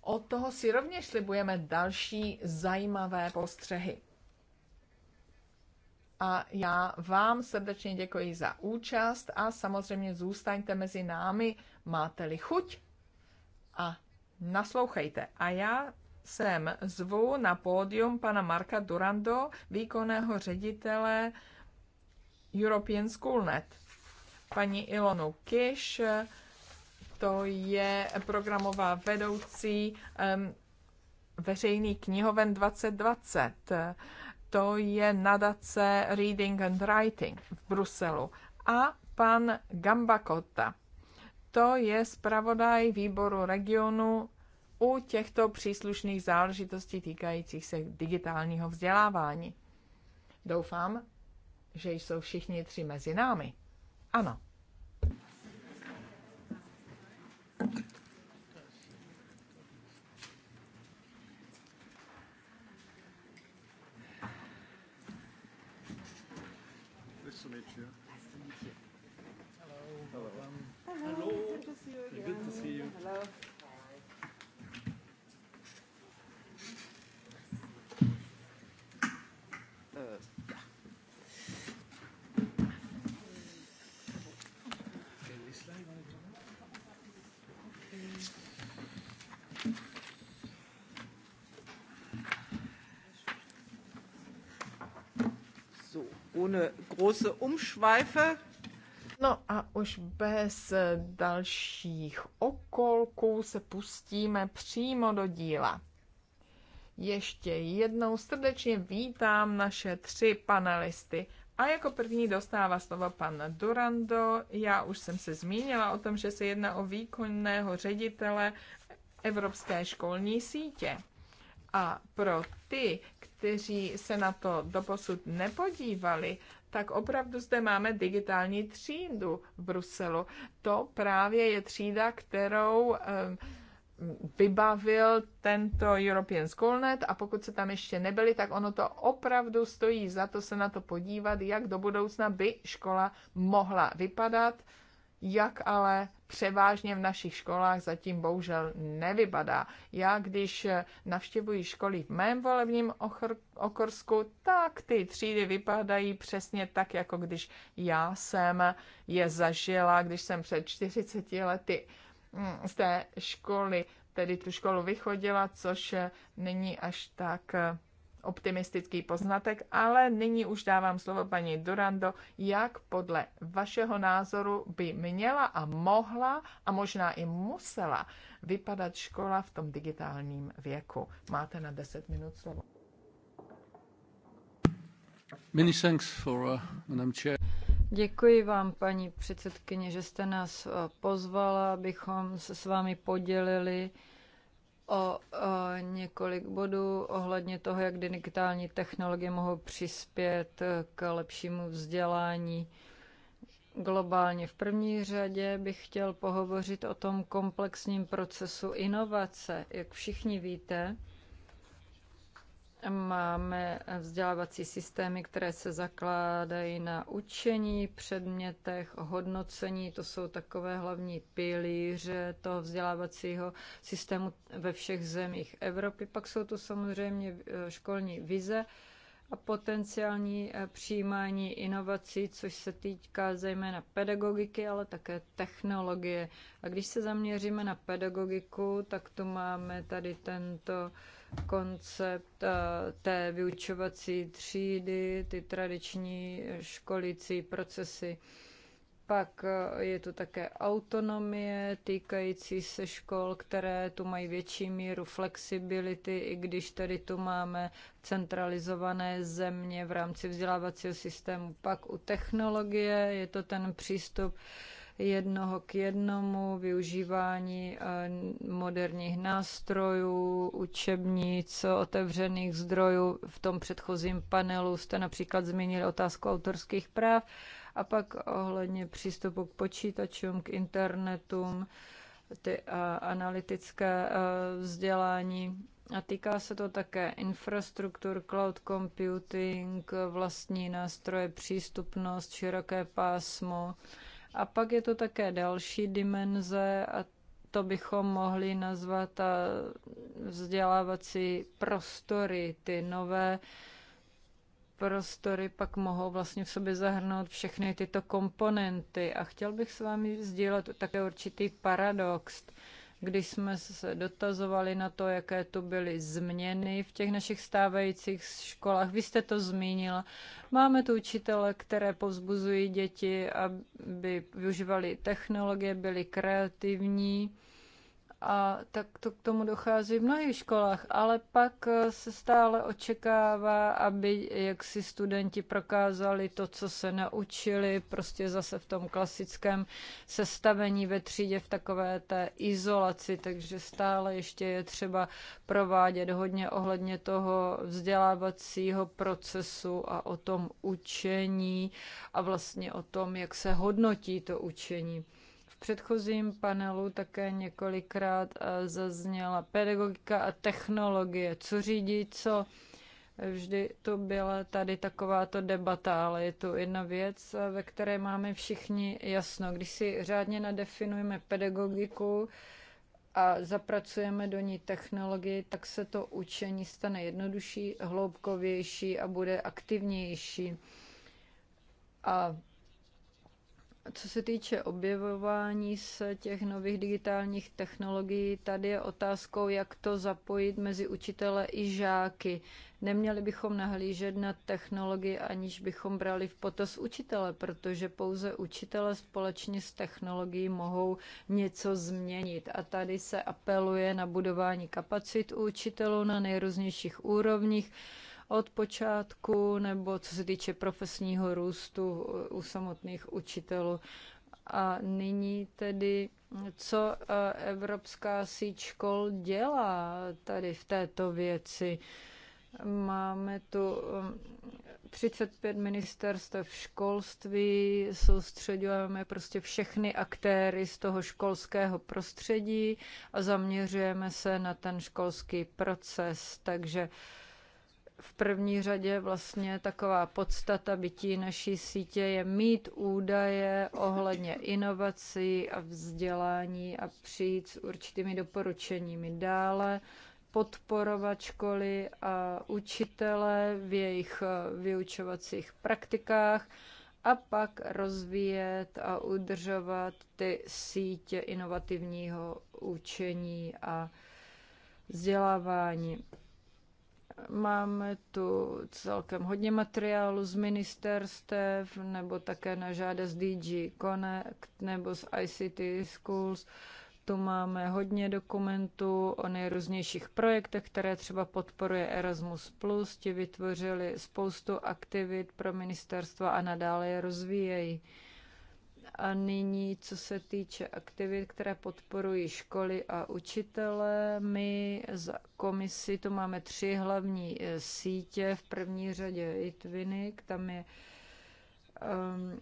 Od toho si rovněž slibujeme další zajímavé postřehy. A já vám srdečně děkuji za účast a samozřejmě zůstaňte mezi námi, máte-li chuť a naslouchejte. A já jsem zvu na pódium pana Marka Durando, výkonného ředitele European Schoolnet paní Ilonu Kiš, to je programová vedoucí um, veřejný knihoven 2020. To je nadace Reading and Writing v Bruselu. A pan Gambakota, to je zpravodaj výboru regionu u těchto příslušných záležitostí týkajících se digitálního vzdělávání. Doufám, že jsou všichni tři mezi námi. Ano. ohne große Umschweife. No a už bez dalších okolků se pustíme přímo do díla. Ještě jednou srdečně vítám naše tři panelisty. A jako první dostává slovo pan Durando. Já už jsem se zmínila o tom, že se jedná o výkonného ředitele Evropské školní sítě. A pro ty, kteří se na to doposud nepodívali, tak opravdu zde máme digitální třídu v Bruselu. To právě je třída, kterou vybavil tento European Schoolnet a pokud se tam ještě nebyli, tak ono to opravdu stojí za to se na to podívat, jak do budoucna by škola mohla vypadat, jak ale převážně v našich školách zatím bohužel nevypadá. Já, když navštěvuji školy v mém volebním okorsku, tak ty třídy vypadají přesně tak, jako když já jsem je zažila, když jsem před 40 lety mm, z té školy, tedy tu školu vychodila, což není až tak optimistický poznatek, ale nyní už dávám slovo paní Durando, jak podle vašeho názoru by měla a mohla a možná i musela vypadat škola v tom digitálním věku. Máte na 10 minut slovo. Many thanks for, uh, Madam Chair. Děkuji vám, paní předsedkyně, že jste nás uh, pozvala, abychom se s vámi podělili uh, o, několik bodů ohledně toho, jak digitální technologie mohou přispět k lepšímu vzdělání. Globálně v první řadě bych chtěl pohovořit o tom komplexním procesu inovace. Jak všichni víte, Máme vzdělávací systémy, které se zakládají na učení, předmětech, hodnocení. To jsou takové hlavní pilíře toho vzdělávacího systému ve všech zemích Evropy. Pak jsou tu samozřejmě eh, školní vize a potenciální eh, přijímání inovací, což se týká zejména pedagogiky, ale také technologie. A když se zaměříme na pedagogiku, tak tu máme tady tento koncept eh, té vyučovací třídy, ty tradiční školící procesy. Pak eh, je tu také autonomie týkající se škol, které tu mají větší míru flexibility, i když tady tu máme centralizované země v rámci vzdělávacího systému. Pak u technologie je to ten přístup jednoho k jednomu, využívání eh, moderních nástrojů, učebnic, otevřených zdrojů. V tom předchozím panelu jste například zmínili otázku autorských práv a pak ohledně přístupu k počítačům, k internetům, ty eh, analytické eh, vzdělání. A týká se to také infrastruktur, cloud computing, vlastní nástroje, přístupnost, široké pásmo. A pak je to také další dimenze a to bychom mohli nazvat a vzdělávací prostory, ty nové prostory pak mohou vlastně v sobě zahrnout všechny tyto komponenty. A chtěl bych s vámi sdílet také určitý paradox když jsme se dotazovali na to, jaké to byly změny v těch našich stávajících školách. Vy jste to zmínila. Máme tu učitele, které povzbuzují děti, aby využívali technologie, byli kreativní a tak to k tomu dochází v mnohých školách, ale pak eh, se stále očekává, aby jak si studenti prokázali to, co se naučili, prostě zase v tom klasickém sestavení ve třídě v takové té izolaci, takže stále ještě je třeba provádět hodně ohledně toho vzdělávacího procesu a o tom učení a vlastně o tom, jak se hodnotí to učení. V předchozím panelu také několikrát eh, zazněla pedagogika a technologie, co řídí, co. Vždy to byla tady takováto debata, ale je to jedna věc, eh, ve které máme všichni jasno. Když si řádně nadefinujeme pedagogiku, a zapracujeme do ní technologii, tak se to učení stane jednodušší, hloubkovější a bude aktivnější. A co se týče objevování se těch nových digitálních technologií, tady je otázkou, jak to zapojit mezi učitele i žáky. Neměli bychom nahlížet na technologii, aniž bychom brali v potaz učitele, protože pouze učitele společně s technologií mohou něco změnit. A tady se apeluje na budování kapacit učitelů na nejrůznějších úrovních od počátku nebo co se týče profesního růstu u samotných učitelů. A nyní tedy, co e, Evropská síť škol dělá tady v této věci? Máme tu 35 e, ministerstev školství, soustředujeme prostě všechny aktéry z toho školského prostředí a zaměřujeme se na ten školský proces. Takže uh, v první řadě vlastně taková podstata bytí naší sítě je mít údaje ohledně inovací a vzdělání a přijít s určitými doporučeními dále, podporovat školy a učitele v jejich eh, vyučovacích praktikách a pak rozvíjet a udržovat ty sítě inovativního učení a vzdělávání. Máme tu celkem hodně materiálu z ministerstev, nebo také na žádost DG Connect, nebo z ICT Schools. Tu máme hodně dokumentů o nejrůznějších projektech, které třeba podporuje Erasmus+. Ti vytvořili spoustu aktivit pro ministerstva a nadále je rozvíjejí. A nyní, co se týče aktivit, které podporují školy a učitele, my za komisi to máme tři hlavní eh, sítě. V první řadě Itvinik, tam je um,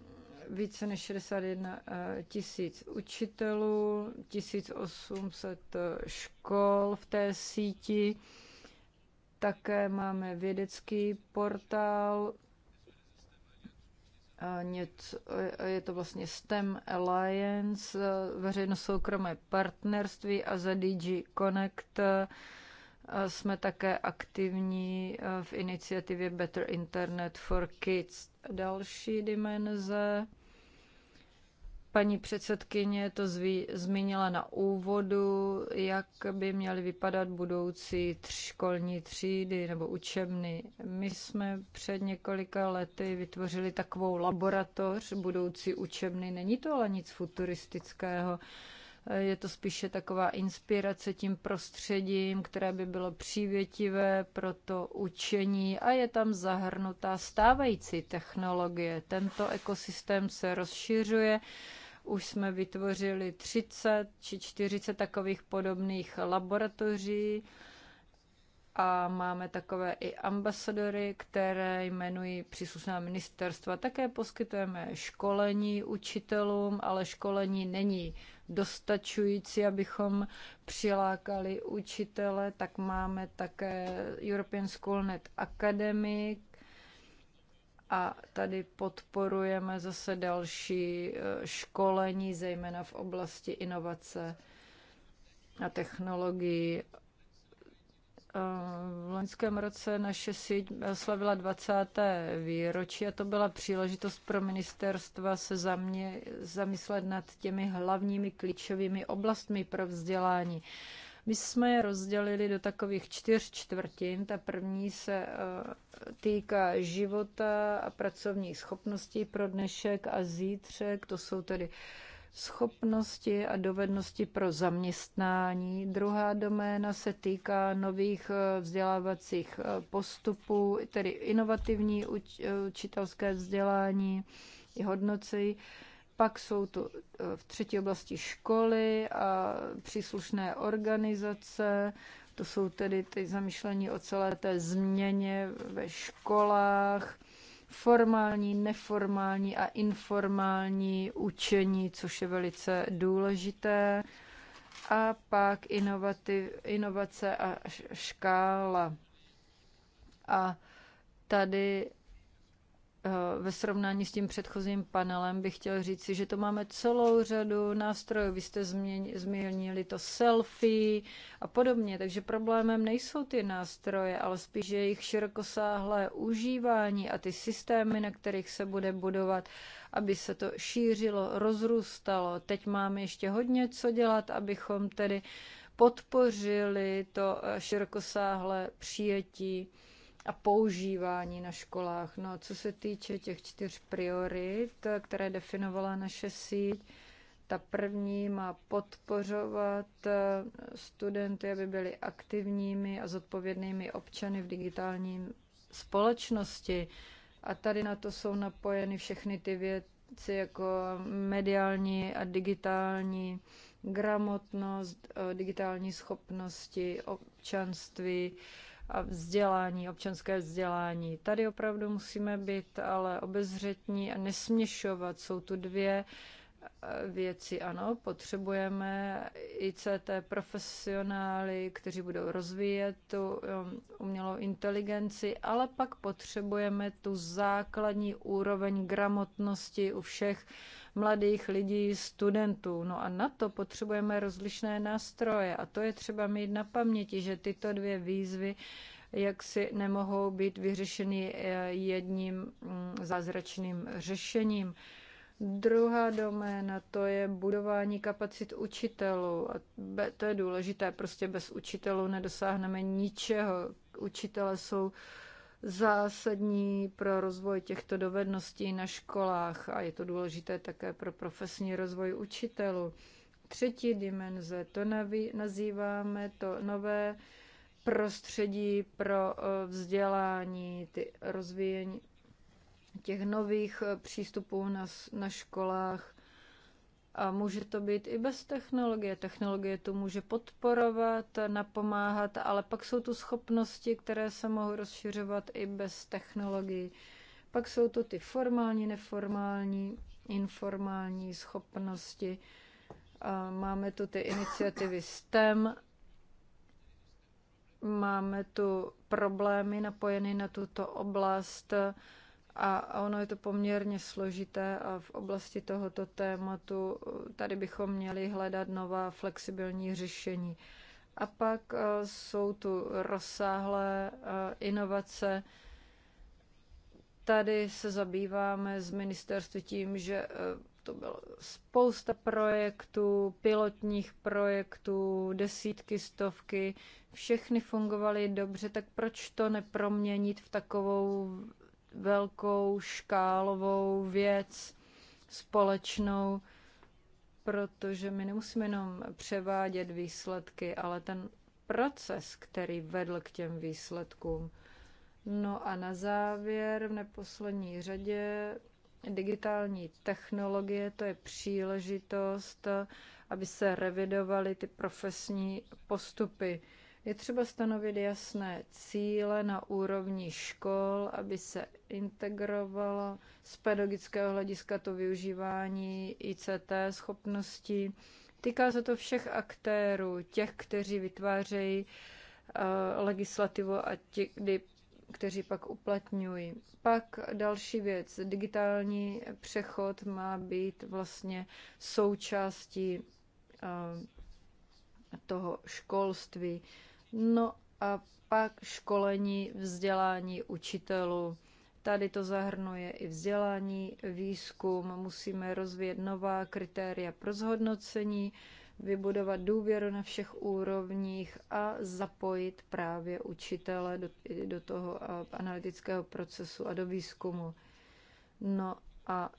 více než 61 eh, tisíc učitelů, 1800 eh, škol v té síti. Také máme vědecký portál něco, je to vlastně STEM Alliance, eh, veřejno-soukromé partnerství a za DG Connect eh, jsme také aktivní eh, v iniciativě Better Internet for Kids. Další dimenze Paní předsedkyně to zví, zmínila na úvodu, jak by měly vypadat budoucí školní třídy nebo učebny. My jsme před několika lety vytvořili takovou laboratoř budoucí učebny. Není to ale nic futuristického je to spíše taková inspirace tím prostředím, které by bylo přívětivé pro to učení a je tam zahrnutá stávající technologie. Tento ekosystém se rozšiřuje už jsme vytvořili 30 či 40 takových podobných laboratoří a máme takové i ambasadory, které jmenují příslušná ministerstva. Také poskytujeme školení učitelům, ale školení není dostačující, abychom přilákali učitele, tak máme také European Net Academy, a tady podporujeme zase další eh, školení, zejména v oblasti inovace a technologií. Eh, v loňském roce naše síť eh, slavila 20. výročí a to byla příležitost pro ministerstva se zamě, zamyslet nad těmi hlavními klíčovými oblastmi pro vzdělání. My jsme je rozdělili do takových čtyř čtvrtin. Ta první se eh, týká života a pracovních schopností pro dnešek a zítřek. To jsou tedy schopnosti a dovednosti pro zaměstnání. Druhá doména se týká nových eh, vzdělávacích eh, postupů, tedy inovativní učitelské vzdělání i hodnocení. Pak jsou tu e, v třetí oblasti školy a příslušné organizace. To jsou tedy ty zamýšlení o celé té změně ve školách, formální, neformální a informální učení, což je velice důležité. A pak inovativ, inovace a škála. A tady Eh, ve srovnání s tím předchozím panelem bych chtěl říct, že to máme celou řadu nástrojů. Vy jste změnili to selfie a podobně, takže problémem nejsou ty nástroje, ale spíš jejich širokosáhlé užívání a ty systémy, na kterých se bude budovat, aby se to šířilo, rozrůstalo. Teď máme ještě hodně co dělat, abychom tedy podpořili to eh, širokosáhlé přijetí a používání na školách. No, co se týče těch čtyř priorit, které definovala naše síť, ta první má podpořovat eh, studenty, aby byli aktivními a zodpovědnými občany v digitální společnosti. A tady na to jsou napojeny všechny ty věci jako mediální a digitální gramotnost, eh, digitální schopnosti, občanství, a vzdělání, občanské vzdělání. Tady opravdu musíme být ale obezřetní a nesměšovat. Jsou tu dvě věci. Ano, potřebujeme ICT profesionály, kteří budou rozvíjet tu um, umělou inteligenci, ale pak potřebujeme tu základní úroveň gramotnosti u všech mladých lidí, studentů. No a na to potřebujeme rozlišné nástroje a to je třeba mít na paměti, že tyto dvě výzvy jak si nemohou být vyřešeny eh, jedním mm, zázračným řešením Druhá doména to je budování kapacit učitelů. A to je důležité, prostě bez učitelů nedosáhneme ničeho. Učitele jsou zásadní pro rozvoj těchto dovedností na školách a je to důležité také pro profesní rozvoj učitelů. Třetí dimenze, to nazýváme to nové prostředí pro eh, vzdělání, ty rozvíjení těch nových eh, přístupů na, na školách. A může to být i bez technologie. Technologie to může podporovat, napomáhat, ale pak jsou tu schopnosti, které se mohou rozšiřovat i bez technologií. Pak jsou to ty formální, neformální, informální schopnosti. A máme tu ty iniciativy STEM, máme tu problémy napojeny na tuto oblast a ono je to poměrně složité a v oblasti tohoto tématu eh, tady bychom měli hledat nová flexibilní řešení. A pak eh, jsou tu rozsáhlé eh, inovace. Tady se zabýváme z ministerstva tím, že to bylo spousta projektů, pilotních projektů, desítky, stovky, všechny fungovaly dobře, tak proč to neproměnit v takovou velkou škálovou věc společnou, protože my nemusíme jenom převádět výsledky, ale ten proces, který vedl k těm výsledkům. No a na závěr, v neposlední řadě, digitální technologie, to je příležitost, aby se revidovaly ty profesní postupy. Je třeba stanovit jasné cíle na úrovni škol, aby se integrovalo z pedagogického hlediska to využívání ICT schopností. Týká se to všech aktérů, těch, kteří vytvářejí uh, legislativu a ti, kdy, kteří pak uplatňují. Pak další věc, digitální přechod má být vlastně součástí uh, toho školství. No a pak školení, vzdělání učitelů. Tady to zahrnuje i vzdělání, výzkum, musíme rozvíjet nová kritéria pro zhodnocení, vybudovat důvěru na všech úrovních a zapojit právě učitele do, do toho analytického procesu a do výzkumu. No a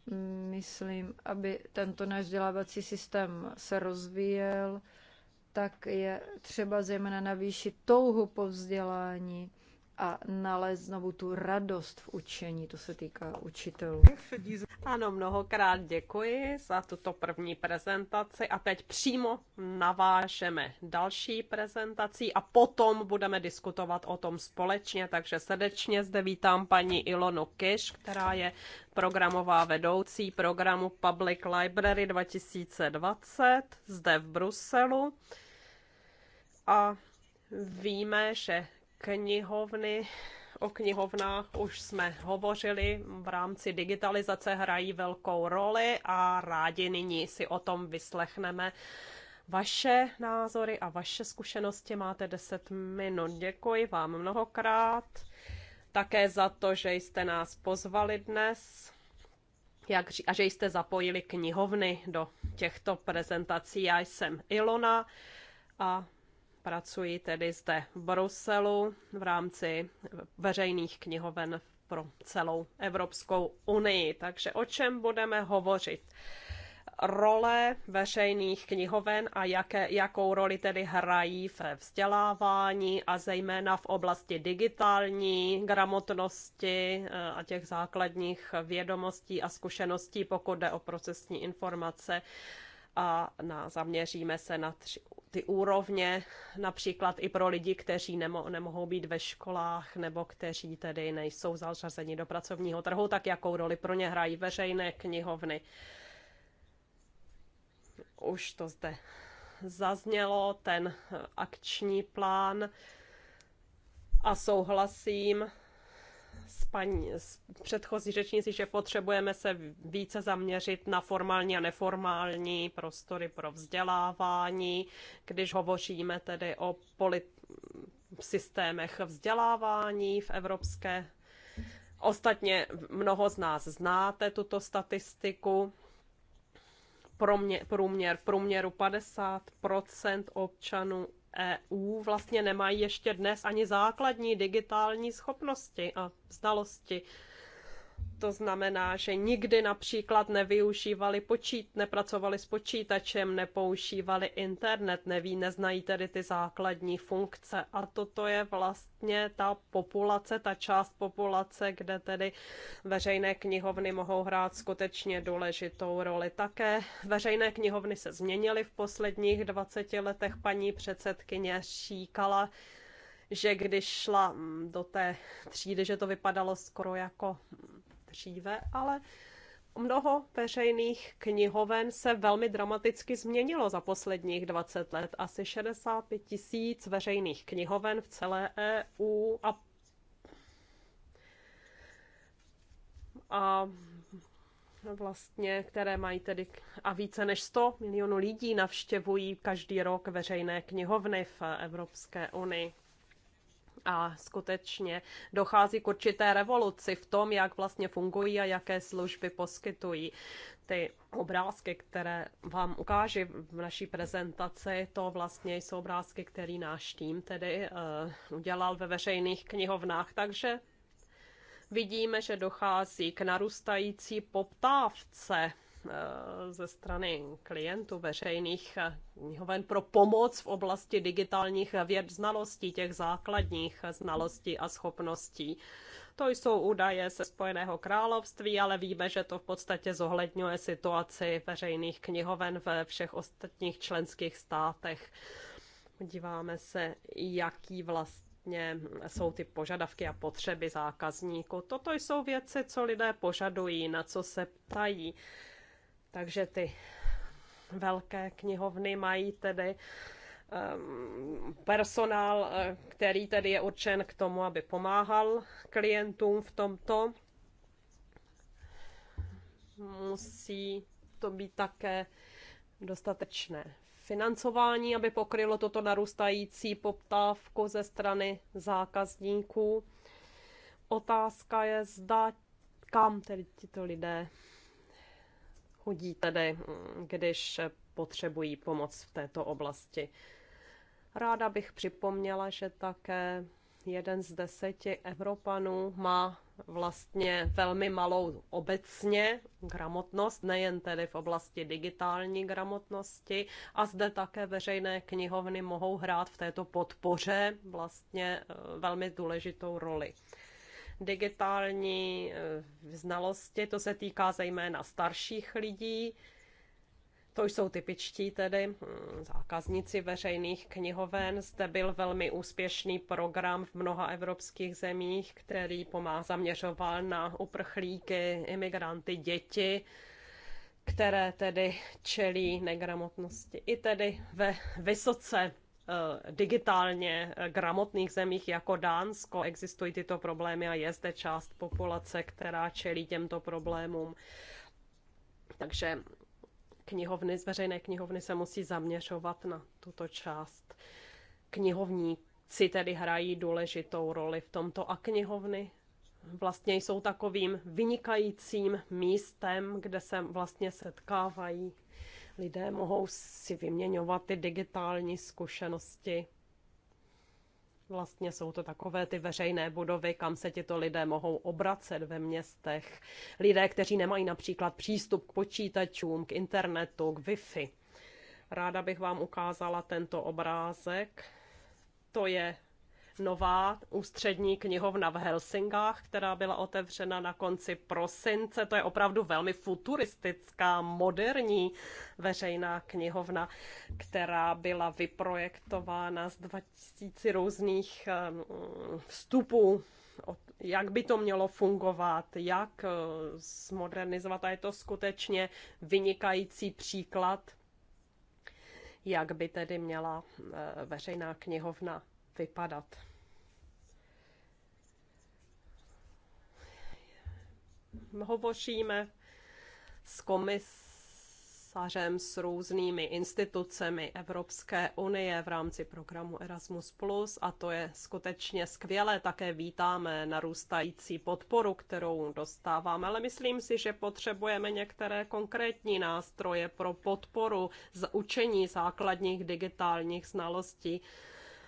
myslím, aby tento náš vzdělávací systém se rozvíjel, tak je třeba zejména navýšit touhu po vzdělání a nalézt znovu tu radost v učení, to se týká učitelů. Ano, mnohokrát děkuji za tuto první prezentaci a teď přímo navážeme další prezentací a potom budeme diskutovat o tom společně, takže srdečně zde vítám paní Ilonu Kiš, která je programová vedoucí programu Public Library 2020 zde v Bruselu. A víme, že knihovny o knihovnách už jsme hovořili, v rámci digitalizace hrají velkou roli a rádi nyní si o tom vyslechneme vaše názory a vaše zkušenosti. Máte 10 minut. Děkuji vám mnohokrát také za to, že jste nás pozvali dnes jak, a že jste zapojili knihovny do těchto prezentací. Já jsem Ilona a Pracuji tedy zde v Bruselu v rámci veřejných knihoven pro celou Evropskou unii. Takže o čem budeme hovořit? role veřejných knihoven a jaké, jakou roli tedy hrají ve vzdělávání a zejména v oblasti digitální gramotnosti eh, a těch základních vědomostí a zkušeností, pokud jde o procesní informace a na, zaměříme se na tři, ty úrovně, například i pro lidi, kteří nemo, nemohou být ve školách nebo kteří tedy nejsou zařazeni do pracovního trhu, tak jakou roli pro ně hrají veřejné knihovny. Už to zde zaznělo, ten akční plán a souhlasím s, paní, s předchozí řečnici, že potřebujeme se více zaměřit na formální a neformální prostory pro vzdělávání, když hovoříme tedy o polit, systémech vzdělávání v Evropské. Ostatně mnoho z nás znáte tuto statistiku. průměr, v průměru 50 občanů EU vlastně nemají ještě dnes ani základní digitální schopnosti a znalosti. To znamená, že nikdy například nevyužívali počít, nepracovali s počítačem, nepoužívali internet, neví, neznají tedy ty základní funkce. A toto je vlastně ta populace, ta část populace, kde tedy veřejné knihovny mohou hrát skutečně důležitou roli. Také veřejné knihovny se změnily v posledních 20 letech. Paní předsedkyně říkala, že když šla do té třídy, že to vypadalo skoro jako dříve, ale mnoho veřejných knihoven se velmi dramaticky změnilo za posledních 20 let. Asi 65 tisíc veřejných knihoven v celé EU a, a vlastně, které mají tedy a více než 100 milionů lidí navštěvují každý rok veřejné knihovny v Evropské unii a skutečně dochází k určité revoluci v tom, jak vlastně fungují a jaké služby poskytují. Ty obrázky, které vám ukáži v naší prezentaci, to vlastně jsou obrázky, které náš tým tedy uh, udělal ve veřejných knihovnách, takže vidíme, že dochází k narůstající poptávce Eh, ze strany klientů veřejných eh, knihoven pro pomoc v oblasti digitálních věd znalostí, těch základních znalostí a schopností. To jsou údaje ze Spojeného království, ale víme, že to v podstatě zohledňuje situaci veřejných knihoven ve všech ostatních členských státech. Díváme se, jaký vlastně jsou ty požadavky a potřeby zákazníků. Toto jsou věci, co lidé požadují, na co se ptají. Takže ty velké knihovny mají tedy ehm, personál, eh, který tedy je určen k tomu, aby pomáhal klientům v tomto. Musí to být také dostatečné financování, aby pokrylo toto narůstající poptávku ze strany zákazníků. Otázka je, zda kam tedy tito lidé chudí tedy, když potřebují pomoc v této oblasti. Ráda bych připomněla, že také jeden z deseti Evropanů má vlastně velmi malou obecně gramotnost, nejen tedy v oblasti digitální gramotnosti. A zde také veřejné knihovny mohou hrát v této podpoře vlastně eh, velmi důležitou roli digitální eh, znalosti, to se týká zejména starších lidí, to jsou typičtí tedy hm, zákazníci veřejných knihoven. Zde byl velmi úspěšný program v mnoha evropských zemích, který pomá zaměřoval na uprchlíky, imigranty, děti, které tedy čelí negramotnosti i tedy ve vysoce Eh, digitálně eh, gramotných zemích jako Dánsko existují tyto problémy a je zde část populace, která čelí těmto problémům. Takže knihovny, z veřejné knihovny se musí zaměřovat na tuto část. Knihovníci tedy hrají důležitou roli v tomto a knihovny vlastně jsou takovým vynikajícím místem, kde se vlastně setkávají lidé mohou si vyměňovat ty digitální zkušenosti. Vlastně jsou to takové ty veřejné budovy, kam se tito lidé mohou obracet ve městech. Lidé, kteří nemají například přístup k počítačům, k internetu, k Wi-Fi. Ráda bych vám ukázala tento obrázek. To je nová ústřední knihovna v Helsingách, která byla otevřena na konci prosince. To je opravdu velmi futuristická, moderní veřejná knihovna, která byla vyprojektována z 2000 různých ehm, vstupů jak by to mělo fungovat, jak eh, zmodernizovat. A je to skutečně vynikající příklad, jak by tedy měla eh, veřejná knihovna vypadat. Hovoříme s komisařem, s různými institucemi Evropské unie v rámci programu Erasmus+, a to je skutečně skvělé. Také vítáme narůstající podporu, kterou dostáváme, ale myslím si, že potřebujeme některé konkrétní nástroje pro podporu z učení základních digitálních znalostí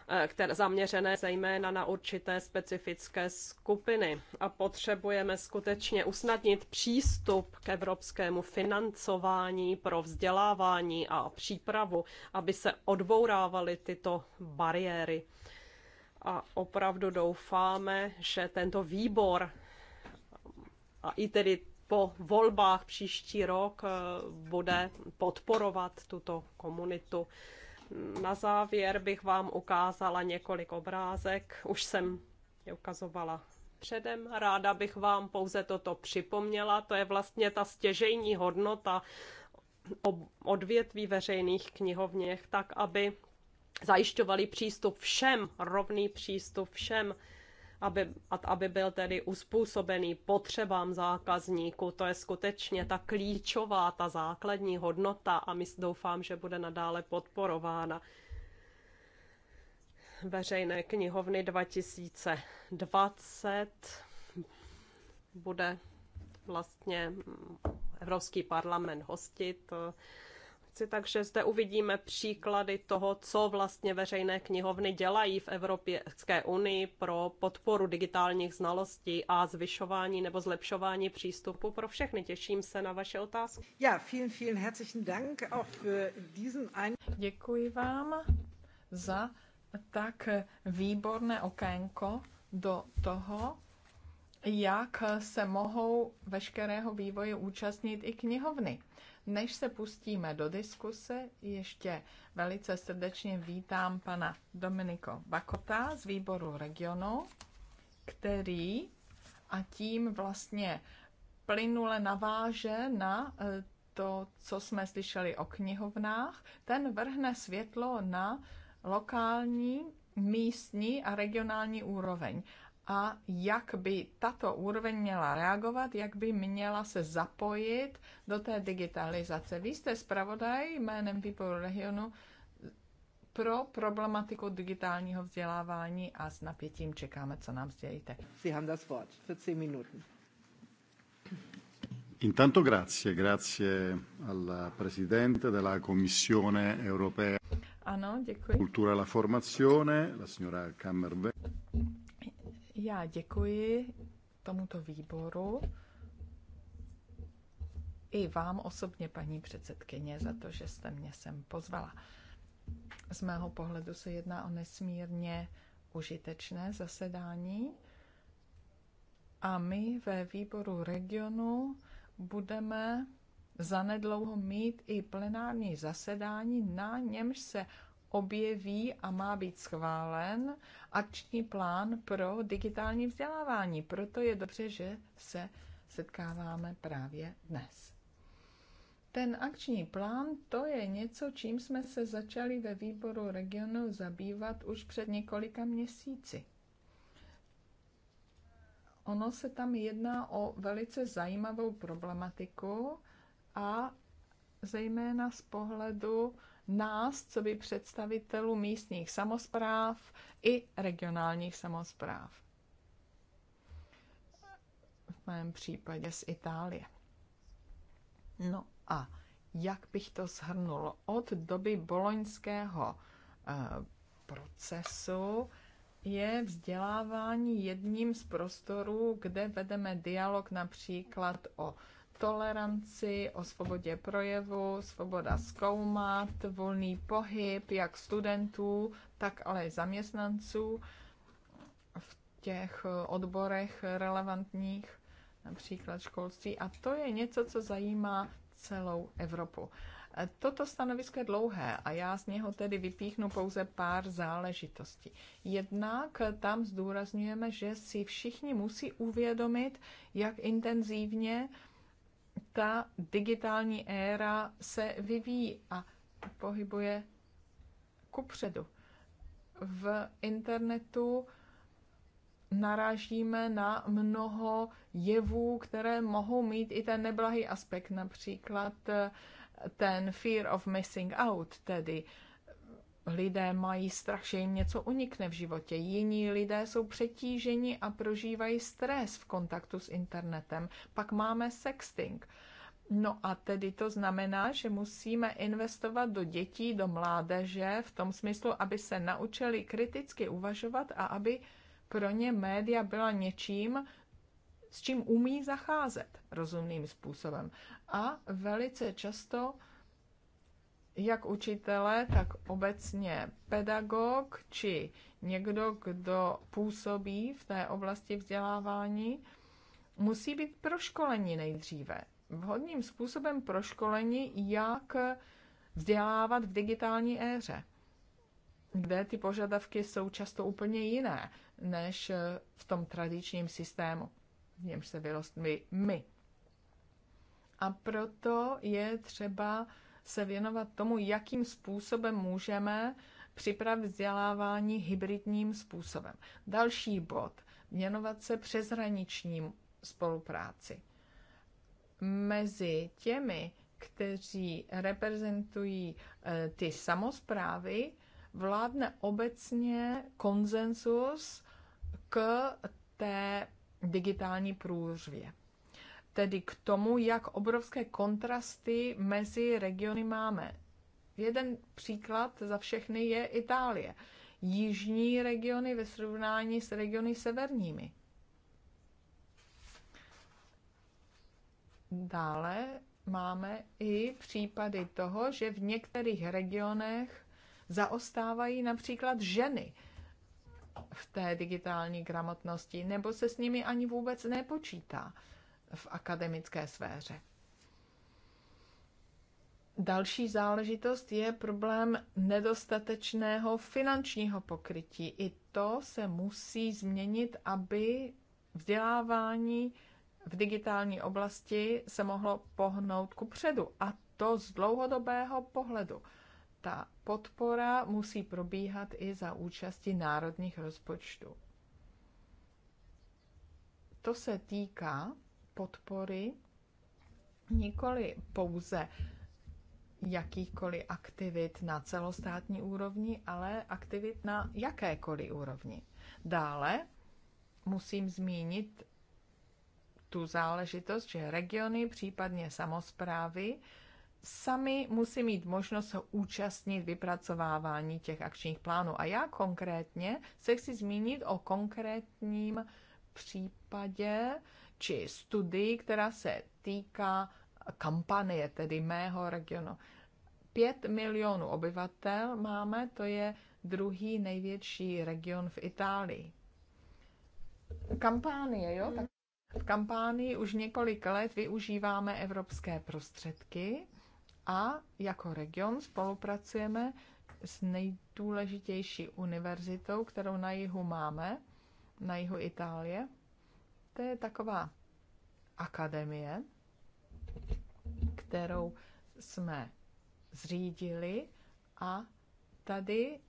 Eh, které zaměřené zejména na určité specifické skupiny. A potřebujeme skutečně usnadnit přístup k evropskému financování pro vzdělávání a přípravu, aby se odbourávaly tyto bariéry. A opravdu doufáme, že tento výbor a i tedy po volbách příští rok eh, bude podporovat tuto komunitu. Na závěr bych vám ukázala několik obrázek. Už jsem je ukazovala předem. Ráda bych vám pouze toto připomněla. To je vlastně ta stěžejní hodnota odvětví veřejných knihovněch, tak aby zajišťovali přístup všem, rovný přístup všem aby, aby byl tedy uspůsobený potřebám zákazníků. To je skutečně ta klíčová, ta základní hodnota a my doufám, že bude nadále podporována. Veřejné knihovny 2020 bude vlastně mm, Evropský parlament hostit eh, akci, takže zde uvidíme příklady toho, co vlastně veřejné knihovny dělají v Evropské unii pro podporu digitálních znalostí a zvyšování nebo zlepšování přístupu pro všechny. Těším se na vaše otázky. Ja, vielen, vielen herzlichen Dank auch für diesen ein... Děkuji vám za tak výborné okénko do toho, jak se mohou veškerého vývoje účastnit i knihovny. Než se pustíme do diskuse, ještě velice srdečně vítám pana Dominiko Bakota z výboru regionu, který a tím vlastně plynule naváže na eh, to, co jsme slyšeli o knihovnách. Ten vrhne světlo na lokální místní a regionální úroveň a jak by tato úroveň měla reagovat, jak by měla se zapojit do té digitalizace. Vy jste zpravodaj jménem výboru regionu pro problematiku digitálního vzdělávání a s napětím čekáme, co nám sdělíte. Sie haben das Wort für 10 Minuten. Intanto grazie, grazie al Presidente della Commissione europea. Ano, děkuji. Cultura e la formazione, la signora Kammerwe. Já děkuji tomuto výboru i vám osobně, paní předsedkyně, za to, že jste mě sem pozvala. Z mého pohledu se jedná o nesmírně užitečné zasedání a my ve výboru regionu budeme zanedlouho mít i plenární zasedání, na němž se objeví a má být schválen akční plán pro digitální vzdělávání. Proto je dobře, že se setkáváme právě dnes. Ten akční plán to je něco, čím jsme se začali ve výboru regionu zabývat už před několika měsíci. Ono se tam jedná o velice zajímavou problematiku a zejména z pohledu nás, co by představitelů místních samozpráv i regionálních samozpráv. V mém případě z Itálie. No a jak bych to shrnul? Od doby boloňského eh, procesu je vzdělávání jedním z prostorů, kde vedeme dialog například o toleranci, o svobodě projevu, svoboda zkoumat, volný pohyb jak studentů, tak ale i zaměstnanců v těch odborech relevantních, například školství. A to je něco, co zajímá celou Evropu. Toto stanovisko je dlouhé a já z něho tedy vypíchnu pouze pár záležitostí. Jednak tam zdůrazňujeme, že si všichni musí uvědomit, jak intenzivně ta digitální éra se vyvíjí a pohybuje kupředu. V internetu narážíme na mnoho jevů, které mohou mít i ten neblahý aspekt, například eh, ten fear of missing out, tedy lidé mají strach, že jim něco unikne v životě. Jiní lidé jsou přetíženi a prožívají stres v kontaktu s internetem. Pak máme sexting. No a tedy to znamená, že musíme investovat do dětí, do mládeže, v tom smyslu, aby se naučili kriticky uvažovat a aby pro ně média byla něčím, s čím umí zacházet rozumným způsobem. A velice často jak učitele, tak obecně pedagog či někdo, kdo působí v té oblasti vzdělávání, musí být proškoleni nejdříve vhodným způsobem proškoleni, jak vzdělávat v digitální éře, kde ty požadavky jsou často úplně jiné než eh, v tom tradičním systému, v němž se vyrostli my. A proto je třeba se věnovat tomu, jakým způsobem můžeme připravit vzdělávání hybridním způsobem. Další bod. Věnovat se přeshraničním spolupráci mezi těmi, kteří reprezentují eh, ty samozprávy, vládne obecně konsenzus k té digitální průřvě. Tedy k tomu, jak obrovské kontrasty mezi regiony máme. Jeden příklad za všechny je Itálie. Jižní regiony ve srovnání s regiony severními. Dále máme i případy toho, že v některých regionech zaostávají například ženy v té digitální gramotnosti, nebo se s nimi ani vůbec nepočítá v akademické sféře. Další záležitost je problém nedostatečného finančního pokrytí. I to se musí změnit, aby vzdělávání v digitální oblasti se mohlo pohnout ku předu a to z dlouhodobého pohledu. Ta podpora musí probíhat i za účasti národních rozpočtů. To se týká podpory nikoli pouze jakýchkoliv aktivit na celostátní úrovni, ale aktivit na jakékoliv úrovni. Dále musím zmínit tu záležitost, že regiony, případně samozprávy, sami musí mít možnost se účastnit vypracovávání těch akčních plánů. A já konkrétně se chci zmínit o konkrétním případě či studii, která se týká kampanie, tedy mého regionu. 5 milionů obyvatel máme, to je druhý největší region v Itálii. Kampánie, jo? Tak v kampánii už několik let využíváme evropské prostředky a jako region spolupracujeme s nejdůležitější univerzitou, kterou na jihu máme, na jihu Itálie. To je taková akademie, kterou jsme zřídili a tady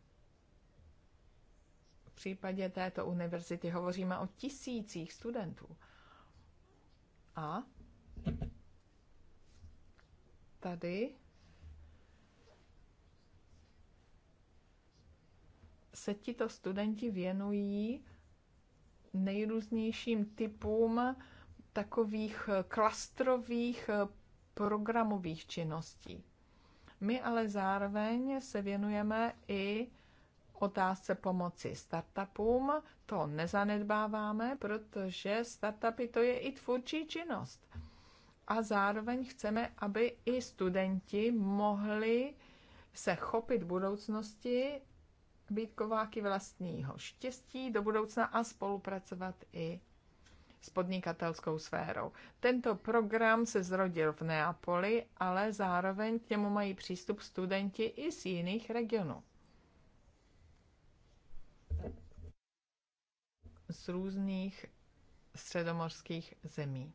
v případě této univerzity hovoříme o tisících studentů. A tady se tito studenti věnují nejrůznějším typům takových klastrových programových činností. My ale zároveň se věnujeme i otázce pomoci startupům. To nezanedbáváme, protože startupy to je i tvůrčí činnost. A zároveň chceme, aby i studenti mohli se chopit budoucnosti, být kováky vlastního štěstí do budoucna a spolupracovat i s podnikatelskou sférou. Tento program se zrodil v Neapoli, ale zároveň k němu mají přístup studenti i z jiných regionů. z různých středomorských zemí.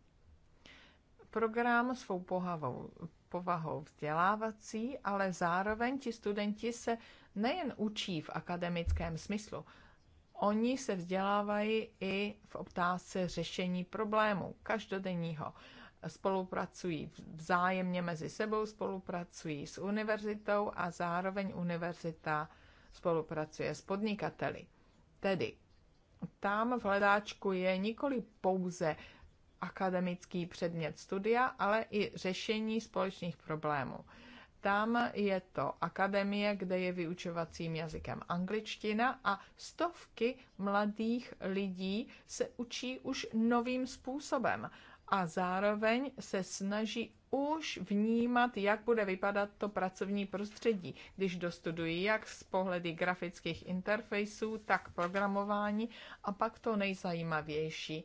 Program svou pohavou, povahou vzdělávací, ale zároveň ti studenti se nejen učí v akademickém smyslu, oni se vzdělávají i v otázce řešení problémů každodenního. Spolupracují vzájemně mezi sebou, spolupracují s univerzitou a zároveň univerzita spolupracuje s podnikateli. Tedy tam v hledáčku je nikoli pouze akademický předmět studia, ale i řešení společných problémů. Tam je to akademie, kde je vyučovacím jazykem angličtina a stovky mladých lidí se učí už novým způsobem a zároveň se snaží už vnímat, jak bude vypadat to pracovní prostředí, když dostudují jak z pohledy grafických interfejsů, tak programování a pak to nejzajímavější.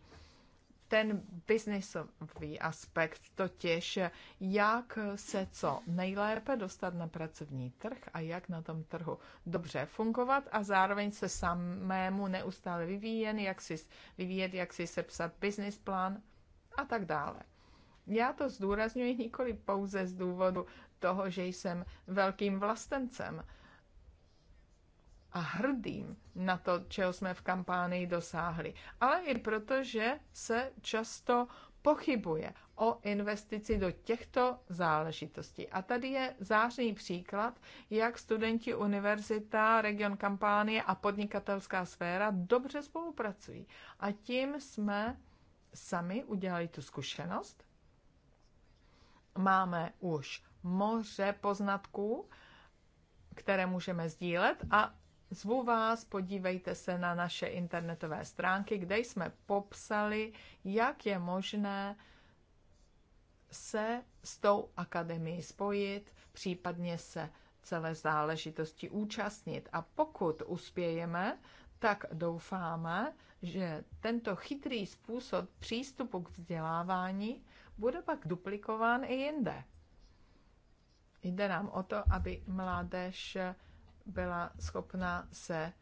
Ten biznisový aspekt, totiž jak se co nejlépe dostat na pracovní trh a jak na tom trhu dobře fungovat a zároveň se samému neustále vyvíjen, jak si, vyvíjet, jak si sepsat business plán, a tak dále. Já to zdůrazňuji nikoli pouze z důvodu toho, že jsem velkým vlastencem a hrdým na to, čeho jsme v kampánii dosáhli, ale i proto, že se často pochybuje o investici do těchto záležitostí. A tady je zářný příklad, jak studenti univerzita, region kampánie a podnikatelská sféra dobře spolupracují. A tím jsme sami udělali tu zkušenost. Máme už moře poznatků, které můžeme sdílet a Zvu vás, podívejte se na naše internetové stránky, kde jsme popsali, jak je možné se s tou akademií spojit, případně se celé záležitosti účastnit. A pokud uspějeme, tak doufáme, že tento chytrý způsob přístupu k vzdělávání bude pak duplikován i jinde. Jde nám o to, aby mládež byla schopna se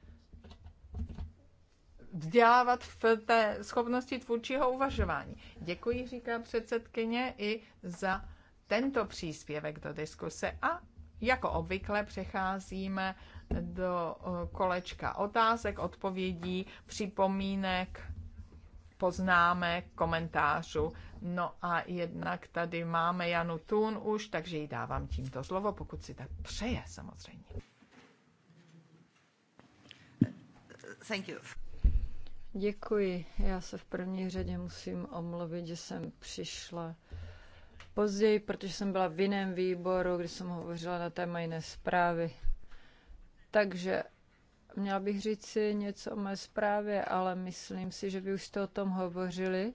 vzdělávat v té schopnosti tvůrčího uvažování. Děkuji, říká předsedkyně, i za tento příspěvek do diskuse a jako obvykle přecházíme do eh, kolečka otázek, odpovědí, připomínek, poznámek, komentářů. No a jednak tady máme Janu Tun už, takže jí dávám tímto slovo, pokud si tak přeje samozřejmě. Thank you. Děkuji. Já se v první řadě musím omluvit, že jsem přišla později, protože jsem byla v jiném výboru, kdy jsem hovořila na téma jiné zprávy. Takže měla bych říct si něco o mé zprávě, ale myslím si, že vy už jste o tom hovořili.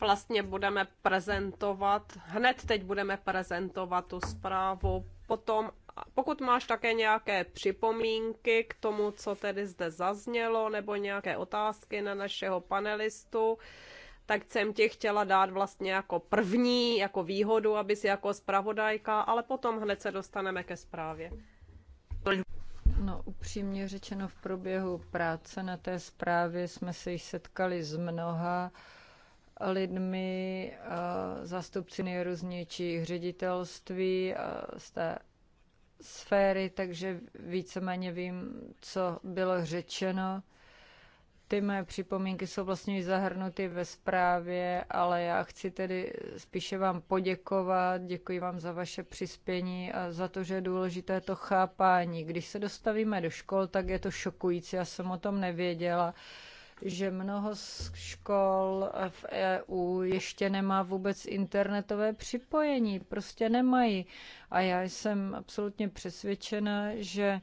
Vlastně budeme prezentovat, hned teď budeme prezentovat tu zprávu, potom pokud máš také nějaké připomínky k tomu, co tedy zde zaznělo, nebo nějaké otázky na našeho panelistu, tak jsem ti chtěla dát vlastně jako první, jako výhodu, aby si jako zpravodajka, ale potom hned se dostaneme ke zprávě. No, upřímně řečeno, v průběhu práce na té zprávě jsme se již setkali s mnoha lidmi, zástupci nejrůznějších ředitelství z té sféry, takže víceméně vím, co bylo řečeno ty mé připomínky jsou vlastně zahrnuty ve zprávě, ale já chci tedy spíše vám poděkovat, děkuji vám za vaše přispění a za to, že je důležité to chápání. Když se dostavíme do škol, tak je to šokující, já jsem o tom nevěděla že mnoho škol v EU ještě nemá vůbec internetové připojení, prostě nemají. A já jsem absolutně přesvědčena, že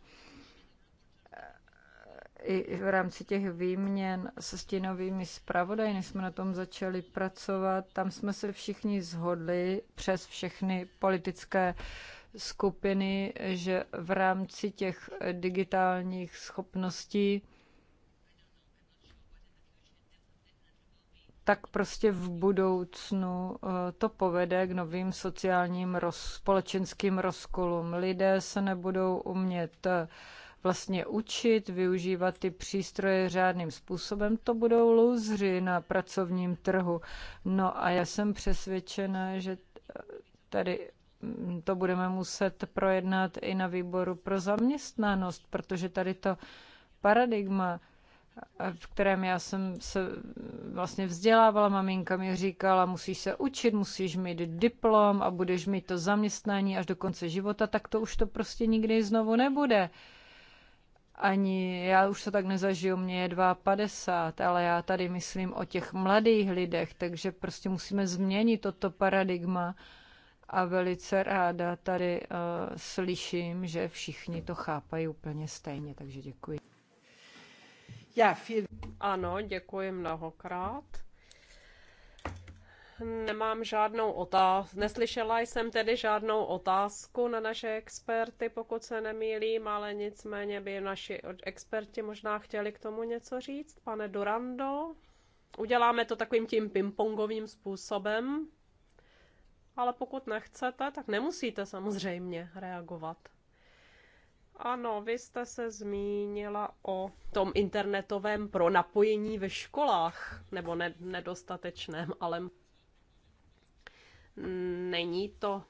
i v rámci těch výměn se stínovými zpravodaji, než jsme na tom začali pracovat, tam jsme se všichni zhodli přes všechny politické skupiny, že v rámci těch digitálních schopností tak prostě v budoucnu eh, to povede k novým sociálním roz, společenským rozkolům. Lidé se nebudou umět uh, vlastně učit, využívat ty přístroje řádným způsobem, to budou louzři na pracovním trhu. No a já jsem přesvědčena, že tady mm, to budeme muset projednat i na výboru pro zaměstnanost, protože tady to paradigma, v kterém já jsem se vlastně vzdělávala, maminka mi říkala, musíš se učit, musíš mít diplom a budeš mít to zaměstnání až do konce života, tak to už to prostě nikdy znovu nebude ani já už to tak nezažiju, mě je 52, ale já tady myslím o těch mladých lidech, takže prostě musíme změnit toto paradigma a velice ráda tady uh, slyším, že všichni to chápají úplně stejně, takže děkuji. Já, ano, děkuji mnohokrát nemám žádnou otázku. Neslyšela jsem tedy žádnou otázku na naše experty, pokud se nemýlím, ale nicméně by naši experti možná chtěli k tomu něco říct. Pane Durando, uděláme to takovým tím pingpongovým způsobem, ale pokud nechcete, tak nemusíte samozřejmě reagovat. Ano, vy jste se zmínila o tom internetovém pro napojení ve školách, nebo ne, nedostatečném, ale není to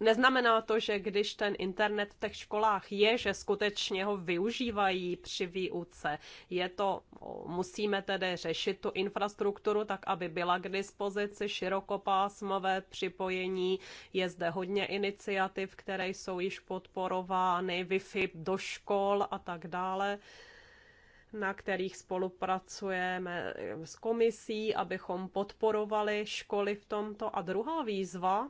Neznamená to, že když ten internet v těch školách je, že skutečně ho využívají při výuce. Je to, musíme tedy řešit tu infrastrukturu tak, aby byla k dispozici širokopásmové připojení. Je zde hodně iniciativ, které jsou již podporovány, Wi-Fi do škol a tak dále na kterých spolupracujeme s komisí, abychom podporovali školy v tomto. A druhá výzva,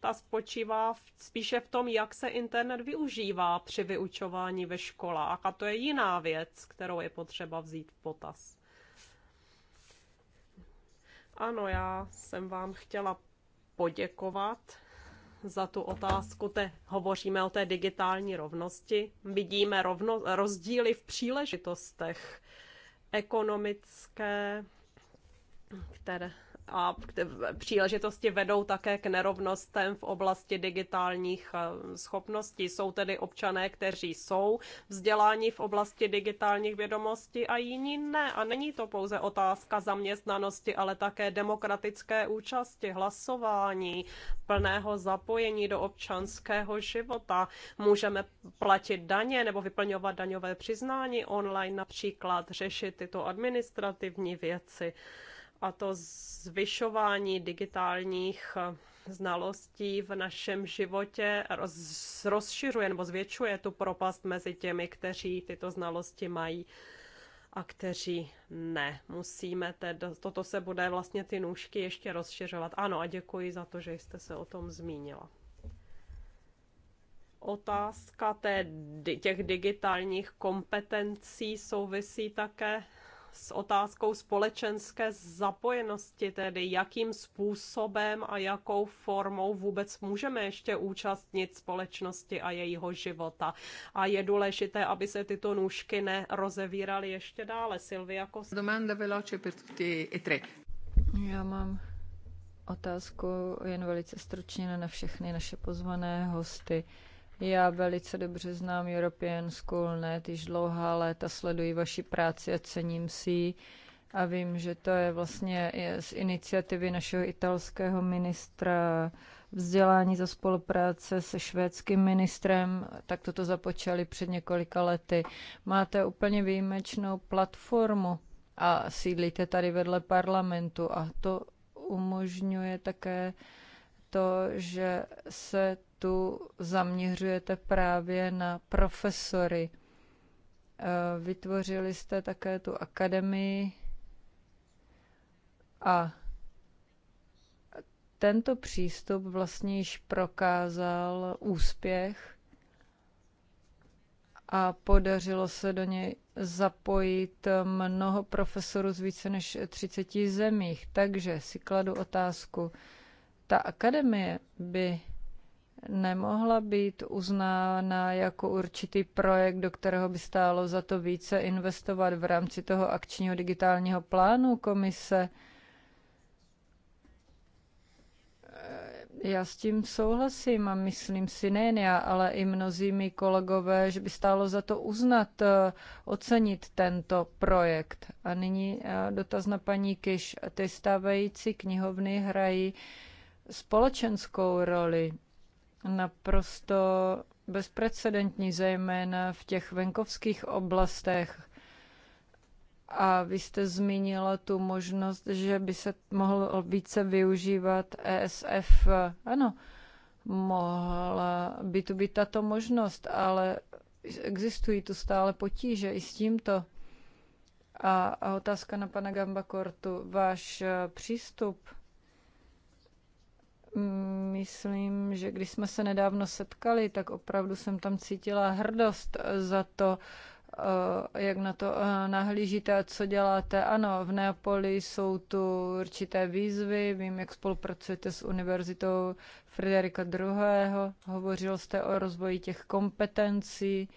ta spočívá spíše v tom, jak se internet využívá při vyučování ve školách. A to je jiná věc, kterou je potřeba vzít v potaz. Ano, já jsem vám chtěla poděkovat za tu otázku. Te, hovoříme o té digitální rovnosti. Vidíme rovno, rozdíly v příležitostech ekonomické, které a příležitosti vedou také k nerovnostem v oblasti digitálních eh, schopností. Jsou tedy občané, kteří jsou vzděláni v oblasti digitálních vědomostí a jiní ne. A není to pouze otázka zaměstnanosti, ale také demokratické účasti, hlasování, plného zapojení do občanského života. Můžeme platit daně nebo vyplňovat daňové přiznání online například, řešit tyto administrativní věci a to zvyšování digitálních eh, znalostí v našem životě roz, rozšiřuje nebo zvětšuje tu propast mezi těmi, kteří tyto znalosti mají a kteří ne. Musíme tedy, toto se bude vlastně ty nůžky ještě rozšiřovat. Ano a děkuji za to, že jste se o tom zmínila. Otázka té, těch digitálních kompetencí souvisí také s otázkou společenské zapojenosti, tedy jakým způsobem a jakou formou vůbec můžeme ještě účastnit společnosti a jejího života. A je důležité, aby se tyto nůžky nerozevíraly ještě dále. Silvia Kost. Domanda veloce per tutti e tre. Já mám otázku jen velice stručně na všechny naše pozvané hosty. Já velice dobře znám European net, již dlouhá léta sleduji vaši práci a cením si ji. A vím, že to je vlastně z iniciativy našeho italského ministra vzdělání za spolupráce se švédským ministrem, tak toto započali před několika lety. Máte úplně výjimečnou platformu a sídlíte tady vedle parlamentu a to umožňuje také to, že se projektu zaměřujete právě na profesory. E, vytvořili jste také tu akademii a tento přístup vlastně již prokázal úspěch a podařilo se do něj zapojit mnoho profesorů z více než 30 zemích. Takže si kladu otázku, ta akademie by nemohla být uznána jako určitý projekt, do kterého by stálo za to více investovat v rámci toho akčního digitálního plánu komise. Já s tím souhlasím a myslím si nejen já, ale i mnozí mý kolegové, že by stálo za to uznat, eh, ocenit tento projekt. A nyní eh, dotaz na paní Kiš. Ty stávající knihovny hrají společenskou roli naprosto bezprecedentní, zejména v těch venkovských oblastech. A vy jste zmínila tu možnost, že by se mohl více využívat ESF. Ano, mohla by tu být tato možnost, ale existují tu stále potíže i s tímto. A, a otázka na pana Gambakortu. Váš eh, přístup myslím, že když jsme se nedávno setkali, tak opravdu jsem tam cítila hrdost za to, eh, jak na to eh, nahlížíte a co děláte. Ano, v Neapoli jsou tu určité výzvy, vím, jak spolupracujete s Univerzitou Frederika II. Hovořil jste o rozvoji těch kompetencí,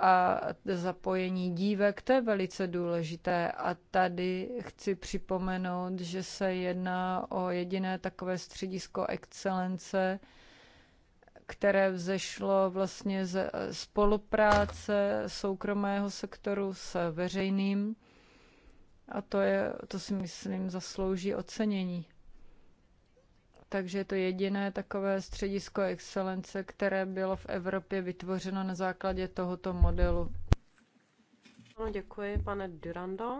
a zapojení dívek, to je velice důležité. A tady chci připomenout, že se jedná o jediné takové středisko excelence, které vzešlo vlastně ze spolupráce soukromého sektoru s veřejným. A to, je, to si myslím zaslouží ocenění. Takže je to jediné takové středisko excelence, které bylo v Evropě vytvořeno na základě tohoto modelu. Ano, děkuji, pane Durando.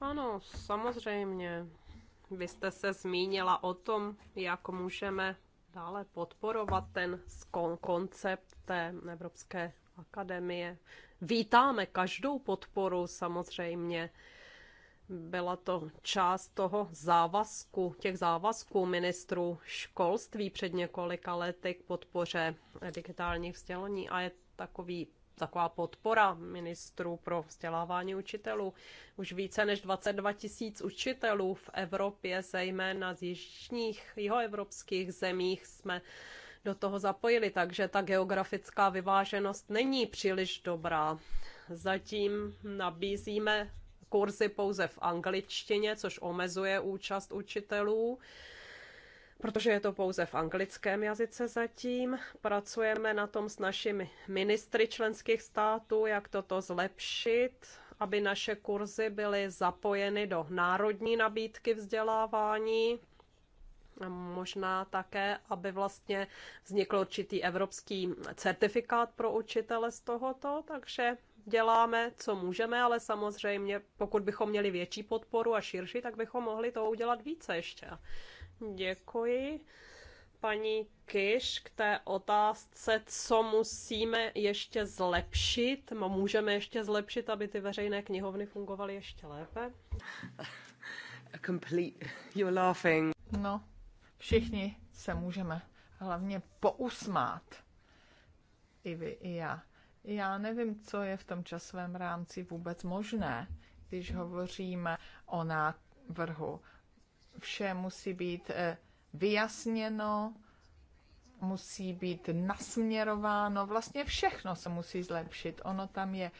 Ano, samozřejmě. Vy jste se zmínila o tom, jak můžeme dále podporovat ten koncept té Evropské akademie. Vítáme každou podporu samozřejmě byla to část toho závazku, těch závazků ministrů školství před několika lety k podpoře digitálních vzdělání a je takový taková podpora ministrů pro vzdělávání učitelů. Už více než 22 tisíc učitelů v Evropě, zejména z jižních, jihoevropských zemích, jsme do toho zapojili, takže ta geografická vyváženost není příliš dobrá. Zatím nabízíme kurzy pouze v angličtině, což omezuje účast učitelů protože je to pouze v anglickém jazyce zatím. Pracujeme na tom s našimi ministry členských států, jak toto zlepšit, aby naše kurzy byly zapojeny do národní nabídky vzdělávání. A možná také, aby vlastně vznikl určitý evropský certifikát pro učitele z tohoto, takže děláme, co můžeme, ale samozřejmě, pokud bychom měli větší podporu a širší, tak bychom mohli to udělat více ještě. Děkuji paní Kiš k té otázce, co musíme ještě zlepšit, no, můžeme ještě zlepšit, aby ty veřejné knihovny fungovaly ještě lépe? A complete, you're laughing. No, všichni se můžeme hlavně pousmát. I vy, i já. Já nevím, co je v tom časovém rámci vůbec možné, když hovoříme o návrhu. Vše musí být eh, vyjasněno, musí být nasměrováno, vlastně všechno se musí zlepšit. Ono tam je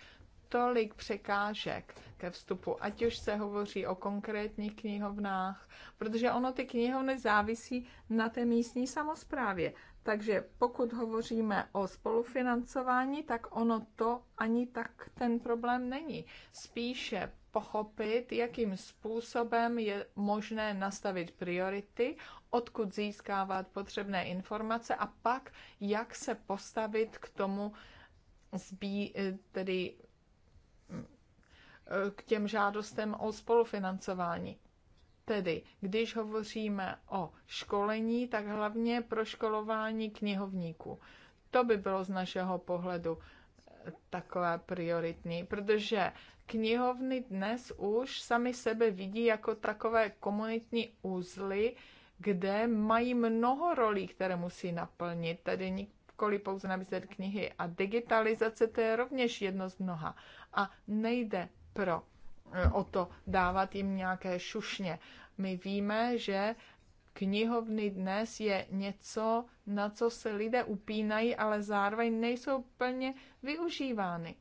tolik překážek ke vstupu, ať už se hovoří o konkrétních knihovnách, protože ono ty knihovny závisí na té místní samozprávě. Takže pokud hovoříme o spolufinancování, tak ono to ani tak ten problém není. Spíše pochopit, jakým způsobem je možné nastavit priority, odkud získávat potřebné informace a pak, jak se postavit k tomu, zbí, eh, tedy mm, eh, k těm žádostem o spolufinancování. Tedy, když hovoříme o školení, tak hlavně pro školování knihovníků. To by bylo z našeho pohledu eh, takové prioritní, protože knihovny dnes už sami sebe vidí jako takové komunitní úzly, kde mají mnoho rolí, které musí naplnit, tedy nikoli pouze nabízet knihy. A digitalizace to je rovněž jedno z mnoha. A nejde pro Eh, o to dávat jim nějaké šušně. My víme, že knihovny dnes je něco, na co se lidé upínají, ale zároveň nejsou plně využívány.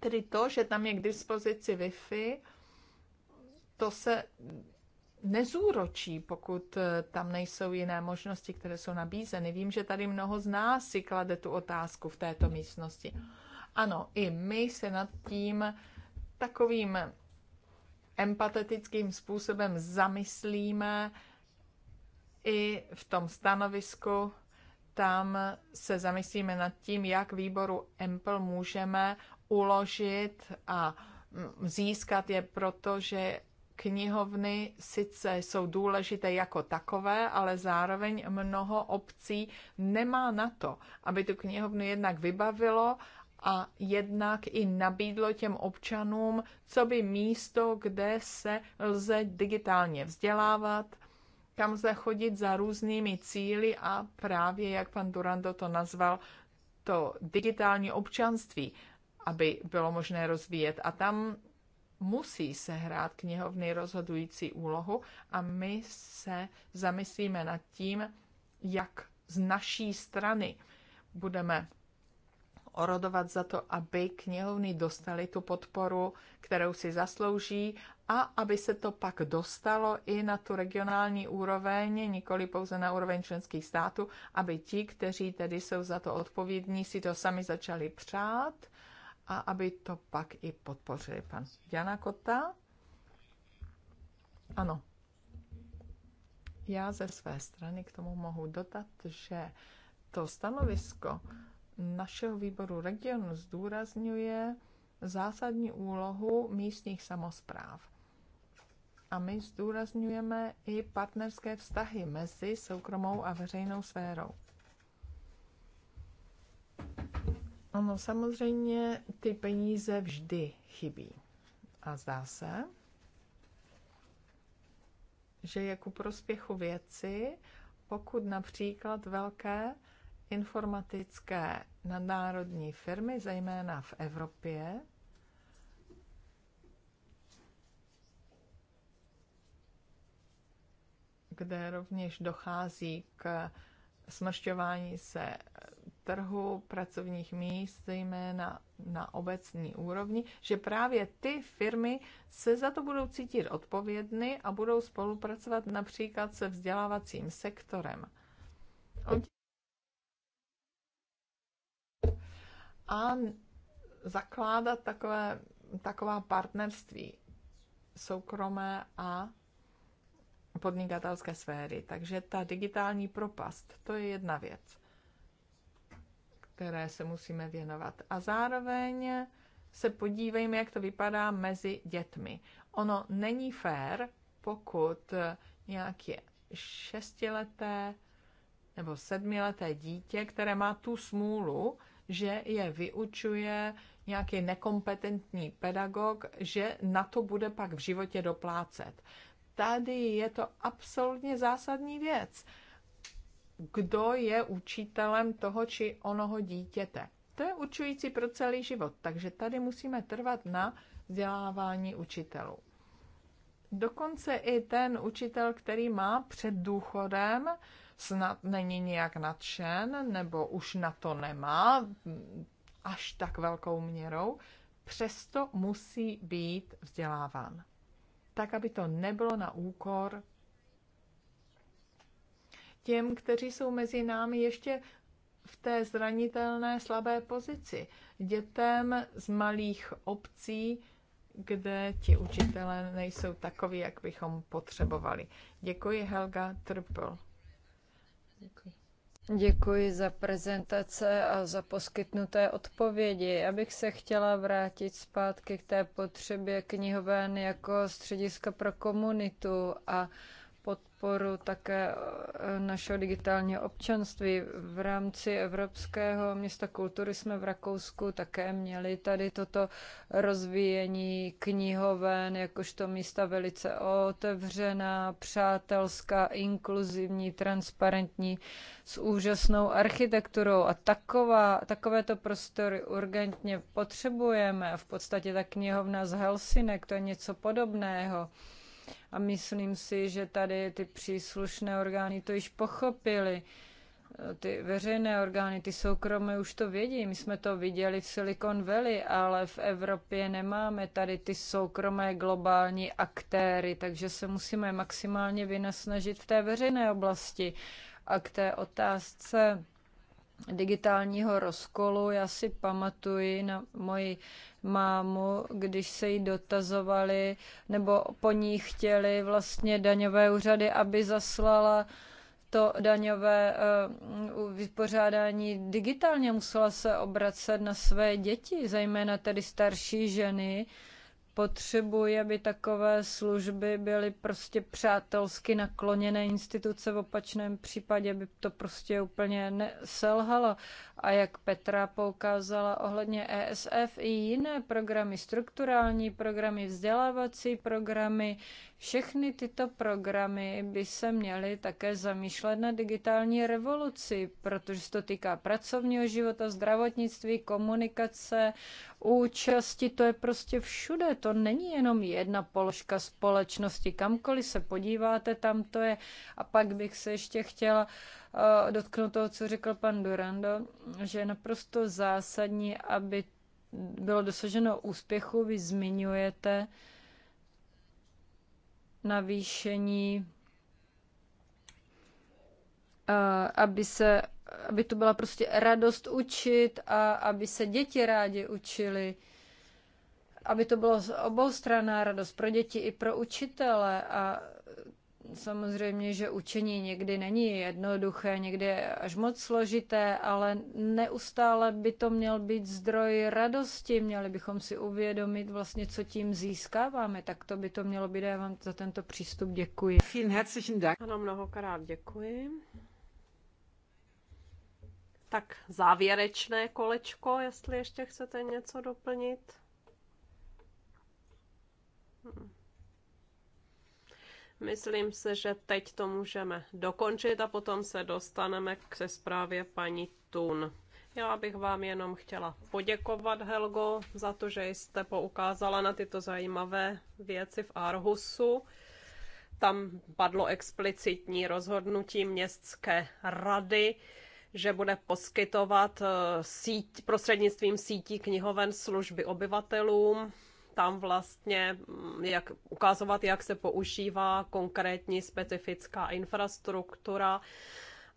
Tedy to, že tam je k dispozici Wi-Fi, to se nezúročí, pokud eh, tam nejsou jiné možnosti, které jsou nabízeny. Vím, že tady mnoho z nás si klade tu otázku v této místnosti. Ano, i my se nad tím takovým empatetickým způsobem zamyslíme i v tom stanovisku, tam se zamyslíme nad tím, jak výboru EMPL můžeme uložit a mm, získat je, protože knihovny sice jsou důležité jako takové, ale zároveň mnoho obcí nemá na to, aby tu knihovnu jednak vybavilo a jednak i nabídlo těm občanům, co by místo, kde se lze digitálně vzdělávat, kam lze chodit za různými cíly a právě, jak pan Durando to nazval, to digitální občanství, aby bylo možné rozvíjet. A tam musí se hrát knihovny rozhodující úlohu a my se zamyslíme nad tím, jak z naší strany budeme orodovat za to, aby knihovny dostaly tu podporu, kterou si zaslouží a aby se to pak dostalo i na tu regionální úroveň, nikoli pouze na úroveň členských států, aby ti, kteří tedy jsou za to odpovědní, si to sami začali přát a aby to pak i podpořili. Pan Jana Kota? Ano. Já ze své strany k tomu mohu dodat, že to stanovisko našeho výboru regionu zdůrazňuje zásadní úlohu místních samozpráv. A my zdůrazňujeme i partnerské vztahy mezi soukromou a veřejnou sférou. Ano, samozřejmě ty peníze vždy chybí. A zdá se, že je ku prospěchu věci, pokud například velké informatické nadnárodní firmy, zejména v Evropě, kde rovněž dochází k smršťování se trhu pracovních míst, zejména na obecní úrovni, že právě ty firmy se za to budou cítit odpovědny a budou spolupracovat například se vzdělávacím sektorem. a zakládat takové, taková partnerství soukromé a podnikatelské sféry. Takže ta digitální propast, to je jedna věc, které se musíme věnovat. A zároveň se podívejme, jak to vypadá mezi dětmi. Ono není fér, pokud nějaké šestileté nebo sedmileté dítě, které má tu smůlu, že je vyučuje nějaký nekompetentní pedagog, že na to bude pak v životě doplácet. Tady je to absolutně zásadní věc. Kdo je učitelem toho či onoho dítěte? To je učující pro celý život, takže tady musíme trvat na vzdělávání učitelů. Dokonce i ten učitel, který má před důchodem, snad není nějak nadšen, nebo už na to nemá mm, až tak velkou měrou, přesto musí být vzděláván. Tak, aby to nebylo na úkor těm, kteří jsou mezi námi ještě v té zranitelné slabé pozici. Dětem z malých obcí, kde ti učitelé nejsou takoví, jak bychom potřebovali. Děkuji Helga Trpl. Děkuji. Děkuji za prezentace a za poskytnuté odpovědi. Abych se chtěla vrátit zpátky k té potřebě knihoven jako střediska pro komunitu a podporu také eh, našeho digitálního občanství. V rámci Evropského města kultury jsme v Rakousku také měli tady toto rozvíjení knihoven, jakožto místa velice otevřená, přátelská, inkluzivní, transparentní, s úžasnou architekturou. A taková, takovéto prostory urgentně potřebujeme. V podstatě ta knihovna z Helsinek, to je něco podobného. A myslím si, že tady ty příslušné orgány to již pochopili, Ty veřejné orgány, ty soukromé už to vědí. My jsme to viděli v Silicon Valley, ale v Evropě nemáme tady ty soukromé globální aktéry, takže se musíme maximálně vynasnažit v té veřejné oblasti. A k té otázce digitálního rozkolu. Já si pamatuji na moji mámu, když se jí dotazovali, nebo po ní chtěli vlastně daňové úřady, aby zaslala to daňové eh, vypořádání digitálně musela se obracet na své děti, zejména tedy starší ženy, potřebuji, aby takové služby byly prostě přátelsky nakloněné instituce, v opačném případě by to prostě úplně neselhalo. A jak Petra poukázala ohledně ESF i jiné programy, strukturální programy, vzdělávací programy, všechny tyto programy by se měly také zamýšlet na digitální revoluci, protože se to týká pracovního života, zdravotnictví, komunikace, účasti, to je prostě všude. To není jenom jedna položka společnosti. Kamkoliv se podíváte, tam to je. A pak bych se ještě chtěla uh, Eh, dotknout toho, co řekl pan Durando, že je naprosto zásadní, aby bylo dosaženo úspěchu. Vy zmiňujete navýšení, eh, aby se aby to byla prostě radost učit a aby se děti rádi učili, aby to bylo oboustranná radost pro děti i pro učitele a Samozřejmě, že učení někdy není jednoduché, někdy je až moc složité, ale neustále by to měl být zdroj radosti. Měli bychom si uvědomit vlastně, co tím získáváme. Tak to by to mělo být. Já vám za tento přístup děkuji. Vielen herzlichen Dank. Ano, mnohokrát děkuji. Tak závěrečné kolečko, jestli ještě chcete něco doplnit. Hmm. Myslím si, že teď to můžeme dokončit a potom se dostaneme k se zprávě paní Tun. Já bych vám jenom chtěla poděkovat, Helgo, za to, že jste poukázala na tyto zajímavé věci v Arhusu. Tam padlo explicitní rozhodnutí městské rady, že bude poskytovat eh, síť, prostřednictvím sítí knihoven služby obyvatelům tam vlastně mm, jak ukazovat, jak se používá konkrétní specifická infrastruktura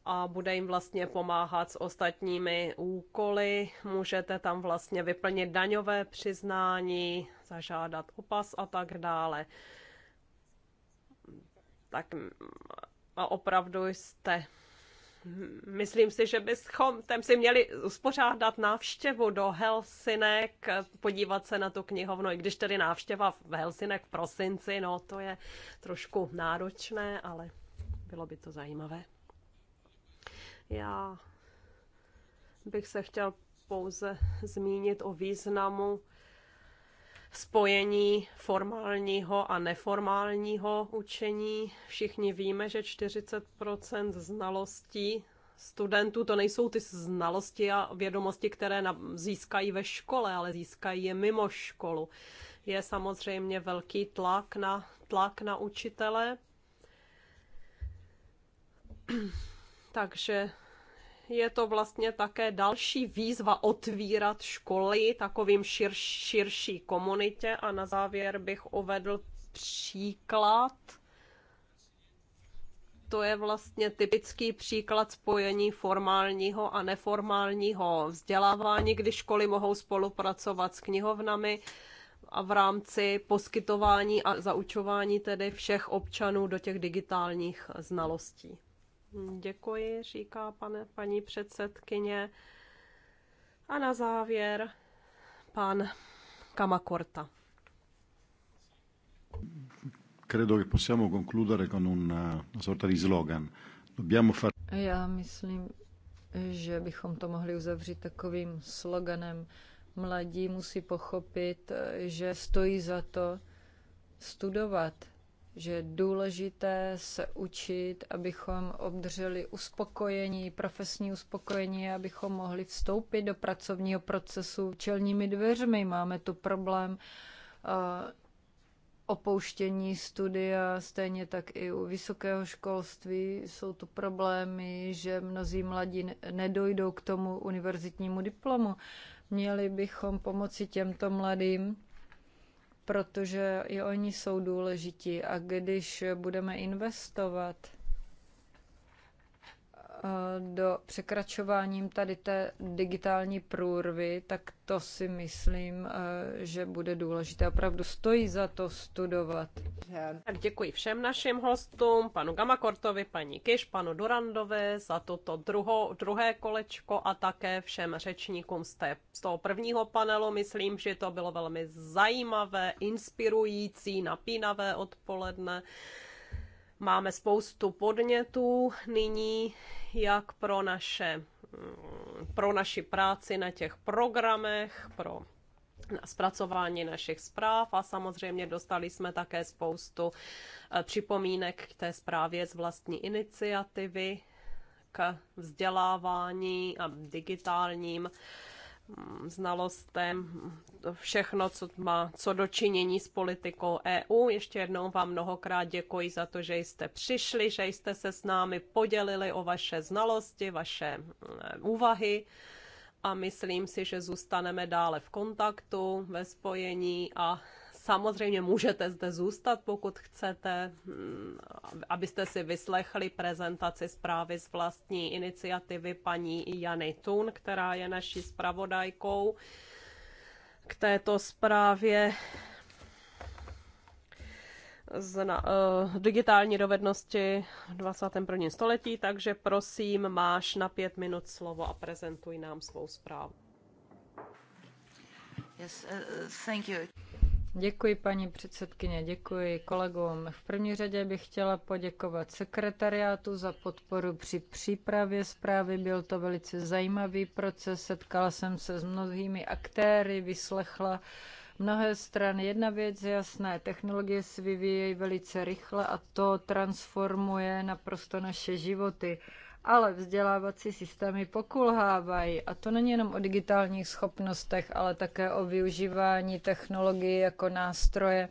a bude jim vlastně pomáhat s ostatními úkoly. Můžete tam vlastně vyplnit daňové přiznání, zažádat opas a tak dále. Tak mm, a opravdu jste Myslím si, že bychom tam si měli uspořádat návštěvu do Helsinek, podívat se na tu knihovnu, i když tedy návštěva v Helsinek v prosinci, no to je trošku náročné, ale bylo by to zajímavé. Já bych se chtěl pouze zmínit o významu spojení formálního a neformálního učení. Všichni víme, že 40 znalostí studentů to nejsou ty znalosti a vědomosti, které získají ve škole, ale získají je mimo školu. Je samozřejmě velký tlak na, tlak na učitele. <clears throat> Takže je to vlastně také další výzva otvírat školy takovým šir, širší komunitě a na závěr bych uvedl příklad. To je vlastně typický příklad spojení formálního a neformálního vzdělávání, kdy školy mohou spolupracovat s knihovnami a v rámci poskytování a zaučování tedy všech občanů do těch digitálních znalostí. Mm, děkuji, říká pane, paní předsedkyně. A na závěr pan Kamakorta. Credo che possiamo concludere con una, eh, una sorta di slogan. Dobbiamo far... Já myslím, že bychom to mohli uzavřít takovým sloganem. Mladí musí pochopit, eh, že stojí za to studovat, že je důležité se učit, abychom obdrželi uspokojení, profesní uspokojení, abychom mohli vstoupit do pracovního procesu čelními dveřmi. Máme tu problém eh, opouštění studia, stejně tak i u vysokého školství jsou tu problémy, že mnozí mladí nedojdou k tomu univerzitnímu diplomu. Měli bychom pomoci těmto mladým protože i oni jsou důležití. A když budeme investovat do překračováním tady té digitální průrvy, tak to si myslím, že bude důležité. Opravdu stojí za to studovat. Tak děkuji všem našim hostům, panu Gamakortovi, paní Kiš, panu Durandovi za toto druho, druhé kolečko a také všem řečníkům z, té, z toho prvního panelu. Myslím, že to bylo velmi zajímavé, inspirující, napínavé odpoledne. Máme spoustu podnětů nyní jak pro, naše, pro naši práci na těch programech, pro na zpracování našich zpráv a samozřejmě dostali jsme také spoustu eh, připomínek k té zprávě z vlastní iniciativy, k vzdělávání a digitálním znalostem, všechno, co má co dočinění s politikou EU. Ještě jednou vám mnohokrát děkuji za to, že jste přišli, že jste se s námi podělili o vaše znalosti, vaše eh, úvahy a myslím si, že zůstaneme dále v kontaktu, ve spojení a Samozřejmě můžete zde zůstat, pokud chcete, hm, abyste si vyslechli prezentaci zprávy z vlastní iniciativy paní Jany Tun, která je naší zpravodajkou k této zprávě zna, uh, eh, digitální dovednosti v 21. století, takže prosím, máš na pět minut slovo a prezentuj nám svou zprávu. Yes, uh, thank you. Děkuji, paní předsedkyně, děkuji kolegům. V první řadě bych chtěla poděkovat sekretariátu za podporu při přípravě zprávy. Byl to velice zajímavý proces, setkala jsem se s mnohými aktéry, vyslechla mnohé strany. Jedna věc je jasná, technologie se vyvíjejí velice rychle a to transformuje naprosto naše životy ale vzdělávací systémy pokulhávají. A to není jenom o digitálních schopnostech, ale také o využívání technologií jako nástroje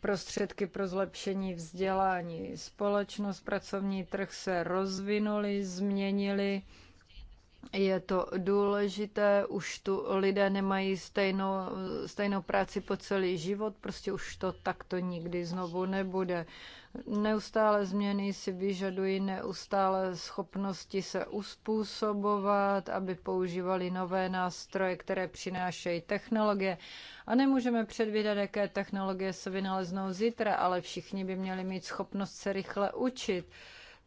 prostředky pro zlepšení vzdělání. Společnost, pracovní trh se rozvinuli, změnili. Je to důležité, už tu lidé nemají stejnou, stejnou práci po celý život, prostě už to takto nikdy znovu nebude. Neustále změny si vyžadují neustále schopnosti se uspůsobovat, aby používali nové nástroje, které přinášejí technologie. A nemůžeme předvídat, jaké technologie se vynaleznou zítra, ale všichni by měli mít schopnost se rychle učit.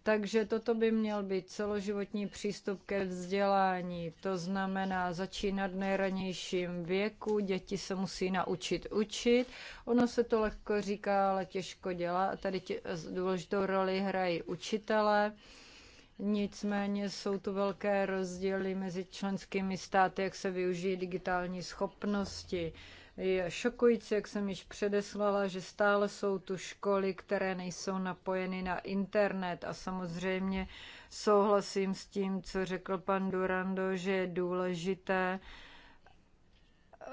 Takže toto by měl být celoživotní přístup ke vzdělání. To znamená začínat v nejranějším věku, děti se musí naučit učit. Ono se to lehko říká, ale těžko dělá. Tady tě, eh, důležitou roli hrají učitele. Nicméně jsou tu velké rozdíly mezi členskými státy, jak se využijí digitální schopnosti. Je šokující, jak jsem již předeslala, že stále jsou tu školy, které nejsou napojeny na internet a samozřejmě souhlasím s tím, co řekl pan Durando, že je důležité eh,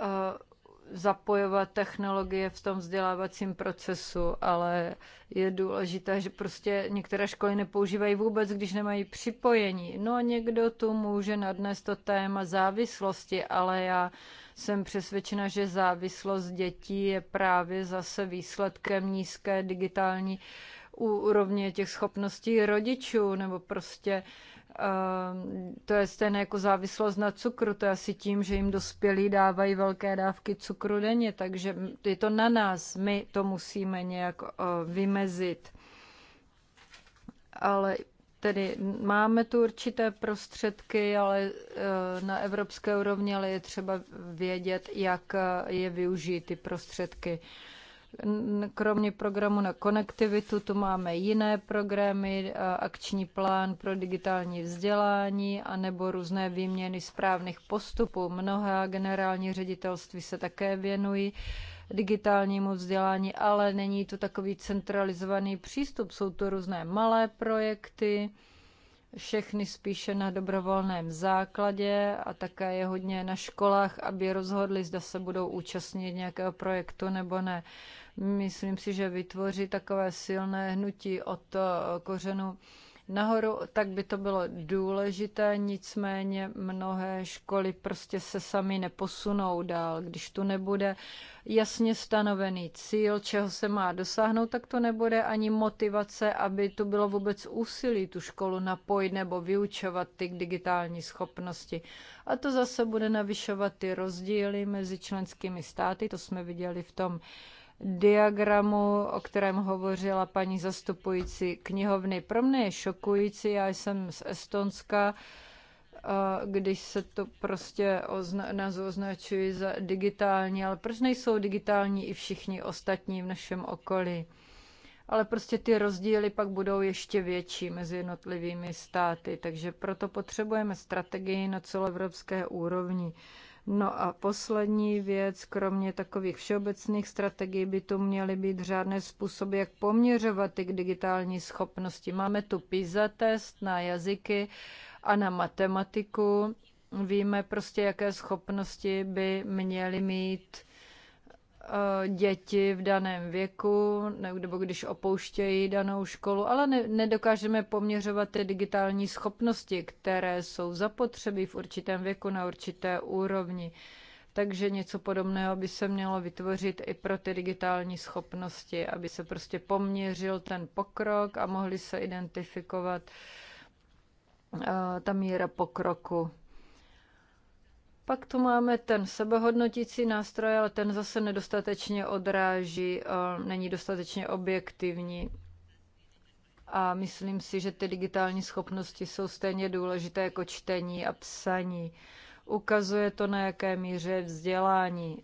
zapojovat technologie v tom vzdělávacím procesu, ale je důležité, že prostě některé školy nepoužívají vůbec, když nemají připojení. No někdo tu může nadnést to téma závislosti, ale já jsem přesvědčena, že závislost dětí je právě zase výsledkem nízké digitální úrovně těch schopností rodičů, nebo prostě eh, to je stejné jako závislost na cukru, to je asi tím, že jim dospělí dávají velké dávky cukru denně, takže je to na nás, my to musíme nějak eh, vymezit. Ale Tedy máme tu určité prostředky, ale eh, na evropské úrovni ale je třeba vědět, jak eh, je využít ty prostředky. Kromě programu na konektivitu tu máme jiné programy, eh, akční plán pro digitální vzdělání a nebo různé výměny správných postupů. Mnohá generální ředitelství se také věnují digitálnímu vzdělání, ale není to takový centralizovaný přístup. Jsou to různé malé projekty, všechny spíše na dobrovolném základě a také je hodně na školách, aby rozhodli, zda se budou účastnit nějakého projektu nebo ne. Myslím si, že vytvoří takové silné hnutí od eh, kořenu nahoru, tak by to bylo důležité, nicméně mnohé školy prostě se sami neposunou dál. Když tu nebude jasně stanovený cíl, čeho se má dosáhnout, tak to nebude ani motivace, aby to bylo vůbec úsilí tu školu napojit nebo vyučovat ty digitální schopnosti. A to zase bude navyšovat ty rozdíly mezi členskými státy, to jsme viděli v tom diagramu, o kterém hovořila paní zastupující knihovny. Pro mě je šokující, já jsem z Estonska, když se to prostě nás označuje za digitální, ale proč nejsou digitální i všichni ostatní v našem okolí? ale prostě ty rozdíly pak budou ještě větší mezi jednotlivými státy, takže proto potřebujeme strategii na celoevropské úrovni. No a poslední věc, kromě takových všeobecných strategií, by tu měly být řádné způsoby, jak poměřovat ty digitální schopnosti. Máme tu PISA test na jazyky a na matematiku. Víme prostě, jaké schopnosti by měly mít Eh, děti v daném věku, nebo když opouštějí danou školu, ale ne, nedokážeme poměřovat ty digitální schopnosti, které jsou zapotřebí v určitém věku na určité úrovni. Takže něco podobného by se mělo vytvořit i pro ty digitální schopnosti, aby se prostě poměřil ten pokrok a mohli se identifikovat eh, ta míra pokroku pak tu máme ten sebehodnotící nástroj, ale ten zase nedostatečně odráží, není dostatečně objektivní. A myslím si, že ty digitální schopnosti jsou stejně důležité jako čtení a psaní. Ukazuje to, na jaké míře vzdělání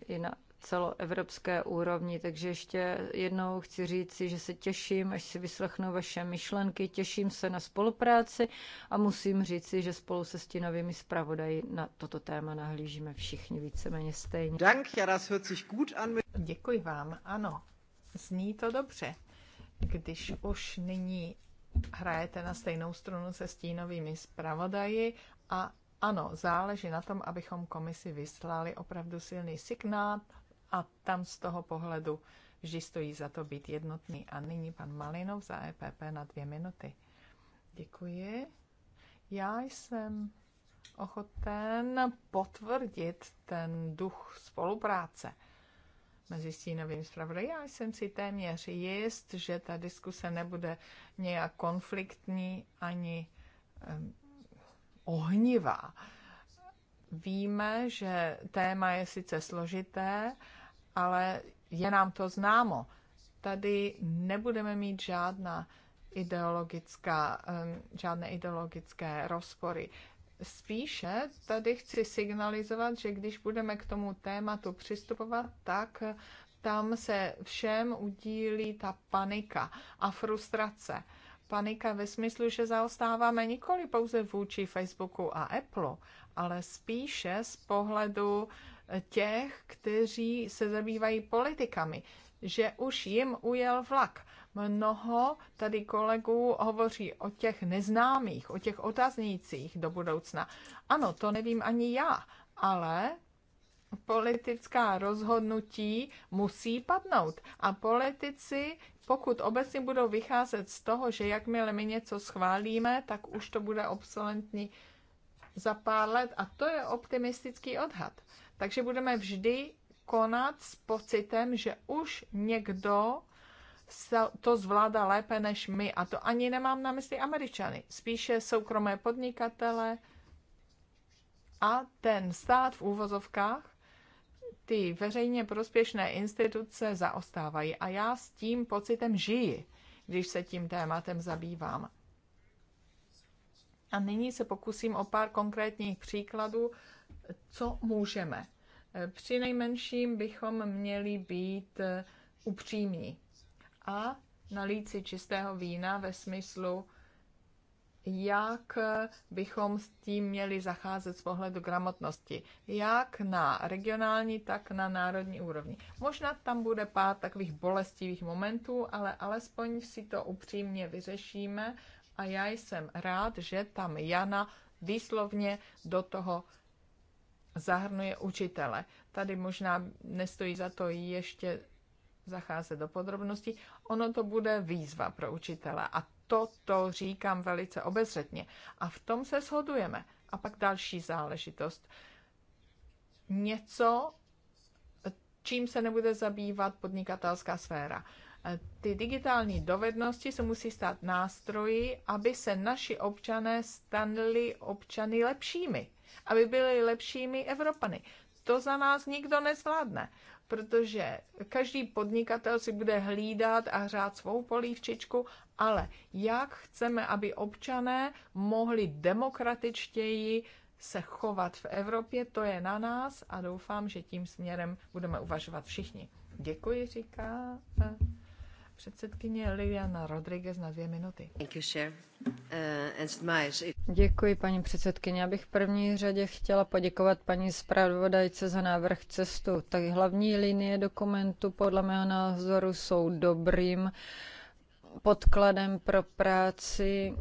celoevropské úrovni. Takže ještě jednou chci říci, že se těším, až si vyslechnu vaše myšlenky, těším se na spolupráci a musím říci, že spolu se stinovými zpravodaji na toto téma nahlížíme všichni víceméně stejně. Dank, ja, das hört sich gut an. Děkuji vám, ano, zní to dobře. Když už nyní hrajete na stejnou strunu se stínovými zpravodaji a ano, záleží na tom, abychom komisi vyslali opravdu silný signál a tam z toho pohledu vždy stojí za to být jednotný. A nyní pan Malinov za EPP na dvě minuty. Děkuji. Já jsem ochoten potvrdit ten duch spolupráce mezi stínovým zpravodajem. Já jsem si téměř jist, že ta diskuse nebude nějak konfliktní ani um, ohnivá. Víme, že téma je sice složité, ale je nám to známo. Tady nebudeme mít žádná ideologická, žádné ideologické rozpory. Spíše tady chci signalizovat, že když budeme k tomu tématu přistupovat, tak tam se všem udílí ta panika a frustrace. Panika ve smyslu, že zaostáváme nikoli pouze vůči Facebooku a Apple, ale spíše z pohledu uh, těch, kteří se zabývají politikami, že už jim ujel vlak. Mnoho tady kolegů hovoří o těch neznámých, o těch otaznících do budoucna. Ano, to nevím ani já, ale politická rozhodnutí musí padnout. A politici, pokud obecně budou vycházet z toho, že jakmile my něco schválíme, tak už to bude obsolentní za pár let. A to je optimistický odhad. Takže budeme vždy konat s pocitem, že už někdo to zvládá lépe než my. A to ani nemám na mysli Američany, spíše soukromé podnikatele a ten stát v úvozovkách ty veřejně prospěšné instituce zaostávají a já s tím pocitem žiji, když se tím tématem zabývám. A nyní se pokusím o pár konkrétních příkladů co můžeme. Eh, při nejmenším bychom měli být eh, upřímní a nalít čistého vína ve smyslu, jak eh, bychom s tím měli zacházet z pohledu gramotnosti, jak na regionální, tak na národní úrovni. Možná tam bude pár takových bolestivých momentů, ale alespoň si to upřímně vyřešíme a já jsem rád, že tam Jana výslovně do toho zahrnuje učitele. Tady možná nestojí za to ještě zacházet do podrobností. Ono to bude výzva pro učitele a to to říkám velice obezřetně. A v tom se shodujeme. A pak další záležitost. Něco, čím se nebude zabývat podnikatelská sféra. Ty digitální dovednosti se musí stát nástroji, aby se naši občané stanili občany lepšími aby byli lepšími Evropany. To za nás nikdo nezvládne, protože každý podnikatel si bude hlídat a hřát svou polívčičku, ale jak chceme, aby občané mohli demokratičtěji se chovat v Evropě, to je na nás a doufám, že tím směrem budeme uvažovat všichni. Děkuji, říká eh, Předsedkyně Liliana Rodriguez na dvě minuty. Uh, Děkuji, paní předsedkyně. Já bych v první řadě chtěla poděkovat paní zpravodajce za návrh cestu. Tak hlavní linie dokumentu podle mého názoru jsou dobrým podkladem pro práci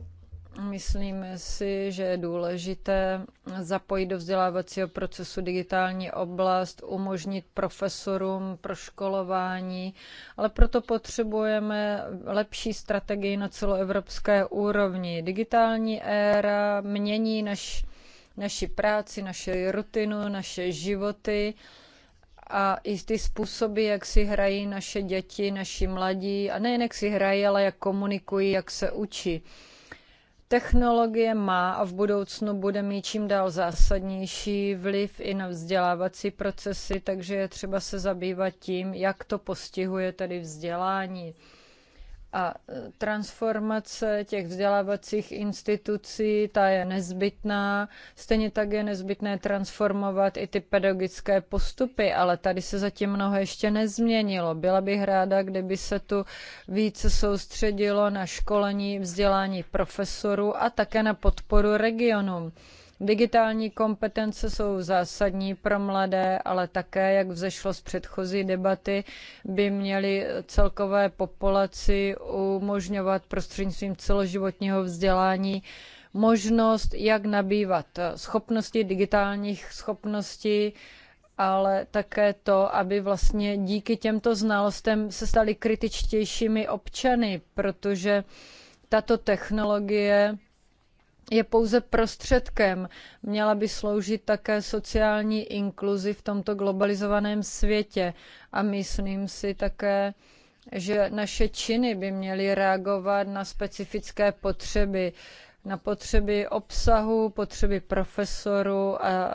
Myslíme si, že je důležité zapojit do vzdělávacího procesu digitální oblast, umožnit profesorům proškolování, ale proto potřebujeme lepší strategii na celoevropské úrovni. Digitální éra mění naš, naši práci, naše rutinu, naše životy a i ty způsoby, jak si hrají naše děti, naši mladí, a nejen jak si hrají, ale jak komunikují, jak se učí. Technologie má a v budoucnu bude mít čím dál zásadnější vliv i na vzdělávací procesy, takže je třeba se zabývat tím, jak to postihuje tedy vzdělání. A e, transformace těch vzdělávacích institucí, ta je nezbytná. Stejně tak je nezbytné transformovat i ty pedagogické postupy, ale tady se zatím mnoho ještě nezměnilo. Byla bych ráda, kdyby se tu více soustředilo na školení, vzdělání profesorů a také na podporu regionům. Digitální kompetence jsou zásadní pro mladé, ale také, jak vzešlo z předchozí debaty, by měly celkové populaci umožňovat prostřednictvím celoživotního vzdělání možnost, jak nabývat schopnosti, digitálních schopností, ale také to, aby vlastně díky těmto znalostem se stali kritičtějšími občany, protože tato technologie je pouze prostředkem. Měla by sloužit také sociální inkluzi v tomto globalizovaném světě. A myslím si také, že naše činy by měly reagovat na specifické potřeby, na potřeby obsahu, potřeby profesoru a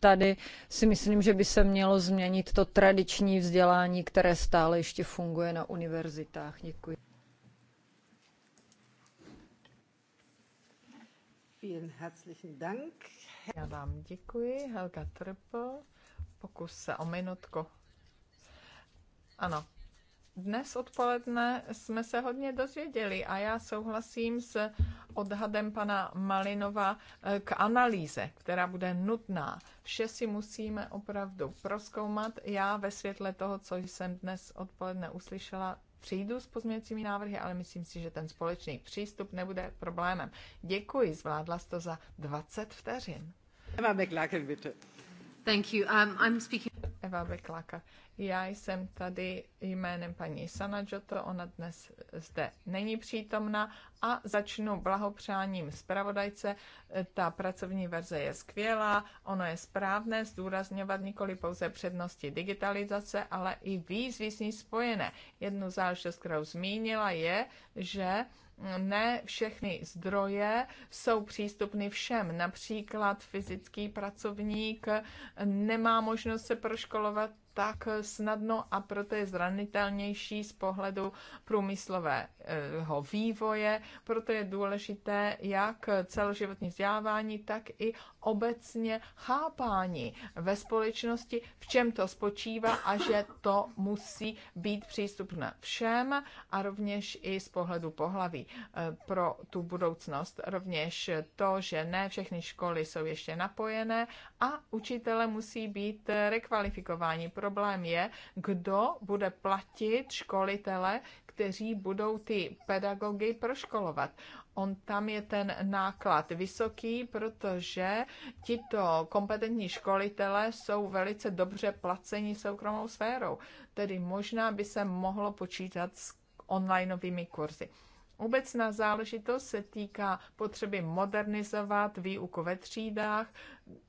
tady si myslím, že by se mělo změnit to tradiční vzdělání, které stále ještě funguje na univerzitách. Děkuji. Vielen herzlichen Dank. Já vám děkuji, Helga Trpl. Pokus se o minutku. Ano, dnes odpoledne jsme se hodně dozvěděli a já souhlasím s odhadem pana Malinova eh, k analýze, která bude nutná. Vše si musíme opravdu proskoumat. Já ve světle toho, co jsem dnes odpoledne uslyšela, přijdu s pozměňovacími návrhy, ale myslím si, že ten společný přístup nebude problémem. Děkuji, zvládla jsi to za 20 vteřin. Emma McLaughlin, bitte. Thank you. Um, I'm speaking... Eva Beklaka. Já jsem tady jménem paní Sana ona dnes zde není přítomna a začnu blahopřáním zpravodajce. Ta pracovní verze je skvělá, ono je správné zdůrazňovat nikoli pouze přednosti digitalizace, ale i výzvy s ní spojené. Jednu záležitost, kterou zmínila, je, že ne všechny zdroje jsou přístupny všem. Například fyzický pracovník nemá možnost se proškolovat tak snadno a proto je zranitelnější z pohledu průmyslového vývoje. Proto je důležité jak celoživotní vzdělávání, tak i obecně chápání ve společnosti, v čem to spočívá a že to musí být přístupné všem a rovněž i z pohledu pohlaví pro tu budoucnost. Rovněž to, že ne všechny školy jsou ještě napojené a učitele musí být rekvalifikováni pro problém je, kdo bude platit školitele, kteří budou ty pedagogy proškolovat. On tam je ten náklad vysoký, protože tito kompetentní školitele jsou velice dobře placeni soukromou sférou. Tedy možná by se mohlo počítat s onlineovými kurzy. Obecná záležitost se týká potřeby modernizovat výuku ve třídách,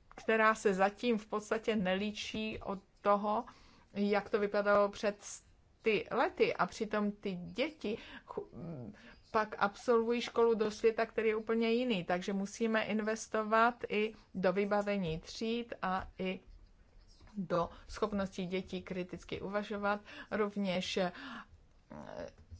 která se zatím v podstatě nelíčí od toho, jak to vypadalo před ty lety a přitom ty děti pak absolvují školu do světa, který je úplně jiný. Takže musíme investovat i do vybavení tříd a i do schopností dětí kriticky uvažovat, rovněž eh,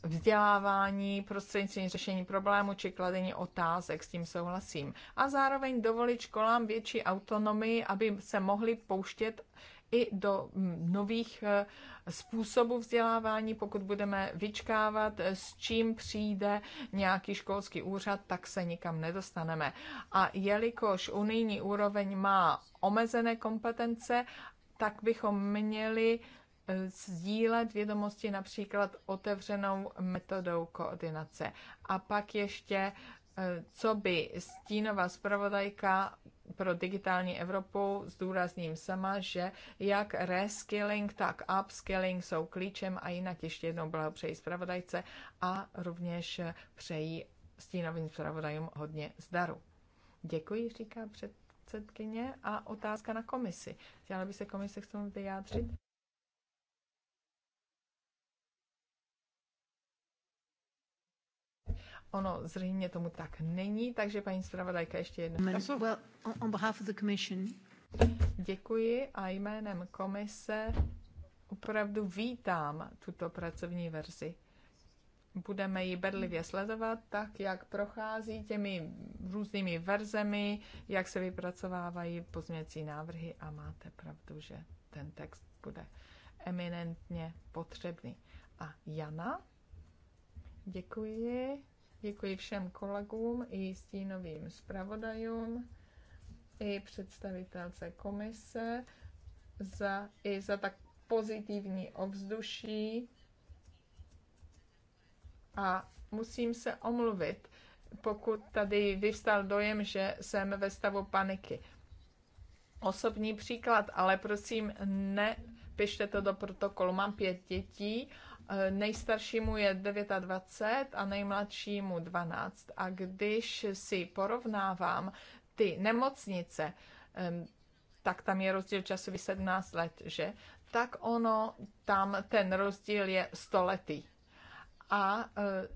vzdělávání prostřednictvím řešení problému či kladení otázek, s tím souhlasím. A zároveň dovolit školám větší autonomii, aby se mohli pouštět i do mm, nových eh, způsobů vzdělávání. Pokud budeme vyčkávat, eh, s čím přijde nějaký školský úřad, tak se nikam nedostaneme. A jelikož unijní úroveň má omezené kompetence, tak bychom měli eh, sdílet vědomosti například otevřenou metodou koordinace. A pak ještě, co by stínová zpravodajka pro digitální Evropu zdůrazním sama, že jak reskilling, tak upskilling jsou klíčem a jinak ještě jednou blahopřeji zpravodajce a rovněž přeji stínovým zpravodajům hodně zdaru. Děkuji, říká předsedkyně a otázka na komisi. Chtěla by se komise k tomu vyjádřit? Ono zřejmě tomu tak není, takže paní zpravodajka ještě jednou. Well, on behalf of the commission. Děkuji a jménem komise opravdu vítám tuto pracovní verzi. Budeme ji bedlivě sledovat, tak jak prochází těmi různými verzemi, jak se vypracovávají pozměcí návrhy a máte pravdu, že ten text bude eminentně potřebný. A Jana, děkuji. Děkuji všem kolegům i stínovým zpravodajům, i představitelce komise za, i za tak pozitivní ovzduší. A musím se omluvit, pokud tady vyvstal dojem, že jsem ve stavu paniky. Osobní příklad, ale prosím, ne, pište to do protokolu. Mám pět dětí Nejstaršímu je 29 a nejmladšímu 12. A když si porovnávám ty nemocnice, tak tam je rozdíl časový 17 let, že? Tak ono, tam ten rozdíl je stoletý a e,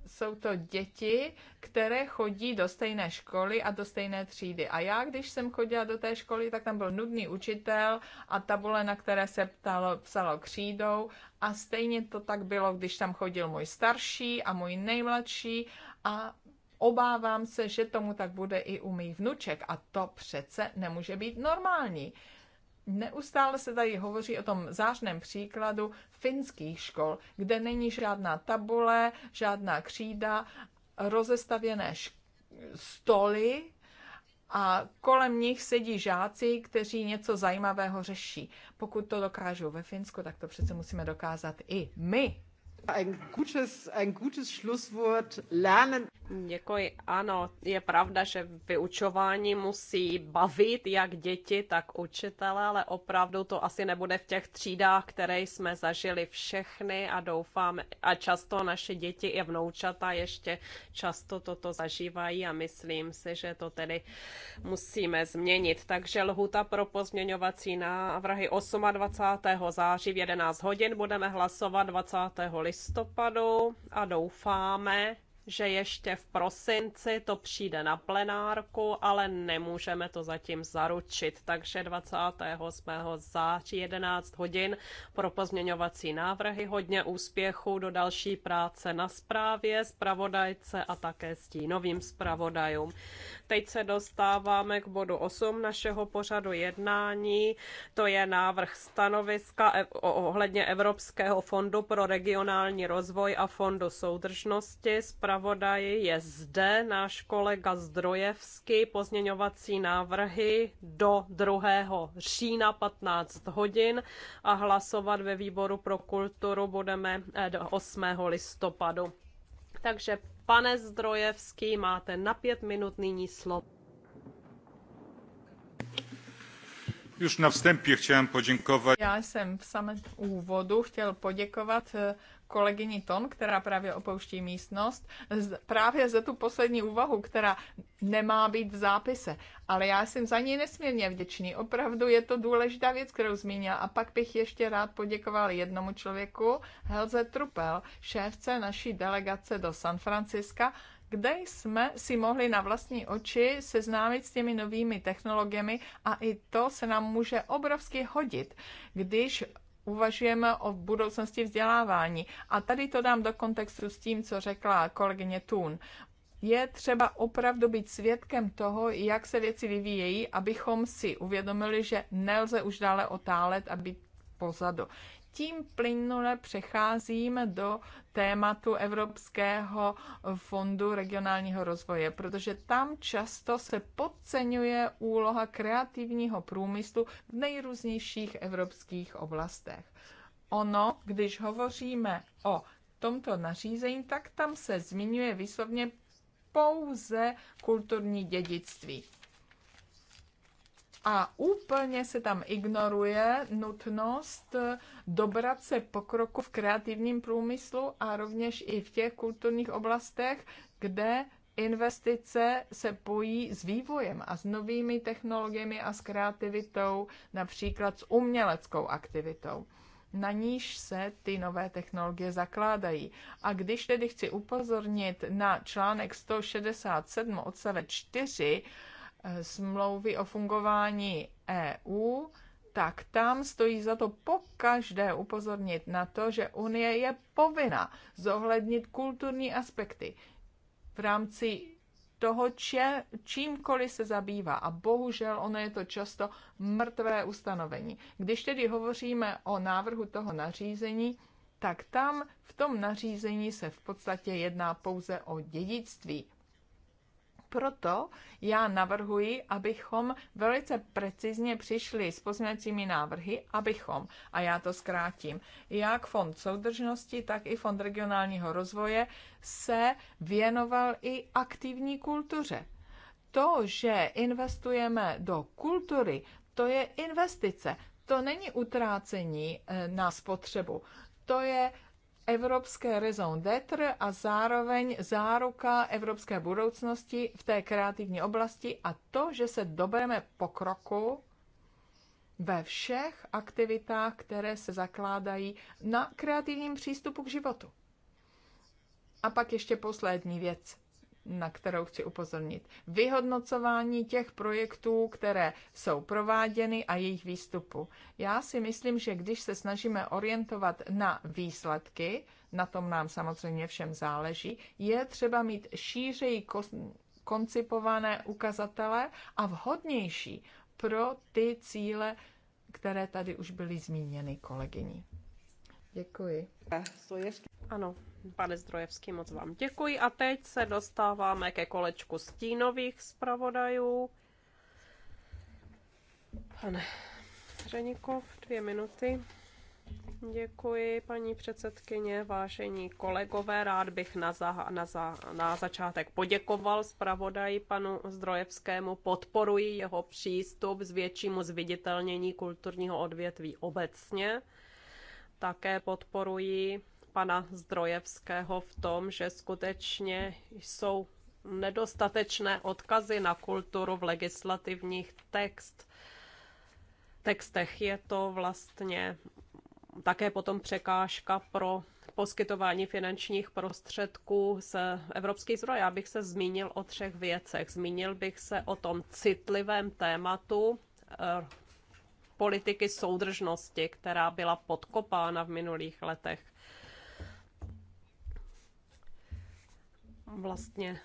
jsou to děti, které chodí do stejné školy a do stejné třídy. A já, když jsem chodila do té školy, tak tam byl nudný učitel a tabule, na které se ptalo, psalo křídou. A stejně to tak bylo, když tam chodil můj starší a můj nejmladší a obávám se, že tomu tak bude i u mých vnuček a to přece nemůže být normální. Neustále se tady hovoří o tom zářném příkladu finských škol, kde není žádná tabule, žádná křída, rozestavěné stoly a kolem nich sedí žáci, kteří něco zajímavého řeší. Pokud to dokážou ve Finsku, tak to přece musíme dokázat i my. Ein gutes, ein gutes Schlusswort, lernen. Děkuji. Ano, je pravda, že vyučování musí bavit jak děti, tak učitele, ale opravdu to asi nebude v těch třídách, které jsme zažili všechny a doufám, a často naše děti i vnoučata ještě často toto zažívají a myslím si, že to tedy musíme změnit. Takže lhuta pro pozměňovací návrhy 28. září v 11 hodin budeme hlasovat 20. listopadu a doufáme, že ještě v prosinci to přijde na plenárku, ale nemůžeme to zatím zaručit. Takže 28. září 11 hodin pro pozměňovací návrhy. Hodně úspěchů do další práce na zprávě, zpravodajce a také stínovým zpravodajům. Teď se dostáváme k bodu 8 našeho pořadu jednání. To je návrh stanoviska e- ohledně Evropského fondu pro regionální rozvoj a fondu soudržnosti. Zpráv zpravodaji je zde náš kolega Zdrojevský. Pozměňovací návrhy do 2. října 15 hodin a hlasovat ve výboru pro kulturu budeme 8. Eh, listopadu. Takže pane Zdrojevský, máte na pět minut nyní slovo. Už na vstępie chciałem Já jsem v samém úvodu chtěl poděkovat eh, kolegyni Ton, která právě opouští místnost, právě za tu poslední úvahu, která nemá být v zápise. Ale já jsem za ní nesmírně vděčný. Opravdu je to důležitá věc, kterou zmínila. A pak bych ještě rád poděkoval jednomu člověku, Helze Trupel, šéfce naší delegace do San Franciska, kde jsme si mohli na vlastní oči seznámit s těmi novými technologiemi a i to se nám může obrovsky hodit, když uvažujeme o budoucnosti vzdělávání. A tady to dám do kontextu s tím, co řekla kolegyně Thun. Je třeba opravdu být svědkem toho, jak se věci vyvíjejí, abychom si uvědomili, že nelze už dále otálet a být pozadu tím plynule přecházím do tématu Evropského fondu regionálního rozvoje, protože tam často se podceňuje úloha kreativního průmyslu v nejrůznějších evropských oblastech. Ono, když hovoříme o tomto nařízení, tak tam se zmiňuje výslovně pouze kulturní dědictví a úplně se tam ignoruje nutnost eh, dobrat se pokroku v kreativním průmyslu a rovněž i v těch kulturních oblastech, kde investice se pojí s vývojem a s novými technologiemi a s kreativitou, například s uměleckou aktivitou na níž se ty nové technologie zakládají. A když tedy chci upozornit na článek 167 odstavec 4 smlouvy o fungování EU, tak tam stojí za to pokaždé upozornit na to, že Unie je povinna zohlednit kulturní aspekty v rámci toho, če, čímkoliv se zabývá. A bohužel ono je to často mrtvé ustanovení. Když tedy hovoříme o návrhu toho nařízení, tak tam v tom nařízení se v podstatě jedná pouze o dědictví proto já navrhuji, abychom velice precizně přišli s pozměňovacími návrhy, abychom, a já to zkrátím, jak Fond soudržnosti, tak i Fond regionálního rozvoje se věnoval i aktivní kultuře. To, že investujeme do kultury, to je investice, to není utrácení eh, na spotřebu, to je evropské raison d'être a zároveň záruka evropské budoucnosti v té kreativní oblasti a to, že se dobereme pokroku ve všech aktivitách, které se zakládají na kreativním přístupu k životu. A pak ještě poslední věc na kterou chci upozornit. Vyhodnocování těch projektů, které jsou prováděny a jejich výstupu. Já si myslím, že když se snažíme orientovat na výsledky, na tom nám samozřejmě všem záleží, je třeba mít šířeji koncipované ukazatele a vhodnější pro ty cíle, které tady už byly zmíněny kolegyní. Děkuji. Ano, Pane Zdrojevský, moc vám děkuji. A teď se dostáváme ke kolečku stínových zpravodajů. Pane Řenikov, dvě minuty. Děkuji, paní předsedkyně, vážení kolegové. Rád bych na, za, na, za, na začátek poděkoval zpravodaji panu Zdrojevskému. Podporuji jeho přístup s většímu zviditelnění kulturního odvětví obecně. Také podporuji pana Zdrojevského v tom, že skutečně jsou nedostatečné odkazy na kulturu v legislativních text. textech. Je to vlastně také potom překážka pro poskytování finančních prostředků z evropských zdrojů. Já bych se zmínil o třech věcech. Zmínil bych se o tom citlivém tématu eh, politiky soudržnosti, která byla podkopána v minulých letech. vlastně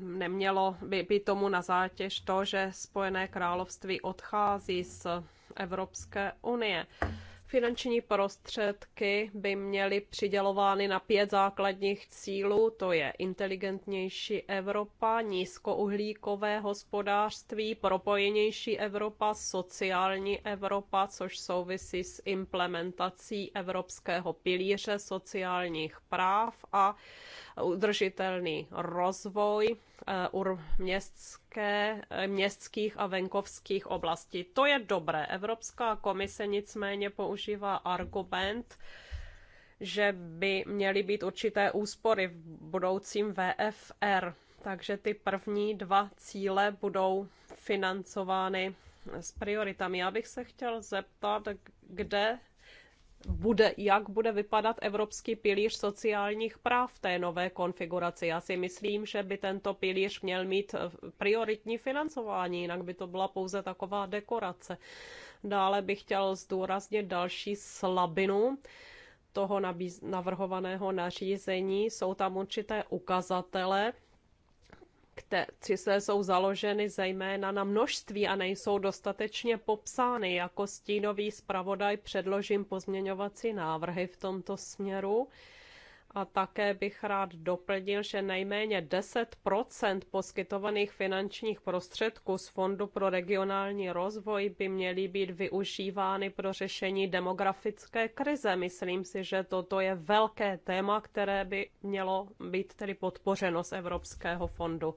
nemělo by, by tomu na zátěž to, že Spojené království odchází z Evropské unie. Finanční prostředky by měly přidělovány na pět základních cílů, to je inteligentnější Evropa, nízkouhlíkové hospodářství, propojenější Evropa, sociální Evropa, což souvisí s implementací Evropského pilíře sociálních práv a udržitelný rozvoj eh, měst také eh, městských a venkovských oblastí. To je dobré. Evropská komise nicméně používá argument, že by měly být určité úspory v budoucím VFR. Takže ty první dva cíle budou financovány s prioritami. Já bych se chtěl zeptat, kde bude, jak bude vypadat evropský pilíř sociálních práv v té nové konfiguraci. Já si myslím, že by tento pilíř měl mít eh, prioritní financování, jinak by to byla pouze taková dekorace. Dále bych chtěl zdůraznit další slabinu toho navrhovaného nařízení. Jsou tam určité ukazatele, císle jsou založeny zejména na množství a nejsou dostatečně popsány. Jako stínový zpravodaj předložím pozměňovací návrhy v tomto směru. A také bych rád doplnil, že nejméně 10 poskytovaných finančních prostředků z Fondu pro regionální rozvoj by měly být využívány pro řešení demografické krize. Myslím si, že toto je velké téma, které by mělo být tedy podpořeno z Evropského fondu.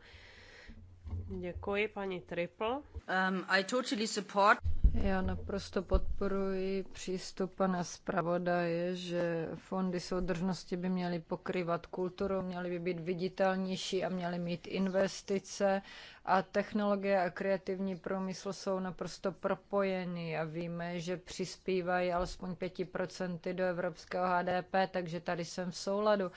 Děkuji, paní Triple. Um, I totally support... Já naprosto podporuji přístup pana zpravodaje, že fondy soudržnosti by měly pokrývat kulturu, měly by být viditelnější a měly mít investice a technologie a kreativní průmysl jsou naprosto propojeny a víme, že přispívají alespoň 5% do evropského HDP, takže tady jsem v souladu.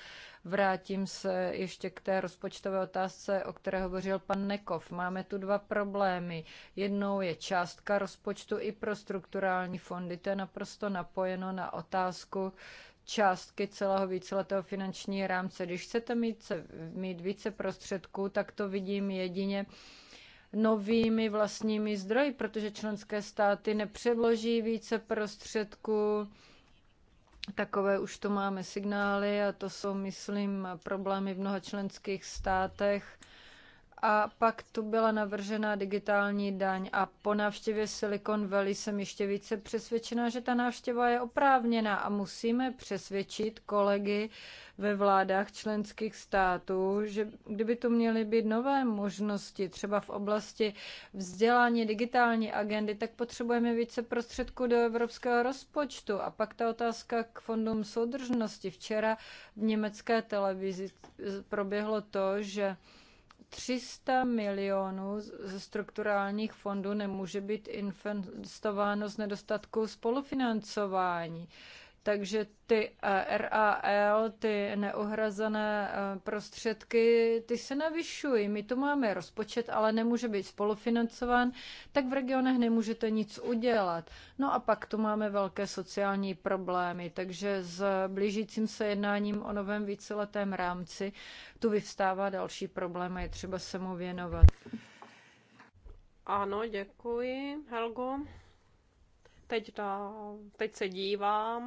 Vrátím se ještě k té rozpočtové otázce, o které hovořil pan Nekov. Máme tu dva problémy. Jednou je částka rozpočtu i pro strukturální fondy. To je naprosto napojeno na otázku částky celého víceletého finanční rámce. Když chcete mít, mít více prostředků, tak to vidím jedině novými vlastními zdroji, protože členské státy nepředloží více prostředků. Takové už to máme signály a to jsou, myslím, problémy v mnoha členských státech a pak tu byla navržena digitální daň a po návštěvě Silicon Valley jsem ještě více přesvědčena, že ta návštěva je oprávněná a musíme přesvědčit kolegy ve vládách členských států, že kdyby tu měly být nové možnosti, třeba v oblasti vzdělání digitální agendy, tak potřebujeme více prostředků do evropského rozpočtu. A pak ta otázka k fondům soudržnosti. Včera v německé televizi proběhlo to, že 300 milionů ze strukturálních fondů nemůže být investováno z nedostatku spolufinancování. Takže ty eh, RAL, ty neohrazené eh, prostředky, ty se navyšují. My tu máme rozpočet, ale nemůže být spolufinancován, tak v regionech nemůžete nic udělat. No a pak tu máme velké sociální problémy, takže s blížícím se jednáním o novém víceletém rámci tu vyvstává další problém a je třeba se mu věnovat. Ano, děkuji, Helgo. Teď, dá, teď se dívám,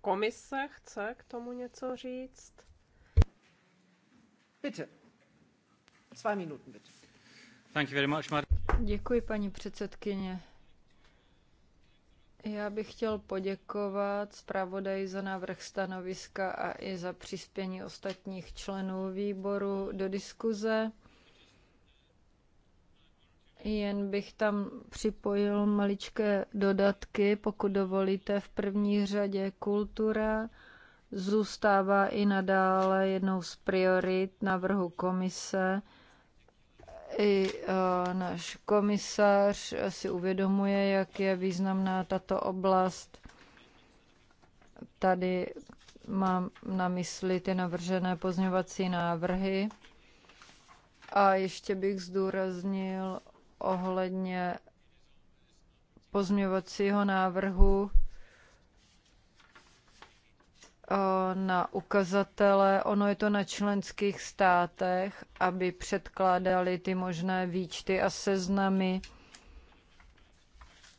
komise chce k tomu něco říct. Bitte. Zwei Minuten, bitte. Thank you very much, Mar- Děkuji, paní předsedkyně. Já bych chtěl poděkovat zpravodaji za návrh stanoviska a i za přispění ostatních členů výboru do diskuze. Jen bych tam připojil maličké dodatky, pokud dovolíte. V první řadě kultura zůstává i nadále jednou z priorit návrhu komise. I uh, náš komisař si uvědomuje, jak je významná tato oblast. Tady mám na mysli ty navržené pozňovací návrhy. A ještě bych zdůraznil ohledně pozměvacího návrhu eh, na ukazatele. Ono je to na členských státech, aby předkládali ty možné výčty a seznamy.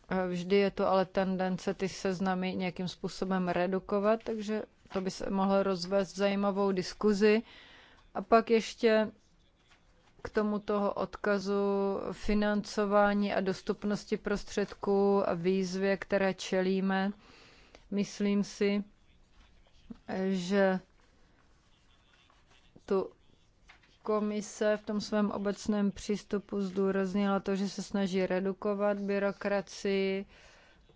Eh, vždy je to ale tendence ty seznamy nějakým způsobem redukovat, takže to by se mohlo rozvést zajímavou diskuzi. A pak ještě k tomu toho odkazu financování a dostupnosti prostředků a výzvě, které čelíme. Myslím si, že tu komise v tom svém obecném přístupu zdůraznila to, že se snaží redukovat byrokracii,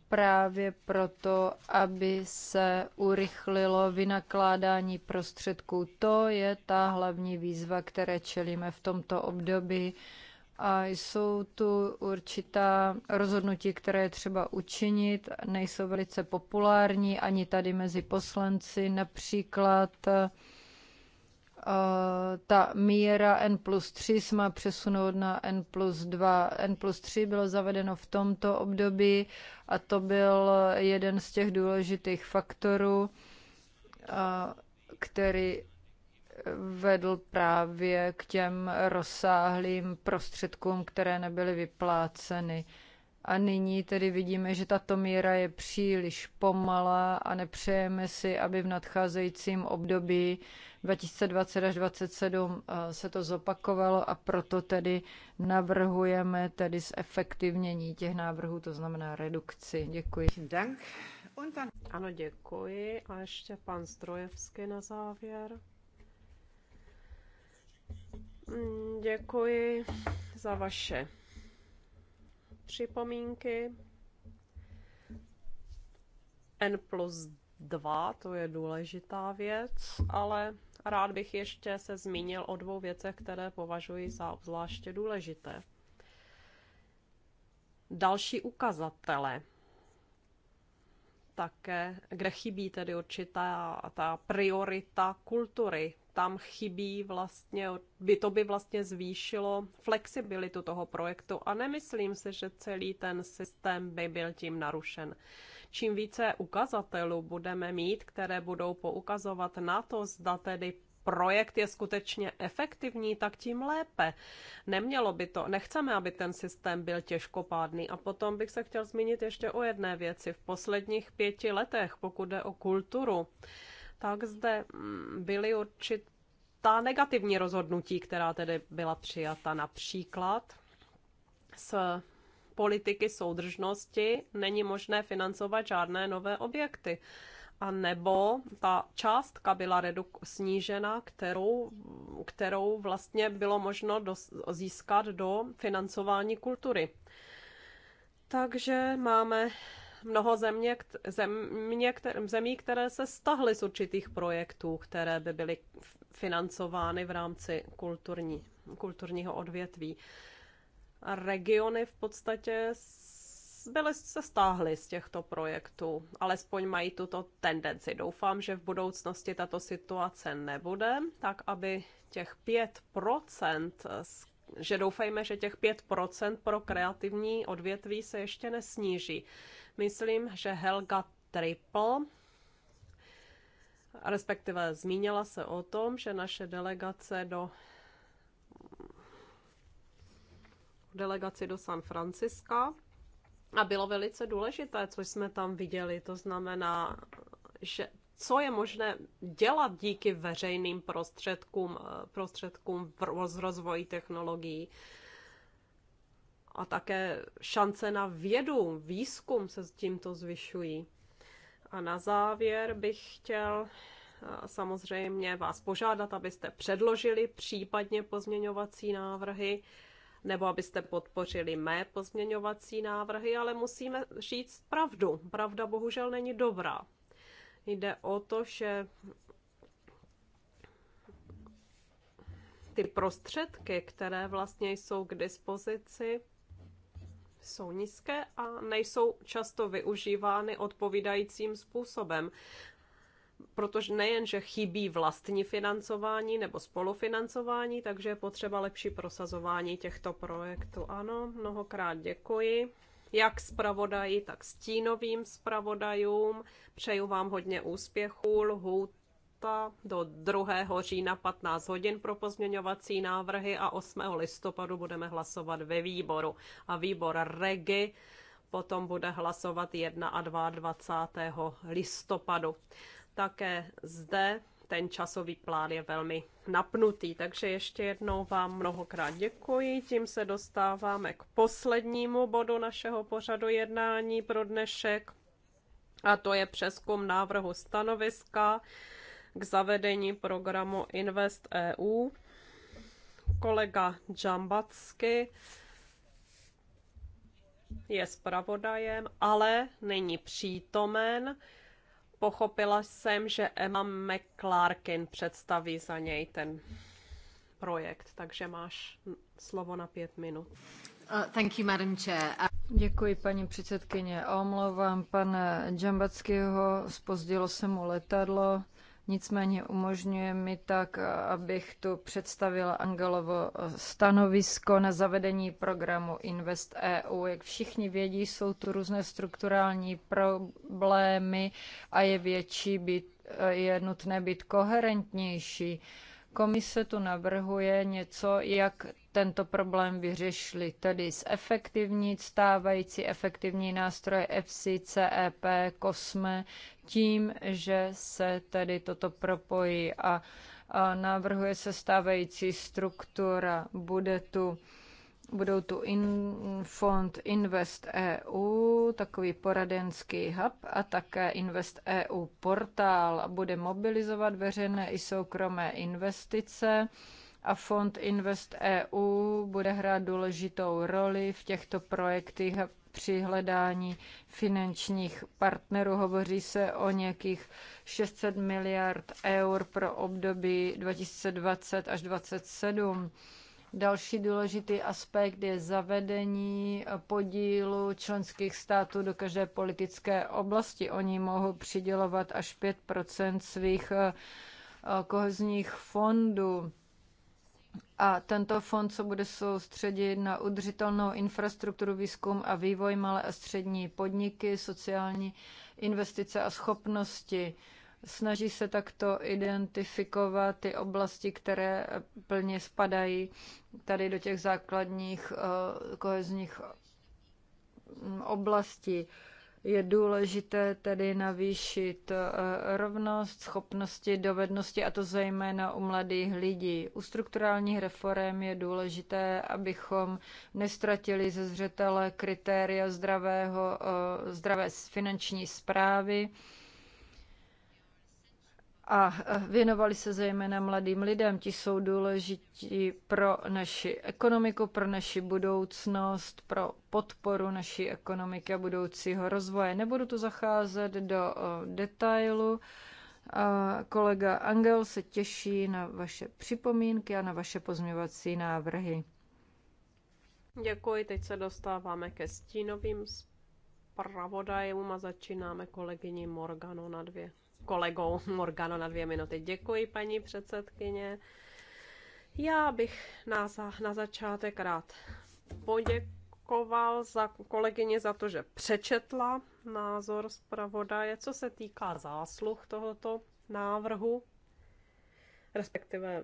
právě proto, aby se urychlilo vynakládání prostředků. To je ta hlavní výzva, které čelíme v tomto období. A jsou tu určitá rozhodnutí, které je třeba učinit, nejsou velice populární ani tady mezi poslanci, například Eh, ta míra N plus 3 se má přesunout na N plus 2. N plus 3 bylo zavedeno v tomto období a to byl jeden z těch důležitých faktorů, eh, který vedl právě k těm rozsáhlým prostředkům, které nebyly vypláceny. A nyní tedy vidíme, že tato míra je příliš pomalá a nepřejeme si, aby v nadcházejícím období 2020 až 2027 eh, se to zopakovalo a proto tedy navrhujeme tedy zefektivnění těch návrhů, to znamená redukci. Děkuji. Dank. Ano, děkuji. A ještě pan Strojevský na závěr. Mm, děkuji za vaše připomínky. N plus 2, to je důležitá věc, ale Rád bych ještě se zmínil o dvou věcech, které považuji za obzvláště důležité. Další ukazatele, také, kde chybí tedy určitá ta priorita kultury. Tam chybí vlastně, by to by vlastně zvýšilo flexibilitu toho projektu a nemyslím si, že celý ten systém by byl tím narušen. Čím více ukazatelů budeme mít, které budou poukazovat na to, zda tedy projekt je skutečně efektivní, tak tím lépe. Nemělo by to, nechceme, aby ten systém byl těžkopádný. A potom bych se chtěl zmínit ještě o jedné věci. V posledních pěti letech, pokud jde o kulturu, tak zde mm, byly určitá negativní rozhodnutí, která tedy byla přijata například s politiky soudržnosti není možné financovat žádné nové objekty. A nebo ta částka byla reduk- snížena, kterou, kterou vlastně bylo možno dos- získat do financování kultury. Takže máme mnoho země, země, které, zemí, které se stahly z určitých projektů, které by byly financovány v rámci kulturní, kulturního odvětví regiony v podstatě byly, se stáhly z těchto projektů. Alespoň mají tuto tendenci. Doufám, že v budoucnosti tato situace nebude, tak aby těch 5%, že doufejme, že těch 5% pro kreativní odvětví se ještě nesníží. Myslím, že Helga Triple respektive zmínila se o tom, že naše delegace do delegaci do San Franciska a bylo velice důležité, co jsme tam viděli. To znamená, že co je možné dělat díky veřejným prostředkům, eh, prostředkům v rozvoji technologií a také šance na vědu, výzkum se s tímto zvyšují. A na závěr bych chtěl eh, samozřejmě vás požádat, abyste předložili případně pozměňovací návrhy nebo abyste podpořili mé pozměňovací návrhy, ale musíme říct pravdu. Pravda bohužel není dobrá. Jde o to, že ty prostředky, které vlastně jsou k dispozici, jsou nízké a nejsou často využívány odpovídajícím způsobem protože nejen, že chybí vlastní financování nebo spolufinancování, takže je potřeba lepší prosazování těchto projektů. Ano, mnohokrát děkuji jak zpravodaji, tak stínovým zpravodajům. Přeju vám hodně úspěchů, lhůta do 2. října 15 hodin pro pozměňovací návrhy a 8. listopadu budeme hlasovat ve výboru. A výbor REGI potom bude hlasovat 1 a 22. listopadu. Také zde ten časový plán je velmi napnutý, takže ještě jednou vám mnohokrát děkuji. Tím se dostáváme k poslednímu bodu našeho pořadu jednání pro dnešek, a to je přeskum návrhu stanoviska k zavedení programu Invest EU. Kolega Džambacky je zpravodajem, ale není přítomen. Pochopila jsem, že Emma McClarkin představí za něj ten projekt, takže máš slovo na pět minut. Uh, thank you, Madam Chair. Uh, Děkuji, paní předsedkyně. Omlouvám pana Džambackého, spozdilo se mu letadlo. Nicméně umožňuje mi tak, abych tu představila Angelovo eh, stanovisko na zavedení programu Invest EU. Jak všichni vědí, jsou tu různé strukturální problémy a je větší být, eh, je nutné být koherentnější. Komise tu navrhuje něco, jak tento problém vyřešili, tedy zefektivnit stávající efektivní nástroje FC, CEP, COSME tím, že se tedy toto propojí a, a navrhuje se stávající struktura. Bude tu budou tu in, fond Invest EU, takový poradenský hub a také Invest EU portál bude mobilizovat veřejné i soukromé investice a fond Invest EU bude hrát důležitou roli v těchto projektech při hledání finančních partnerů. Hovoří se o nějakých 600 miliard eur pro období 2020 až 2027. Další důležitý aspekt je zavedení podílu členských států do každé politické oblasti. Oni mohou přidělovat až 5 svých eh, kohezních fondů. A tento fond se bude soustředit na udržitelnou infrastrukturu, výzkum a vývoj, malé a střední podniky, sociální investice a schopnosti. Snaží se takto identifikovat ty oblasti, které plně spadají tady do těch základních eh, kohezních mm, oblastí. Je důležité tedy navýšit eh, rovnost, schopnosti, dovednosti, a to zejména u mladých lidí. U strukturálních reform je důležité, abychom nestratili ze zřetele kritéria zdravého, eh, zdravé finanční zprávy, a věnovali se zejména mladým lidem. Ti jsou důležití pro naši ekonomiku, pro naši budoucnost, pro podporu naší ekonomiky a budoucího rozvoje. Nebudu tu zacházet do detailu. Kolega Angel se těší na vaše připomínky a na vaše pozměvací návrhy. Děkuji, teď se dostáváme ke stínovým zpravodajům a začínáme kolegyni Morgano na dvě kolegou Morgano na dvě minuty. Děkuji, paní předsedkyně. Já bych na, za, na začátek rád poděkoval za kolegyně za to, že přečetla názor zpravodaje, co se týká zásluh tohoto návrhu, respektive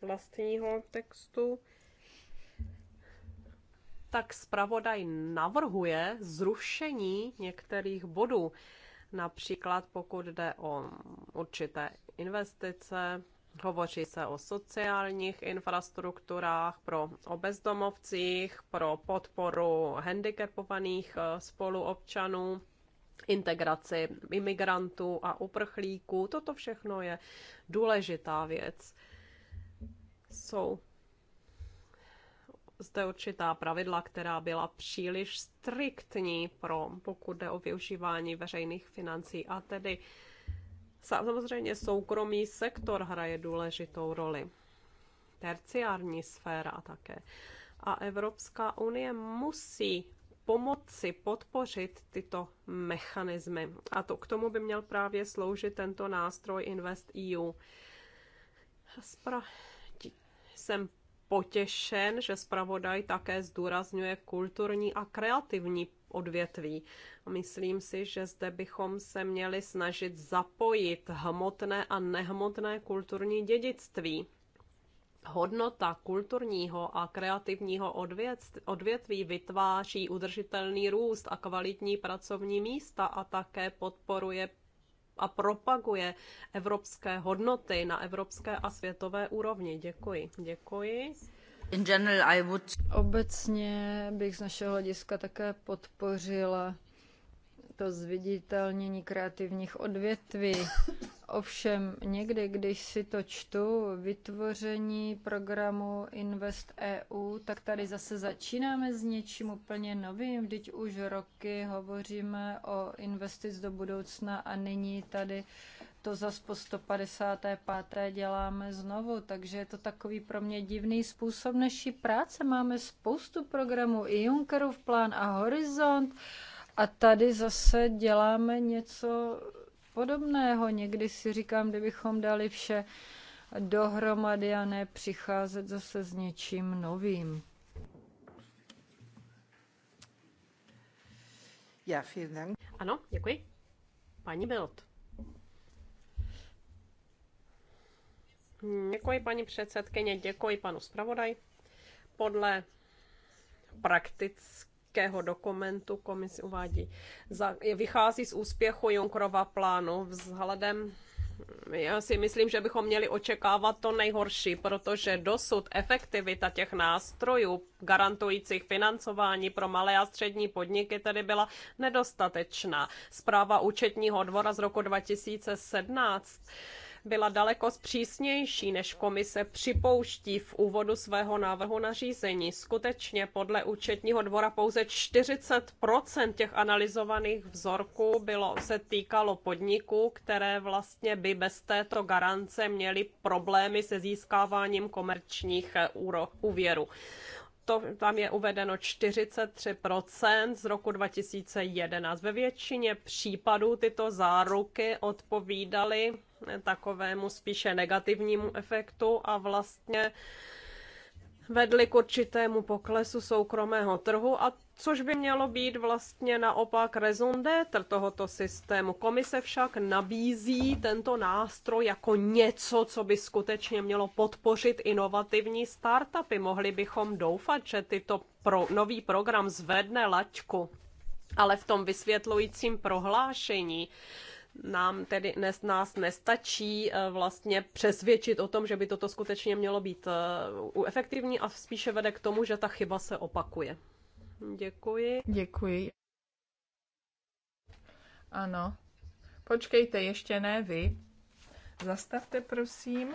vlastního textu. Tak zpravodaj navrhuje zrušení některých bodů. Například pokud jde o určité investice, hovoří se o sociálních infrastrukturách pro obezdomovcích, pro podporu handicapovaných eh, spoluobčanů, integraci imigrantů a uprchlíků. Toto všechno je důležitá věc. Jsou zde určitá pravidla, která byla příliš striktní pro, pokud jde o využívání veřejných financí a tedy samozřejmě soukromý sektor hraje důležitou roli. Terciární sféra také. A Evropská unie musí pomoci podpořit tyto mechanismy. A to k tomu by měl právě sloužit tento nástroj Invest EU. Spra- jsem potěšen, že zpravodaj také zdůrazňuje kulturní a kreativní odvětví. Myslím si, že zde bychom se měli snažit zapojit hmotné a nehmotné kulturní dědictví. Hodnota kulturního a kreativního odvětví vytváří udržitelný růst a kvalitní pracovní místa a také podporuje a propaguje evropské hodnoty na evropské a světové úrovni. Děkuji. Děkuji. In general, I would... Obecně bych z našeho hlediska také podpořila to zviditelnění kreativních odvětví. Ovšem někdy, když si to čtu, vytvoření programu Invest EU, tak tady zase začínáme s něčím úplně novým. Vždyť už roky hovoříme o investic do budoucna a nyní tady to zase po 155. děláme znovu, takže je to takový pro mě divný způsob naší práce. Máme spoustu programů, i Junckerův plán a Horizont a tady zase děláme něco podobného. Někdy si říkám, kdybychom dali vše dohromady a ne přicházet zase s něčím novým. Já, vielen Ano, děkuji. Paní Bild. Děkuji, paní předsedkyně, děkuji panu zpravodaj. Podle praktické strategického dokumentu komise uvádí, za, vychází z úspěchu Junkrova plánu vzhledem já si myslím, že bychom měli očekávat to nejhorší, protože dosud efektivita těch nástrojů garantujících financování pro malé a střední podniky tedy byla nedostatečná. Zpráva účetního dvora z roku 2017 byla daleko zpřísnější, než komise připouští v úvodu svého návrhu nařízení. Skutečně podle účetního dvora pouze 40 těch analyzovaných vzorků bylo, se týkalo podniků, které vlastně by bez této garance měly problémy se získáváním komerčních úvěrů to, tam je uvedeno 43% z roku 2011. Ve většině případů tyto záruky odpovídaly takovému spíše negativnímu efektu a vlastně vedly k určitému poklesu soukromého trhu, a což by mělo být vlastně naopak rezondé tohoto systému. Komise však nabízí tento nástroj jako něco, co by skutečně mělo podpořit inovativní startupy. Mohli bychom doufat, že tyto pro, nový program zvedne laťku. Ale v tom vysvětlujícím prohlášení nám tedy nes, nás nestačí eh, vlastně přesvědčit o tom, že by toto skutečně mělo být eh, efektivní a spíše vede k tomu, že ta chyba se opakuje. Děkuji. Děkuji. Ano. Počkejte, ještě ne vy. Zastavte, prosím.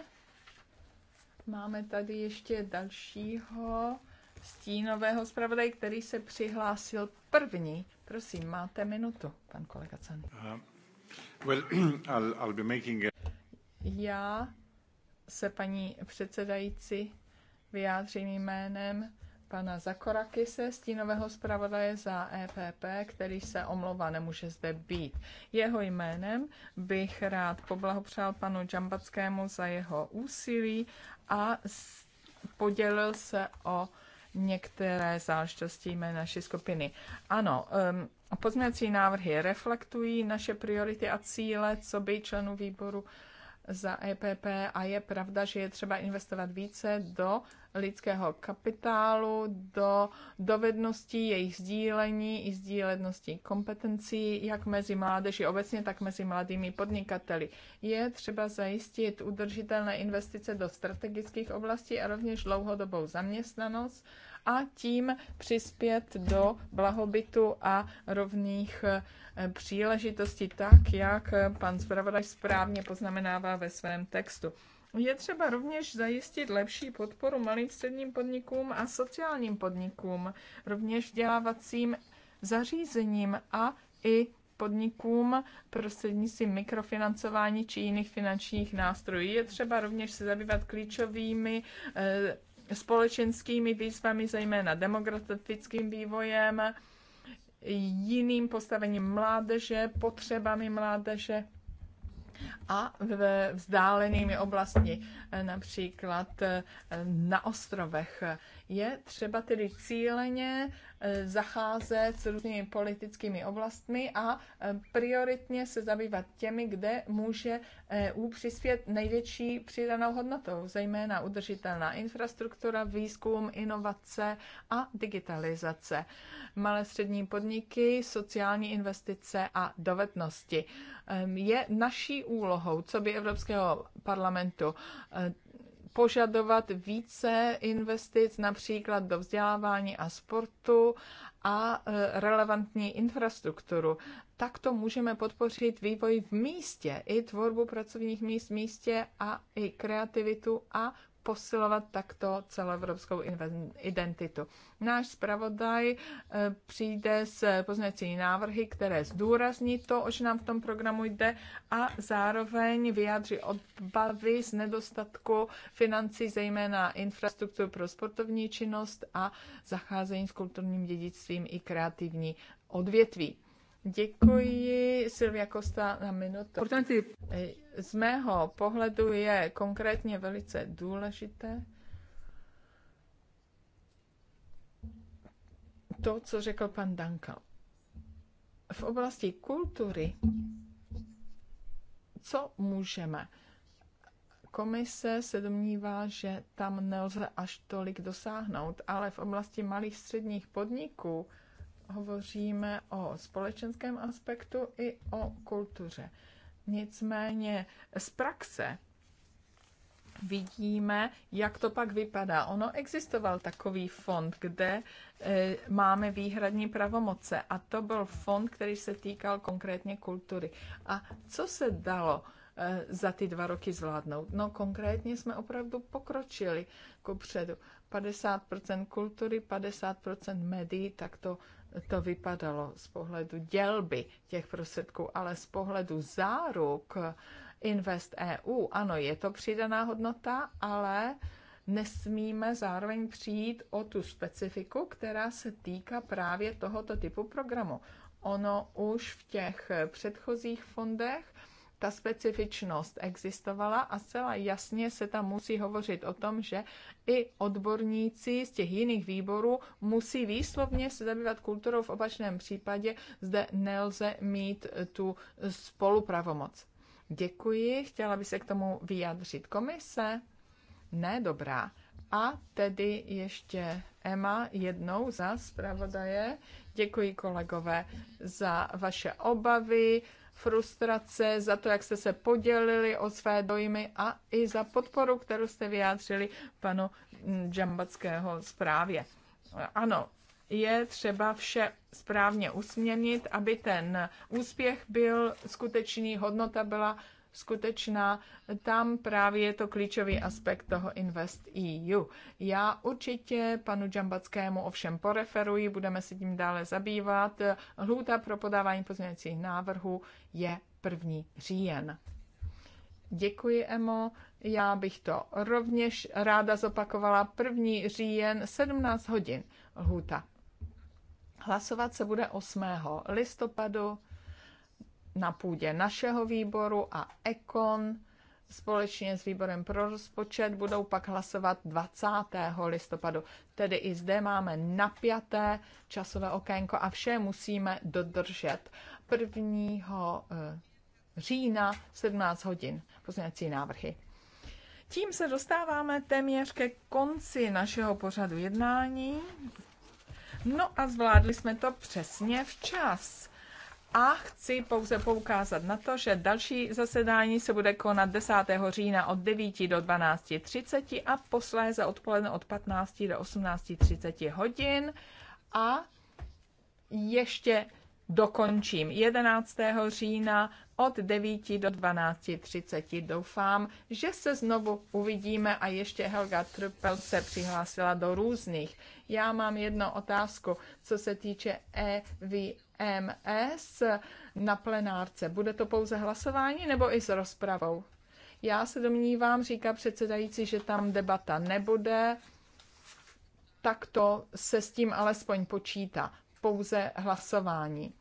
Máme tady ještě dalšího stínového zpravodaj, který se přihlásil první. Prosím, máte minutu, pan kolega Cany. Eh, Well, <clears throat> I'll, I'll be making a... Já se paní předsedající vyjádřím jménem pana Zakorakise, stínového zpravodaje za EPP, který se omlouvá, nemůže zde být. Jeho jménem bych rád poblahopřál panu Džambackému za jeho úsilí a podělil se o některé záležitosti jména naší skupiny. Ano, um, a pozměňovací návrhy reflektují naše priority a cíle, co by členů výboru za EPP a je pravda, že je třeba investovat více do lidského kapitálu, do dovedností jejich sdílení i sdílenosti kompetencí, jak mezi mládeží obecně, tak mezi mladými podnikateli. Je třeba zajistit udržitelné investice do strategických oblastí a rovněž dlouhodobou zaměstnanost a tím přispět do blahobytu a rovných eh, příležitostí, tak jak eh, pan zpravodaj správně poznamenává ve svém textu. Je třeba rovněž zajistit lepší podporu malým středním podnikům a sociálním podnikům, rovněž vzdělávacím zařízením a i podnikům prostřednictvím mikrofinancování či jiných finančních nástrojů. Je třeba rovněž se zabývat klíčovými eh, společenskými výzvami, zejména demografickým vývojem, jiným postavením mládeže, potřebami mládeže a ve vzdálenými oblasti, například na ostrovech. Je třeba tedy cíleně eh, zacházet s různými politickými oblastmi a eh, prioritně se zabývat těmi, kde může EU eh, přispět největší přidanou hodnotou, zejména udržitelná infrastruktura, výzkum, inovace a digitalizace, malé střední podniky, sociální investice a dovednosti. Ehm, je naší úlohou, co by Evropského parlamentu, požadovat více investic například do vzdělávání a sportu a e, relevantní infrastrukturu. Takto můžeme podpořit vývoj v místě, i tvorbu pracovních míst v místě a i kreativitu a posilovat takto celoevropskou identitu. Náš zpravodaj eh, přijde s poznací návrhy, které zdůrazní to, oč nám v tom programu jde a zároveň vyjádří odbavy z nedostatku financí, zejména infrastruktury pro sportovní činnost a zacházení s kulturním dědictvím i kreativní odvětví. Děkuji, Silvia Kosta, na minutu. Eh, z mého pohledu je konkrétně velice důležité to, co řekl pan Dankal. V oblasti kultury, co můžeme? Komise se domnívá, že tam nelze až tolik dosáhnout, ale v oblasti malých středních podniků hovoříme o společenském aspektu i o kultuře. Nicméně z praxe vidíme, jak to pak vypadá. Ono existoval takový fond, kde e, máme výhradní pravomoce a to byl fond, který se týkal konkrétně kultury. A co se dalo e, za ty dva roky zvládnout? No konkrétně jsme opravdu pokročili ku předu. 50% kultury, 50% médií, tak to to vypadalo z pohledu dělby těch prostředků, ale z pohledu záruk Invest EU, ano, je to přidaná hodnota, ale nesmíme zároveň přijít o tu specifiku, která se týká právě tohoto typu programu. Ono už v těch předchozích fondech ta specifičnost existovala a zcela jasně se tam musí hovořit o tom, že i odborníci z těch jiných výborů musí výslovně se zabývat kulturou, v opačném případě zde nelze mít tu spolupravomoc. Děkuji, chtěla by se k tomu vyjadřit komise? Ne, dobrá. A tedy ještě Emma jednou za zpravodaje. Děkuji kolegové za vaše obavy, frustrace, za to, jak jste se podělili o své dojmy a i za podporu, kterou jste vyjádřili panu Džambackého zprávě. Ano, je třeba vše správně usměnit, aby ten úspěch byl skutečný, hodnota byla skutečná, tam právě je to klíčový aspekt toho Invest EU. Já určitě panu Džambackému ovšem poreferuji, budeme se tím dále zabývat. Hluta pro podávání pozměňovacích návrhů je první říjen. Děkuji, Emo. Já bych to rovněž ráda zopakovala. První říjen 17 hodin Hluta. Hlasovat se bude 8. listopadu na půdě našeho výboru a Ekon společně s výborem pro rozpočet budou pak hlasovat 20. listopadu. Tedy i zde máme napjaté časové okénko a vše musíme dodržet. 1. Eh, října 17 hodin pozměňovací návrhy. Tím se dostáváme téměř ke konci našeho pořadu jednání. No a zvládli jsme to přesně včas. A chci pouze poukázat na to, že další zasedání se bude konat 10. října od 9 do 12.30 a posléze odpoledne od 15 do 18.30 hodin. A ještě dokončím 11. října od 9 do 12.30. Doufám, že se znovu uvidíme a ještě Helga Trpel se přihlásila do různých. Já mám jednu otázku, co se týče EVI EMS na plenárce. Bude to pouze hlasování nebo i s rozpravou? Já se domnívám, říká předsedající, že tam debata nebude, tak to se s tím alespoň počítá. Pouze hlasování.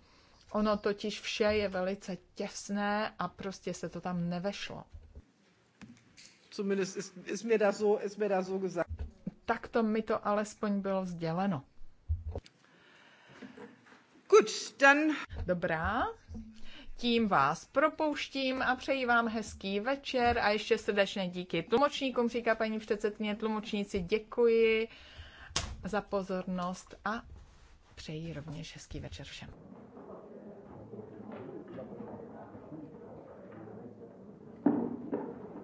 Ono totiž vše je velice těsné a prostě se to tam nevešlo. Zumindest ist, ist mir das so, ist mir das so gesagt. Tak to mi to alespoň bylo sděleno. Gut, Dobrá, tím vás propouštím a přeji vám hezký večer a ještě srdečně díky tlumočníkům, říká paní předsedkyně tlumočníci, děkuji za pozornost a přeji rovněž hezký večer všem.